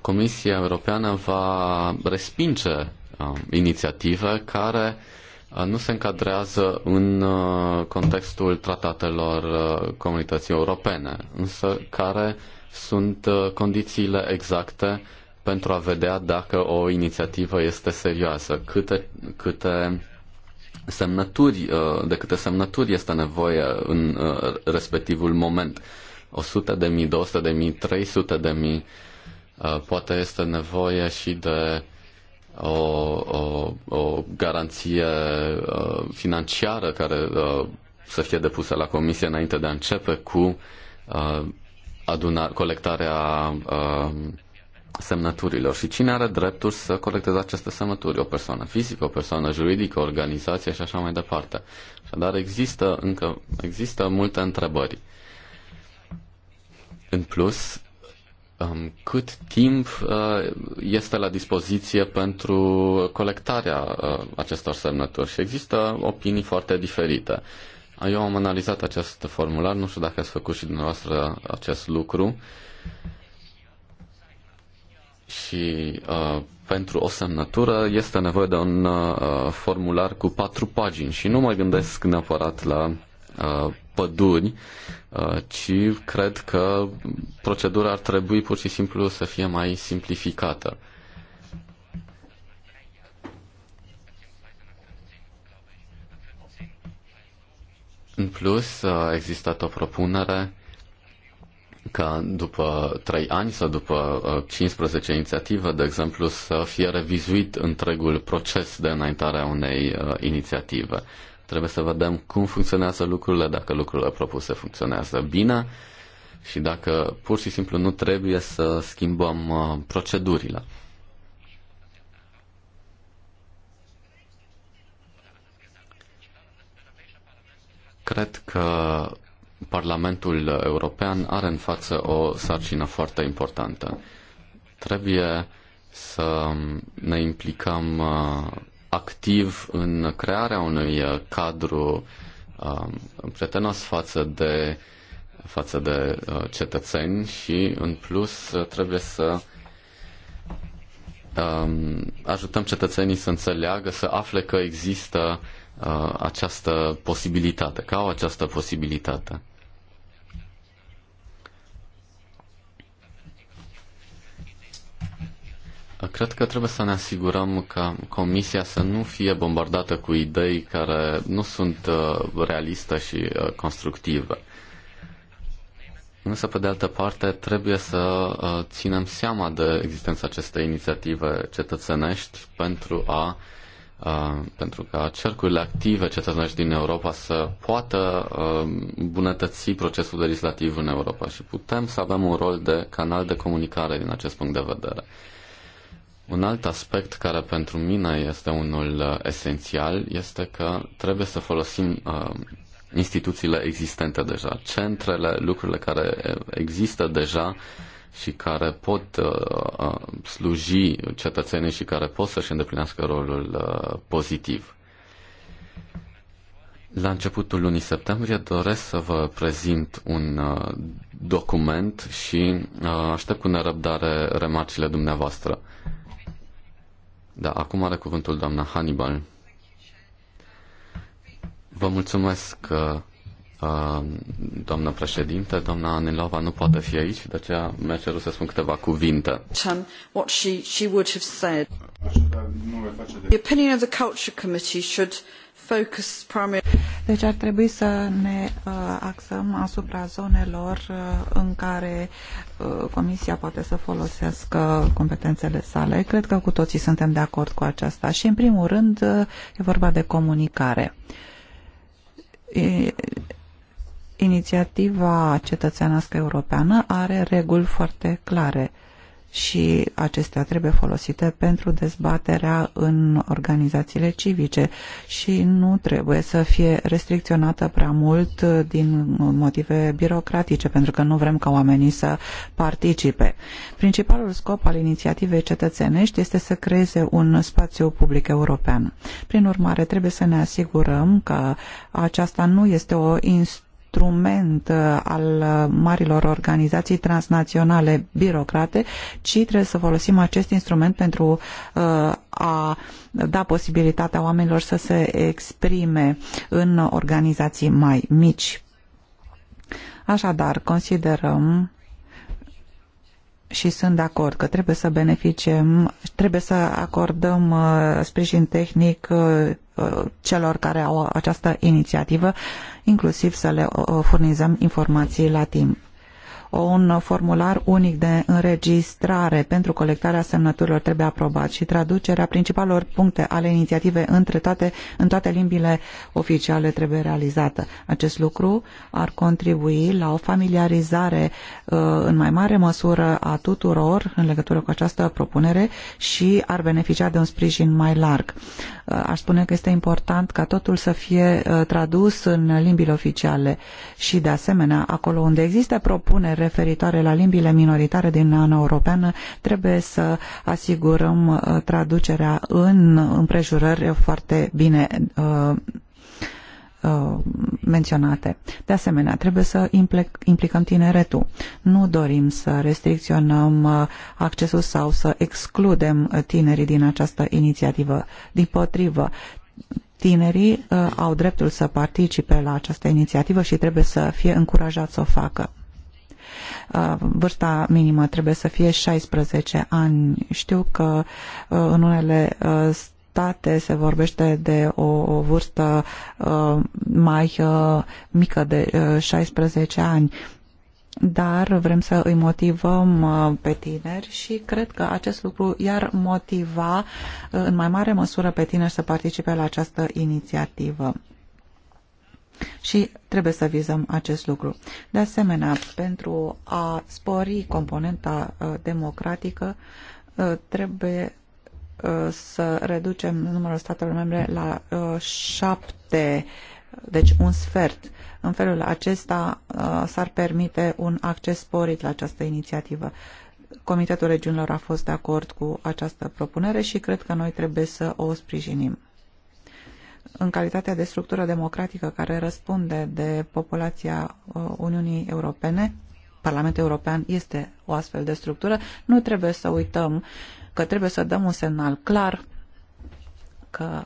Comisia Europeană va respinge inițiative care nu se încadrează în contextul tratatelor comunității europene, însă care uh, sunt uh, condițiile exacte pentru a vedea dacă o inițiativă este serioasă, câte, câte semnături, uh, de câte semnături este nevoie în uh, respectivul moment. 100 de mii, 200 de mii, 300 de mii, poate este nevoie și de o, o, o garanție financiară care să fie depusă la comisie înainte de a începe cu aduna, colectarea uh, semnăturilor și cine are dreptul să colecteze aceste semnături? O persoană fizică, o persoană juridică, o organizație și așa mai departe. Dar există încă există multe întrebări. În plus, um, cât timp uh, este la dispoziție pentru colectarea uh, acestor semnături? Și există opinii foarte diferite. Uh, Ah, eu am analizat acest formular, nu știu dacă ați făcut și dumneavoastră acest lucru. Și uh, pentru o semnătură este nevoie de un uh, formular cu patru pagini și nu mă gândesc neapărat la uh, păduri, uh, ci cred că procedura ar trebui pur și simplu să fie mai simplificată. În plus, a existat o propunere ca după 3 ani sau după 15 inițiative, de exemplu, să fie revizuit întregul proces de înaintare a unei inițiative. Trebuie să vedem cum funcționează lucrurile, dacă lucrurile propuse funcționează bine și dacă pur și simplu nu trebuie să schimbăm procedurile. Cred că Parlamentul European are în față o sarcină foarte importantă. Trebuie să ne implicăm uh, activ în crearea unui uh, cadru um, prietenos față de, față de uh, cetățeni și, în plus, trebuie să um, ajutăm cetățenii să înțeleagă, să afle că există uh, această posibilitate, că au această posibilitate. Cred că trebuie să ne asigurăm că Comisia să nu fie bombardată cu idei care nu sunt uh, realiste și uh, constructive. Însă, pe de altă parte, trebuie să uh, ținem seama de existența acestei inițiative cetățenești pentru a Uh, pentru ca cercurile active cetățenești din Europa să poată uh, îmbunătăți procesul legislativ în Europa și putem să avem un rol de canal de comunicare din acest punct de vedere. Un alt aspect care pentru mine este unul uh, esențial este că trebuie să folosim uh, instituțiile existente deja, centrele, lucrurile care există deja și care pot uh, uh, sluji cetățenii și care pot să-și îndeplinească rolul uh, pozitiv. La începutul lunii septembrie doresc să vă prezint un document și aștept cu nerăbdare remarcile dumneavoastră. Da, acum are cuvântul doamna Hannibal. Vă mulțumesc, Doamnă președinte, doamna Anilova nu poate fi aici, de aceea mi-a cerut să spun câteva cuvinte. Um, what she, she would have said. The opinion of the Culture Committee should focus primarily... Deci ar trebui să ne uh, axăm asupra zonelor uh, în care uh, Comisia poate să folosească competențele sale. Cred că cu toții suntem de acord cu aceasta și, în primul rând, e vorba de comunicare inițiativa cetățeanască europeană are reguli foarte clare și acestea trebuie folosite pentru dezbaterea în organizațiile civice și nu trebuie să fie restricționată prea mult din motive birocratice, pentru că nu vrem ca oamenii să participe. Principalul scop al inițiativei cetățenești este să creeze un spațiu public european. Prin urmare, trebuie să ne asigurăm că aceasta nu este o instituție instrument uh, al uh, marilor organizații transnaționale birocrate, ci trebuie să folosim acest instrument pentru uh, a da posibilitatea oamenilor să se exprime în organizații mai mici. Așadar, considerăm și sunt de acord că trebuie să beneficiem, trebuie să acordăm uh, sprijin tehnic uh, Uh, celor care au această inițiativă, inclusiv să le uh, furnizăm informații la timp un formular unic de înregistrare pentru colectarea semnăturilor trebuie aprobat și traducerea principalor puncte ale inițiative între toate, în toate limbile oficiale trebuie realizată. Acest lucru ar contribui la o familiarizare uh, în mai mare măsură a tuturor în legătură cu această propunere și ar beneficia de un sprijin mai larg. Uh, aș spune că este important ca totul să fie uh, tradus în limbile oficiale și de asemenea acolo unde există propunere referitoare la limbile minoritare din Uniunea Europeană, trebuie să asigurăm uh, traducerea în împrejurări foarte bine uh, uh, menționate. De asemenea, trebuie să implicăm tineretul. Nu dorim să restricționăm accesul sau să excludem tinerii din această inițiativă. Din potrivă, tinerii au dreptul să participe la această inițiativă și trebuie să fie încurajați să o facă. Uh, vârsta minimă trebuie să fie 16 ani. Știu că uh, în unele uh, state se vorbește de o, o vârstă mai mică de 16 ani dar vrem să îi motivăm pe tineri și cred că acest lucru i-ar motiva în mai mare măsură pe tineri să participe la această inițiativă și trebuie să vizăm acest lucru. De asemenea, pentru a spori componenta uh, democratică, uh, trebuie uh, să reducem numărul statelor membre la șapte, deci un sfert. În felul acesta s-ar permite un acces sporit la această inițiativă. Comitetul Regiunilor a fost de acord cu această propunere și cred că noi trebuie să o sprijinim în calitatea de structură democratică care răspunde de populația uh, Uniunii Europene, Parlamentul European este o astfel de structură, nu trebuie să uităm că trebuie să dăm un semnal clar că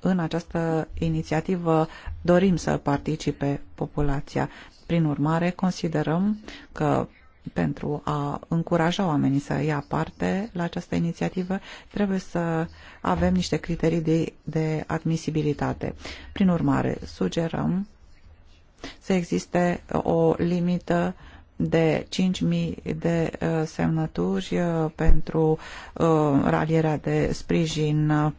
în această inițiativă dorim să participe populația. Prin urmare, considerăm că pentru a încuraja oamenii să ia parte la această inițiativă, trebuie să avem niște criterii de, de admisibilitate. Prin urmare, sugerăm să existe o limită de 5.000 de uh, semnături uh, pentru uh, ralierea de sprijin uh,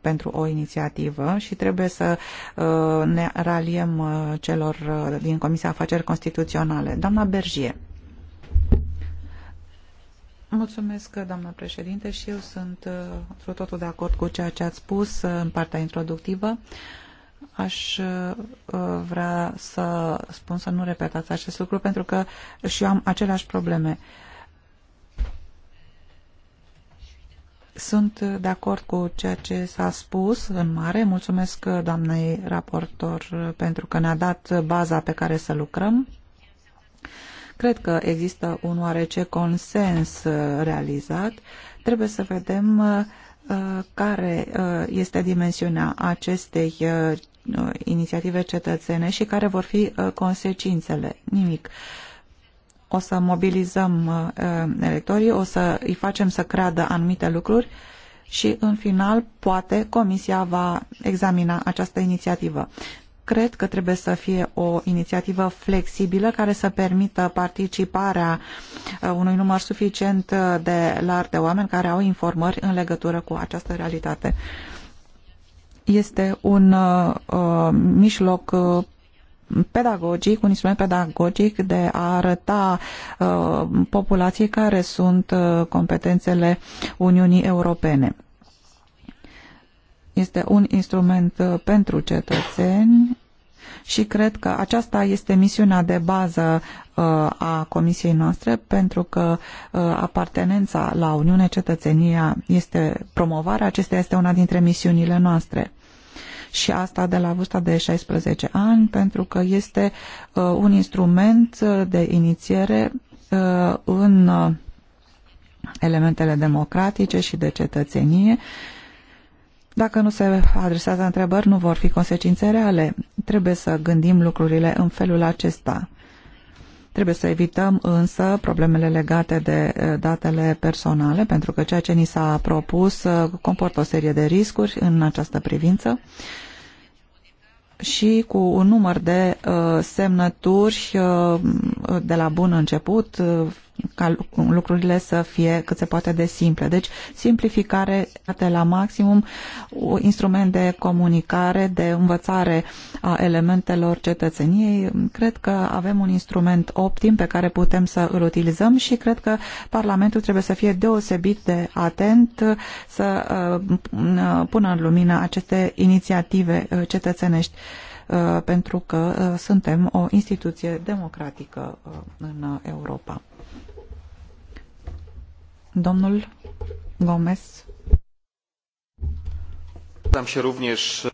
pentru o inițiativă și trebuie să uh, ne raliem uh, celor uh, din Comisia Afaceri Constituționale. Doamna Bergie. Mulțumesc, doamnă președinte, și eu sunt uh, într totul de acord cu ceea ce ați spus uh, în partea introductivă. Aș uh, vrea să spun să nu repetați acest lucru, pentru că și eu am aceleași probleme. Sunt de acord cu ceea ce s-a spus în mare. Mulțumesc doamnei raportor pentru că ne-a dat baza pe care să lucrăm Cred că există un oarece consens uh, realizat. Trebuie să vedem uh, uh, care este dimensiunea acestei inițiative cetățene și care vor fi consecințele. Nimic. O să mobilizăm electorii, o să îi facem să creadă anumite lucruri și în final poate Comisia va examina această inițiativă. Cred că trebuie să fie o inițiativă flexibilă care să permită participarea uh, unui număr suficient uh, de larg de oameni care au informări în legătură cu această realitate. Este un uh, uh, mijloc uh, pedagogic, un instrument pedagogic de a arăta uh, populației care sunt uh, competențele Uniunii Europene. Este un instrument uh, pentru cetățeni și cred că aceasta este misiunea de bază uh, a comisiei noastre pentru că uh, apartenența la Uniune Cetățenia este promovarea, acestea este una dintre misiunile noastre și asta de la vârsta de 16 ani, pentru că este uh, un instrument de inițiere uh, în uh, elementele democratice și de cetățenie dacă nu se adresează întrebări, nu vor fi consecințe reale. Trebuie să gândim lucrurile în felul acesta. Trebuie să evităm însă problemele legate de eh, datele personale, pentru că ceea ce ni s-a propus eh, comportă o serie de riscuri în această privință și cu un număr de uh, semnături uh, de la bun început, uh, ca lucrurile să fie cât se poate de simple. Deci, simplificare de la maximum, un instrument de comunicare, de învățare a elementelor cetățeniei. Cred că avem un instrument optim pe care putem să îl utilizăm și cred că Parlamentul trebuie să fie deosebit de atent să uh, uh, pună în lumină aceste inițiative uh, cetățenești pentru că suntem o instituție democratică în Europa. Domnul Gomez. Tam się również...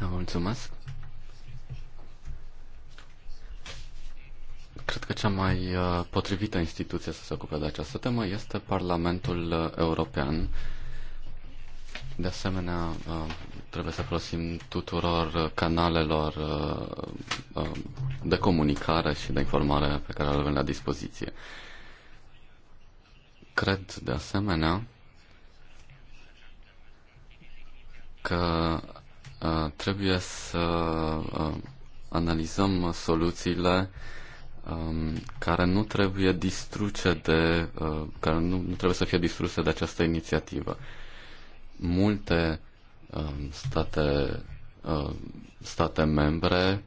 Da, mulțumesc. Cred că cea mai uh, potrivită instituție să se ocupe de această temă este Parlamentul European. De asemenea, uh, trebuie să folosim tuturor uh, canalelor uh, uh, de comunicare și de informare pe care le avem la dispoziție. Cred, de asemenea, că trebuie să analizăm soluțiile um, care nu trebuie distruse de care nu, nu trebuie să fie distruse de această inițiativă. Multe Um, state, um, state membre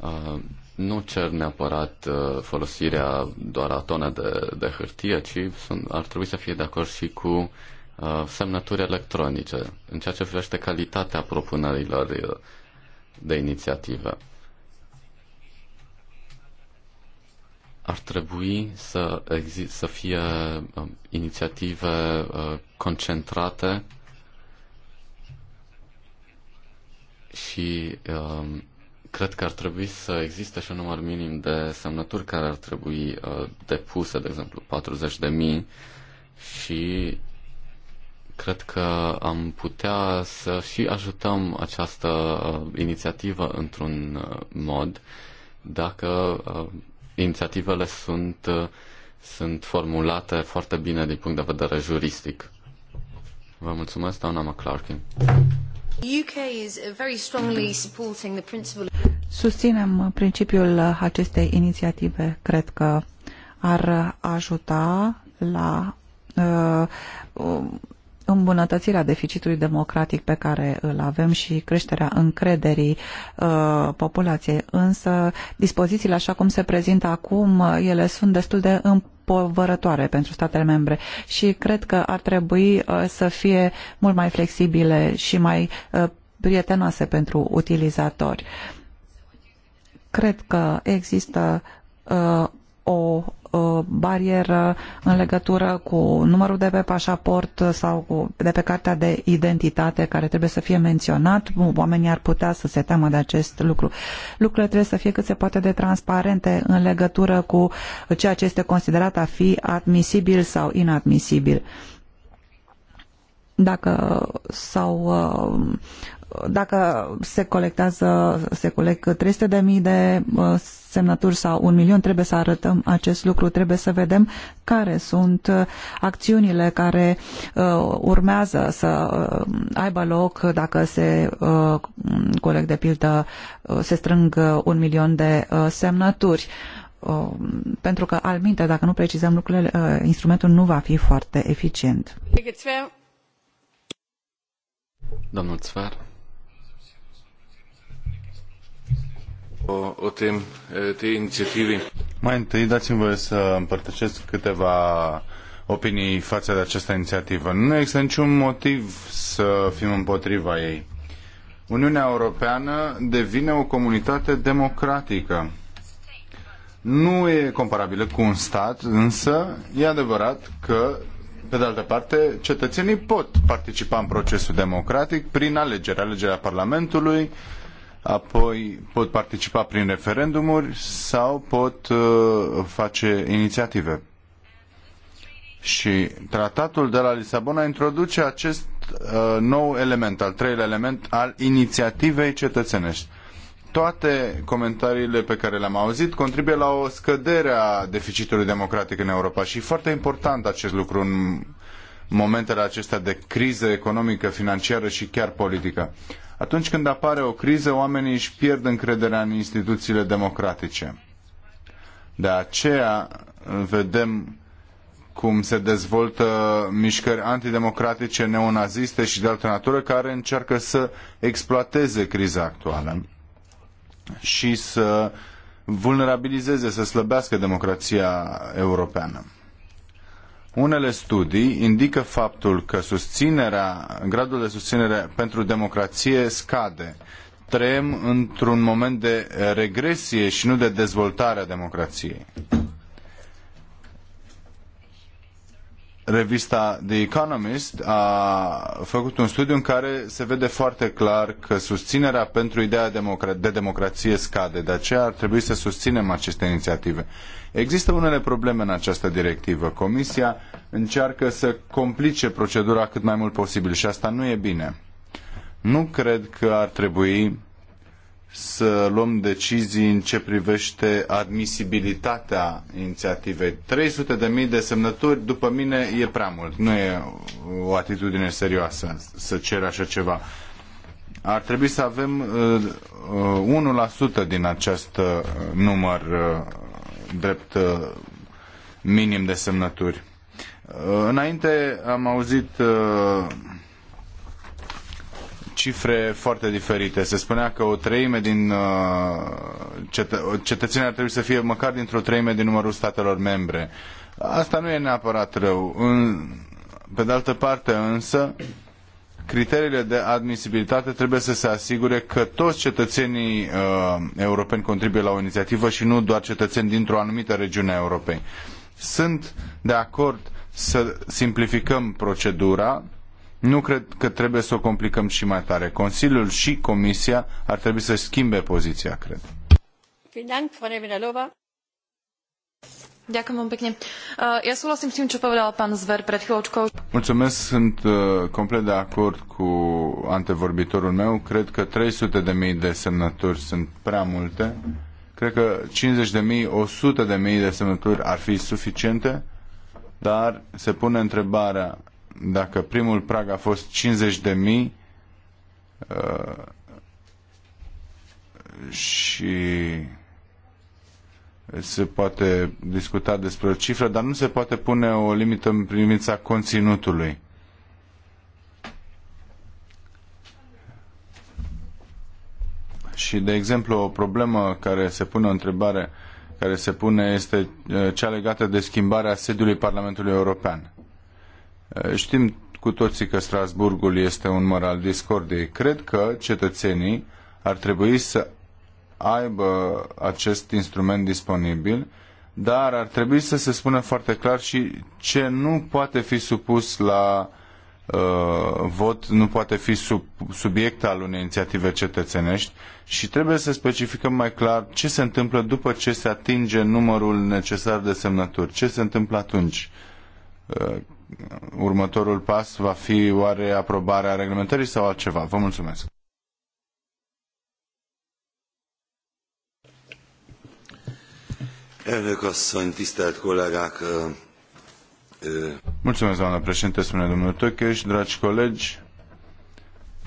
um, nu cer neapărat uh, folosirea doar a tone de, de hârtie, ci sunt, ar trebui să fie de acord și cu uh, semnături electronice în ceea ce privește calitatea propunerilor uh, de inițiativă. ar trebui să, exist, să fie uh, inițiative uh, concentrate și um, cred că ar trebui să existe și un număr minim de semnături care ar trebui uh, depuse, de exemplu 40 de mii și cred că am putea să și ajutăm această uh, inițiativă într-un uh, mod dacă inițiativele sunt, sunt formulate foarte bine din punct de vedere juristic. Vă mulțumesc, doamna McClarkin. Susținem uh, principiul uh, acestei inițiative. Cred că ar uh, ajuta la uh, îmbunătățirea deficitului democratic pe care îl avem și creșterea încrederii uh, populației. Însă dispozițiile așa cum se prezintă acum, uh, ele sunt destul de împovărătoare pentru statele membre și cred că ar trebui uh, să fie mult mai flexibile și mai uh, prietenoase pentru utilizatori. Cred că există uh, o barieră în legătură cu numărul de pe pașaport sau cu, de pe cartea de identitate care trebuie să fie menționat. Oamenii ar putea să se teamă de acest lucru. Lucrurile trebuie să fie cât se poate de transparente în legătură cu ceea ce este considerat a fi admisibil sau inadmisibil dacă s-au uh, dacă se colectează, se colectă 300 de mii de uh, semnături sau un milion, trebuie să arătăm acest lucru, trebuie să vedem care sunt uh, acțiunile care uh, urmează să aibă loc dacă se colect de pildă, se strâng un milion de semnături pentru că, al minte, dacă nu precizăm lucrurile, instrumentul nu va fi foarte eficient. Domnul Țvar. O, o tem, te inițiative. Mai întâi dați-mi voie să împărtășesc câteva opinii față de această inițiativă. Nu există niciun motiv să fim împotriva ei. Uniunea Europeană devine o comunitate democratică. Nu e comparabilă cu un stat, însă e adevărat că, pe de altă parte, cetățenii pot participa în procesul democratic prin alegeri, alegerea Parlamentului, apoi pot participa prin referendumuri sau pot uh, face inițiative. Și tratatul de la Lisabona introduce acest uh, nou element, al treilea element, al inițiativei cetățenești toate comentariile pe care le-am auzit contribuie la o scădere a deficitului democratic în Europa și e foarte important acest lucru în momentele acestea de criză economică, financiară și chiar politică. Atunci când apare o criză, oamenii își pierd încrederea în instituțiile democratice. De aceea vedem cum se dezvoltă mișcări antidemocratice, neonaziste și de altă natură, care încearcă să exploateze criza actuală și să vulnerabilizeze, să slăbească democrația europeană. Unele studii indică faptul că susținerea, gradul de susținere pentru democrație scade. Trăim într-un moment de regresie și nu de dezvoltare a democrației. revista The Economist a făcut un studiu în care se vede foarte clar că susținerea pentru ideea de democrație scade, de aceea ar trebui să susținem aceste inițiative. Există unele probleme în această directivă. Comisia încearcă să complice procedura cât mai mult posibil și asta nu e bine. Nu cred că ar trebui să luăm decizii în ce privește admisibilitatea inițiativei. 300.000 de mii de semnături, după mine, e prea mult. Nu e o atitudine serioasă să ceri așa ceva. Ar trebui să avem uh, 1% uh, din acest uh, număr uh, drept uh, minim de semnături. Uh, înainte am auzit uh, cifre foarte diferite. Se spunea că o treime din uh, cetățenii ar trebui să fie măcar dintr-o treime din numărul statelor membre. Asta nu e neapărat rău. În, pe de altă parte însă, criteriile de admisibilitate trebuie să se asigure că toți cetățenii uh, europeni contribuie la o inițiativă și nu doar cetățeni dintr-o anumită regiune a Europei. Sunt de acord să simplificăm procedura, nu cred că trebuie să o complicăm și mai tare. Consiliul și Comisia ar trebui să schimbe poziția, cred. Ďakujem vám pekne. Ja súhlasím s tým, čo povedal pán Zver pred chvíľočkou. Mulțumesc, sunt uh, complet de acord cu antevorbitorul meu. Cred că 300 de mii de semnături sunt prea multe. Cred că 50 de mii, 100 de mii de semnături ar fi suficiente, dar se pune întrebarea dacă primul prag a fost 50 de mii uh, și se poate discuta despre o cifră, dar nu se poate pune o limită în privința conținutului. Și, de exemplu, o problemă care se pune, o întrebare care se pune este uh, cea legată de schimbarea sediului Parlamentului European. Eh, știm cu toții că Strasburgul este un măr al discordiei. Cred că cetățenii ar trebui să aibă acest instrument disponibil, dar ar trebui să se spună foarte clar și ce nu poate fi supus la uh, vot, nu poate fi sub, subiect al unei inițiative cetățenești și trebuie să specificăm mai clar ce se întâmplă după ce se atinge numărul necesar de semnături, ce se întâmplă atunci. Uh, următorul pas va fi oare aprobarea reglementării sau altceva. Vă mulțumesc. Elnök asszony, tisztelt kollégák! Mulțumesc, doamnă președinte, spune domnul Tăcheș, dragi colegi,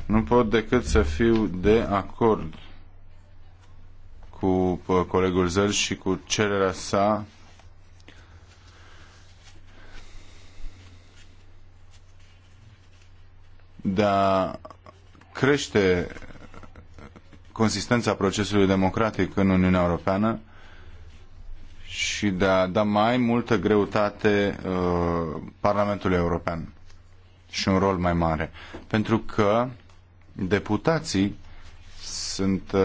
nu pot decât să fiu de acord cu uh, colegul Zăl și cu cererea sa de a crește consistența procesului democratic în Uniunea Europeană și de a da mai multă greutate uh, Parlamentului European și un rol mai mare. Pentru că deputații sunt uh,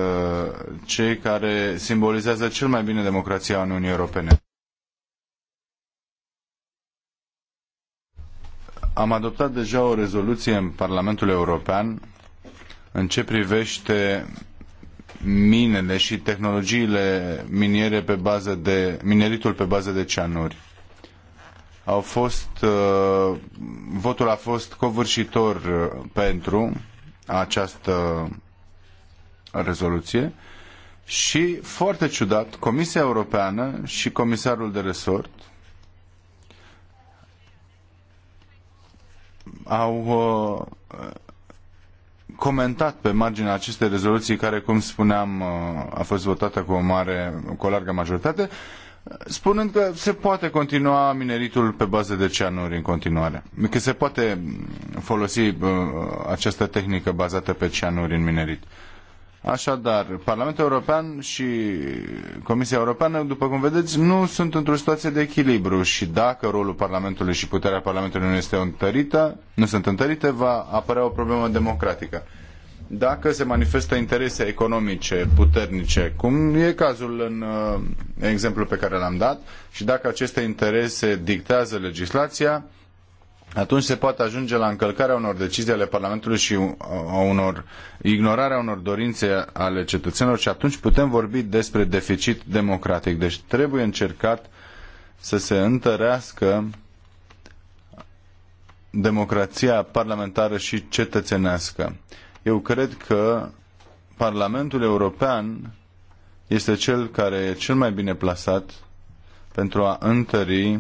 cei care simbolizează cel mai bine democrația Uniunii Europene. Am adoptat deja o rezoluție în Parlamentul European în ce privește minele și tehnologiile miniere pe bază de, mineritul pe bază de ceanuri. Au fost, uh, votul a fost covârșitor uh, pentru această rezoluție și, foarte ciudat, Comisia Europeană și Comisarul de Resort au uh, comentat pe marginea acestei rezoluții care, cum spuneam, uh, a fost votată cu o mare, cu o largă majoritate, spunând că se poate continua mineritul pe bază de ceanuri în continuare. Că se poate folosi uh, această tehnică bazată pe ceanuri în minerit. Așadar, Parlamentul European și Comisia Europeană, după cum vedeți, nu sunt într-o situație de echilibru și dacă rolul Parlamentului și puterea Parlamentului nu este întărită, nu sunt întărite, va apărea o problemă democratică. Dacă se manifestă interese economice puternice, cum e cazul în uh, exemplul pe care l-am dat, și dacă aceste interese dictează legislația, atunci se poate ajunge la încălcarea unor decizii ale Parlamentului și uh, a unor, ignorarea unor dorințe ale cetățenilor și atunci putem vorbi despre deficit democratic. Deci trebuie încercat să se întărească democrația parlamentară și cetățenească. Eu cred că Parlamentul European este cel care e cel mai bine plasat pentru a întări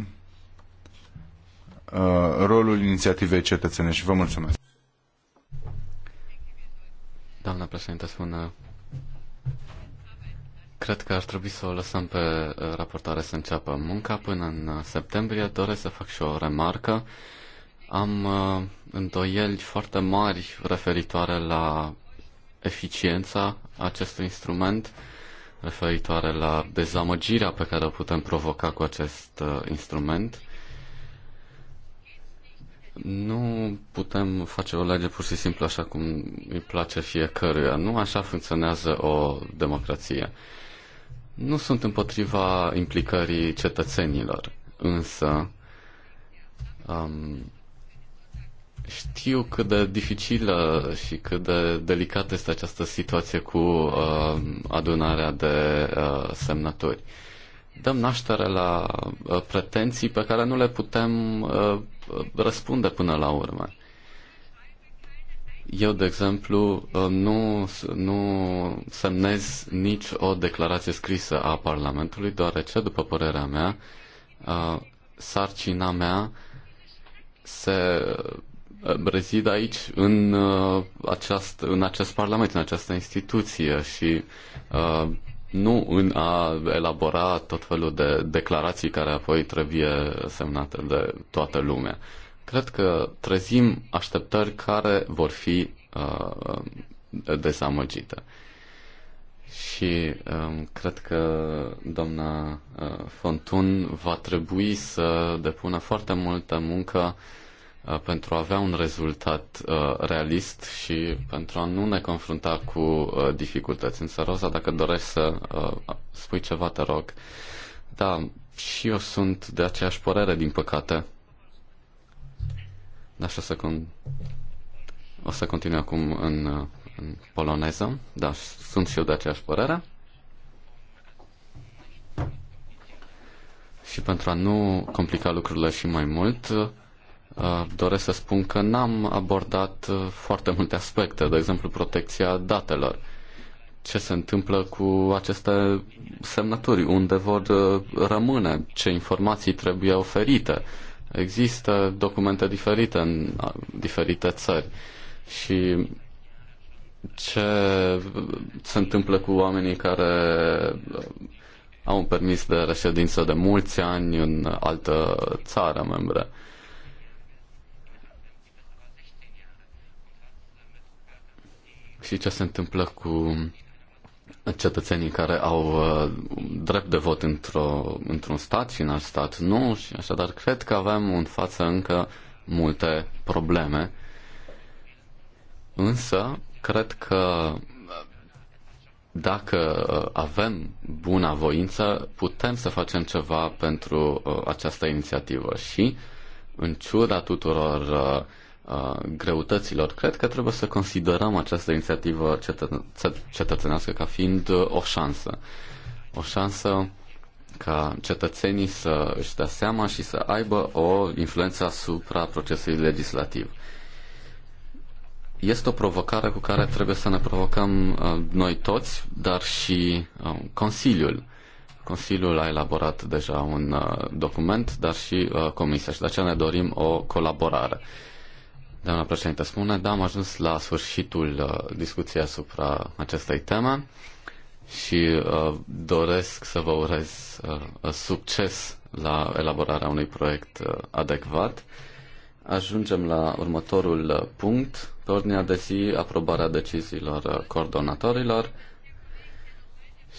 Uh, rolul inițiativei cetățenești. Vă mulțumesc. Doamna președinte, spune Cred că ar trebui să o lăsăm pe uh, raportare să înceapă munca până în uh, septembrie. Doresc să fac și o remarcă. Am uh, îndoieli foarte mari referitoare la eficiența acestui instrument, referitoare la dezamăgirea pe care o putem provoca cu acest uh, instrument. Nu putem face o lege pur și simplu așa cum îi place fiecăruia. Nu așa funcționează o democrație. Nu sunt împotriva implicării cetățenilor, însă um, știu cât de dificilă și cât de delicată este această situație cu uh, adunarea de uh, semnături. Dăm naștere la uh, pretenții pe care nu le putem uh, răspunde până la urmă. Eu, de exemplu, nu, nu semnez nici o declarație scrisă a Parlamentului, deoarece, după părerea mea, sarcina mea se rezid aici, în, aceast, în acest Parlament, în această instituție și nu în a elabora tot felul de declarații care apoi trebuie semnate de toată lumea. Cred că trezim așteptări care vor fi uh, dezamăgite. Și um, cred că doamna uh, Fontun va trebui să depună foarte multă muncă uh, Uh, pentru a avea un rezultat uh, realist și pentru a nu ne confrunta cu uh, dificultăți. Însă, Rosa, dacă dorești să spui ceva, te rog. Da, și eu sunt de aceeași părere, din păcate. Dar o să, con- o să continui acum în, în poloneză. Da, sunt și eu de aceeași părere. Și pentru a nu complica lucrurile și mai mult, Uh, doresc să spun că n-am abordat uh, foarte multe aspecte, de exemplu protecția datelor. Ce se întâmplă cu aceste semnături? Unde vor uh, rămâne? Ce informații trebuie oferite? Există documente diferite în diferite țări și ce se întâmplă cu oamenii care au un permis de reședință de mulți ani în altă țară membră? și ce se întâmplă cu cetățenii care au uh, drept de vot într-o, într-un stat și în alt stat nu și așadar cred că avem în față încă multe probleme. Însă, cred că dacă uh, avem buna voință, putem să facem ceva pentru uh, această inițiativă și în ciuda tuturor uh, greutăților, cred că trebuie să considerăm această inițiativă cetă- cetățenească ca fiind o șansă. O șansă ca cetățenii să își dea seama și să aibă o influență asupra procesului legislativ. Este o provocare cu care trebuie să ne provocăm uh, noi toți, dar și uh, Consiliul. Consiliul a elaborat deja un uh, document, dar și Comisia și de aceea ne dorim o colaborare. Doamna președinte spune, da, am ajuns la sfârșitul uh, discuției asupra acestei teme și uh, doresc să vă urez uh, succes la elaborarea unui proiect adecvat. Ajungem la următorul punct pe ordinea de zi, aprobarea deciziilor coordonatorilor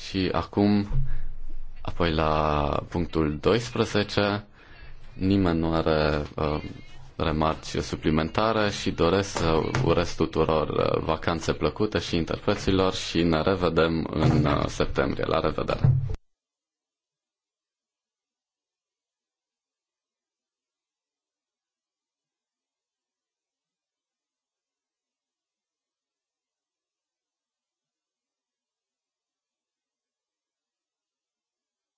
și acum, apoi la punctul 12, nimeni nu are uh, remarci suplimentare și doresc să urez tuturor uh, vacanțe plăcute și interpreților și ne revedem în uh, septembrie. La revedere!